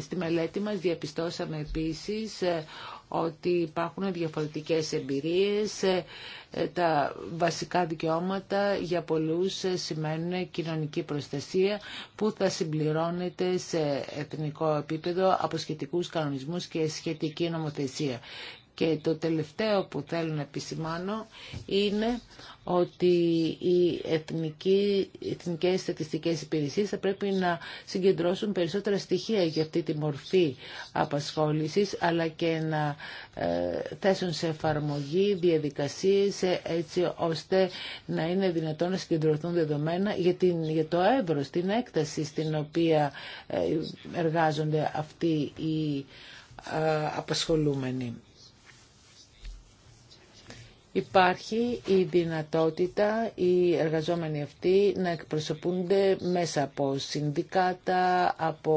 στη μελέτη μας διαπιστώσαμε επίσης ε, ότι υπάρχουν διαφορετικές εμπειρίες, τα βασικά δικαιώματα για πολλούς σημαίνουν κοινωνική προστασία που θα συμπληρώνεται σε εθνικό επίπεδο από σχετικούς κανονισμούς και σχετική νομοθεσία. Και το τελευταίο που θέλω να επισημάνω είναι ότι οι εθνική εθνικές στατιστικές υπηρεσίες θα πρέπει να συγκεντρώσουν περισσότερα στοιχεία για αυτή τη μορφή απασχόλησης, αλλά και να ε, θέσουν σε εφαρμογή διαδικασίες ε, έτσι ώστε να είναι δυνατόν να συγκεντρωθούν δεδομένα για, την, το εύρος, την έκταση στην οποία ε, εργάζονται αυτοί οι απασχολούμενοι υπάρχει η δυνατότητα οι εργαζόμενοι αυτοί να εκπροσωπούνται μέσα από συνδικάτα, από,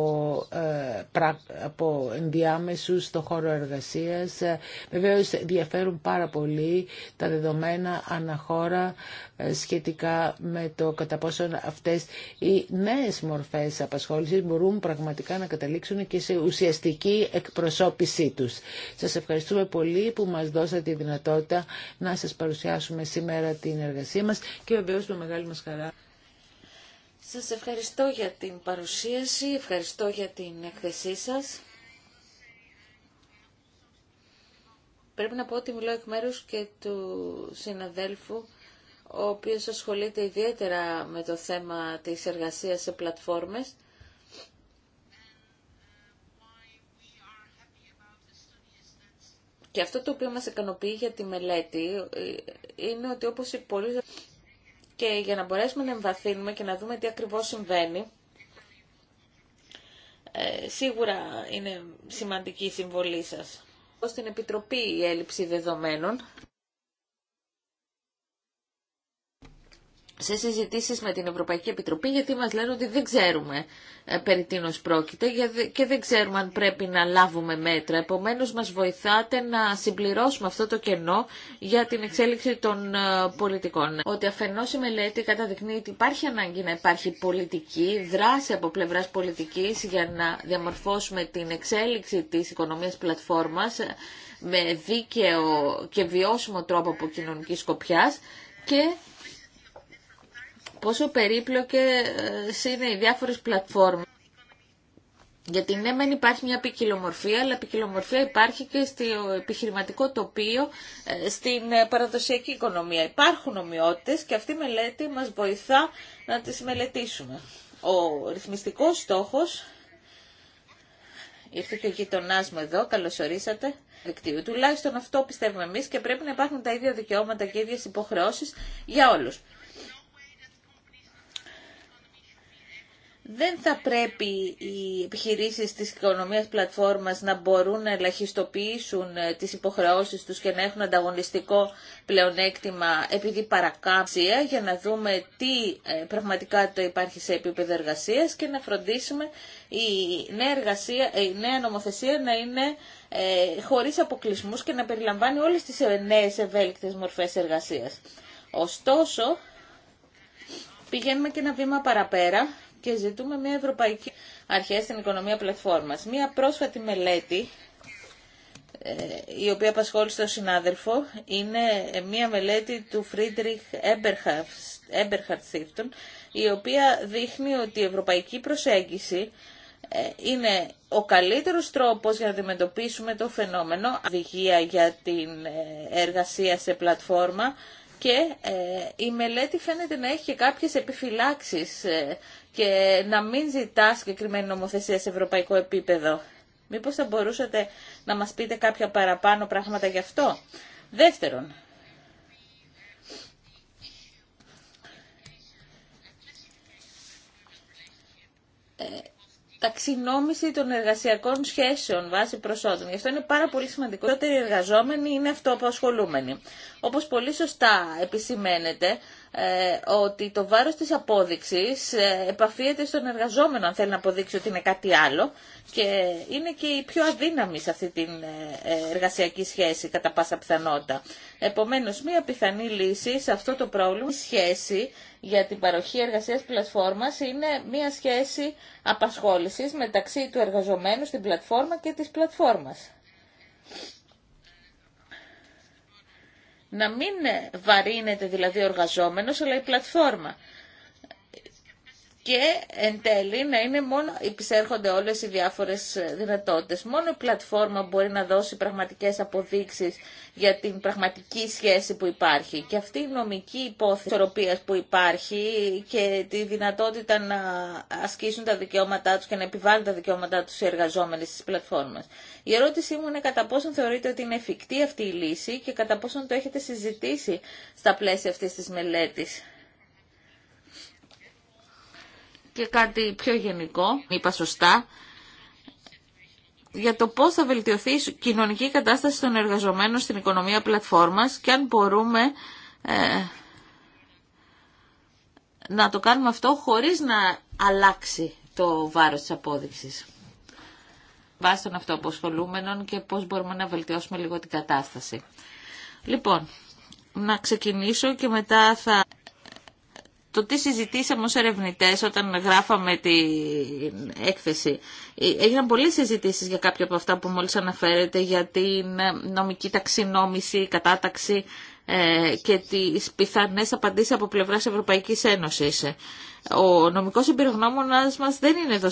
ε, από ενδιάμεσους στο χώρο εργασίας. Ε, βεβαίως διαφέρουν πάρα πολύ τα δεδομένα αναχώρα ε, σχετικά με το κατά πόσο αυτές οι νέες μορφές απασχόλησης μπορούν πραγματικά να καταλήξουν και σε ουσιαστική εκπροσώπησή τους. Σας ευχαριστούμε πολύ που μας δώσατε τη δυνατότητα να να σας παρουσιάσουμε σήμερα την εργασία μας και βεβαίως με μεγάλη μας χαρά. Σας ευχαριστώ για την παρουσίαση, ευχαριστώ για την εκθεσή σας. Πρέπει να πω ότι μιλώ εκ μέρους και του συναδέλφου, ο οποίος ασχολείται ιδιαίτερα με το θέμα της εργασίας σε πλατφόρμες Και αυτό το οποίο μας ικανοποιεί για τη μελέτη ε, είναι ότι όπως οι πολλοί... Και για να μπορέσουμε να εμβαθύνουμε και να δούμε τι ακριβώς συμβαίνει, ε, σίγουρα είναι σημαντική η συμβολή σας. την Επιτροπή η έλλειψη δεδομένων. σε συζητήσεις με την Ευρωπαϊκή Επιτροπή γιατί μας λένε ότι δεν ξέρουμε ε, περί τίνος πρόκειται και δεν ξέρουμε αν πρέπει να λάβουμε μέτρα. Επομένως μας βοηθάτε να συμπληρώσουμε αυτό το κενό για την εξέλιξη των ε, πολιτικών. Ότι αφενός η μελέτη καταδεικνύει ότι υπάρχει ανάγκη να υπάρχει πολιτική, δράση από πλευράς πολιτικής για να διαμορφώσουμε την εξέλιξη της οικονομίας πλατφόρμας ε, με δίκαιο και βιώσιμο τρόπο από κοινωνική σκοπιάς και πόσο περίπλοκες ε, είναι οι διάφορες πλατφόρμες. Γιατί ναι, μεν υπάρχει μια ποικιλομορφία, αλλά ποικιλομορφία υπάρχει και στο επιχειρηματικό τοπίο, ε, στην ε, παραδοσιακή οικονομία. Υπάρχουν ομοιότητες και αυτή η μελέτη μας βοηθά να τις μελετήσουμε. Ο ρυθμιστικός στόχος, ήρθε και ο γειτονά μου εδώ, καλωσορίσατε, δικτύου. Τουλάχιστον αυτό πιστεύουμε εμείς και πρέπει να υπάρχουν τα ίδια δικαιώματα και ίδιες υποχρεώσεις για όλους. δεν θα πρέπει οι επιχειρήσεις της οικονομίας πλατφόρμας να μπορούν να ελαχιστοποιήσουν ε, τις υποχρεώσεις τους και να έχουν ανταγωνιστικό πλεονέκτημα επειδή παρακάμψια για να δούμε τι ε, πραγματικά το υπάρχει σε επίπεδο εργασίας και να φροντίσουμε η νέα, εργασία, ε, η νέα νομοθεσία να είναι χωρίς αποκλεισμούς και να περιλαμβάνει όλες τις νέες ευέλικτες μορφές εργασίας. Ωστόσο, πηγαίνουμε και ένα βήμα παραπέρα και ζητούμε μια ευρωπαϊκή αρχή στην οικονομία πλατφόρμας. Μια πρόσφατη μελέτη ε, η οποία απασχόλησε τον συνάδελφο είναι μια μελέτη του Φρίντριχ Έμπερχαρτ Σίφτον η οποία δείχνει ότι η ευρωπαϊκή προσέγγιση ε, είναι ο καλύτερος τρόπος για να αντιμετωπίσουμε το φαινόμενο οδηγία για την ε, εργασία σε πλατφόρμα και η μελέτη φαίνεται να έχει και κάποιες επιφυλάξεις και να μην ζητά συγκεκριμένη νομοθεσία σε ευρωπαϊκό επίπεδο. Μήπως θα μπορούσατε να μας πείτε κάποια παραπάνω πράγματα γι' αυτό. Δεύτερον, ε, ταξινόμηση των εργασιακών σχέσεων βάσει προσόντων. Γι' αυτό είναι πάρα πολύ σημαντικό. Οι εργαζόμενοι είναι αυτοαπασχολούμενοι. Όπως πολύ σωστά επισημαίνεται, ε, ότι το βάρος της απόδειξης ε, επαφίεται στον εργαζόμενο αν θέλει να αποδείξει ότι είναι κάτι άλλο και είναι και η πιο αδύναμη σε αυτή την ε, εργασιακή σχέση κατά πάσα πιθανότητα. Επομένως, μία πιθανή λύση σε αυτό το πρόβλημα η σχέση για την παροχή εργασίας πλατφόρμας είναι μία σχέση απασχόλησης μεταξύ του εργαζομένου στην πλατφόρμα και της πλατφόρμας. Να μην βαρύνεται δηλαδή ο εργαζόμενος αλλά η πλατφόρμα και εν τέλει να είναι μόνο, υπησέρχονται όλες οι διάφορες δυνατότητες. Μόνο η πλατφόρμα μπορεί να δώσει πραγματικές αποδείξεις για την πραγματική σχέση που υπάρχει. Και αυτή η νομική υπόθεση ισορροπίας που υπάρχει και τη δυνατότητα να ασκήσουν τα δικαιώματά τους και να επιβάλλουν τα δικαιώματά τους οι εργαζόμενοι στις πλατφόρμες. Η ερώτησή μου είναι κατά πόσον θεωρείτε ότι είναι εφικτή αυτή η λύση και κατά πόσον το έχετε συζητήσει στα πλαίσια αυτής της μελέτης και κάτι πιο γενικό, είπα σωστά, για το πώς θα βελτιωθεί η κοινωνική κατάσταση των εργαζομένων στην οικονομία πλατφόρμας και αν μπορούμε ε, να το κάνουμε αυτό χωρίς να αλλάξει το βάρος της απόδειξης. Βάσει των αυτοαποσχολούμενων και πώς μπορούμε να βελτιώσουμε λίγο την κατάσταση. Λοιπόν, να ξεκινήσω και μετά θα το τι συζητήσαμε ως ερευνητές όταν γράφαμε την έκθεση. Ε, έγιναν πολλές συζητήσεις για κάποια από αυτά που μόλις αναφέρετε, για την ε, νομική ταξινόμηση, κατάταξη ε, και τις πιθανές απαντήσεις από πλευράς Ευρωπαϊκής Ένωσης. Ο νομικός εμπειρογνώμονας μας δεν είναι εδώ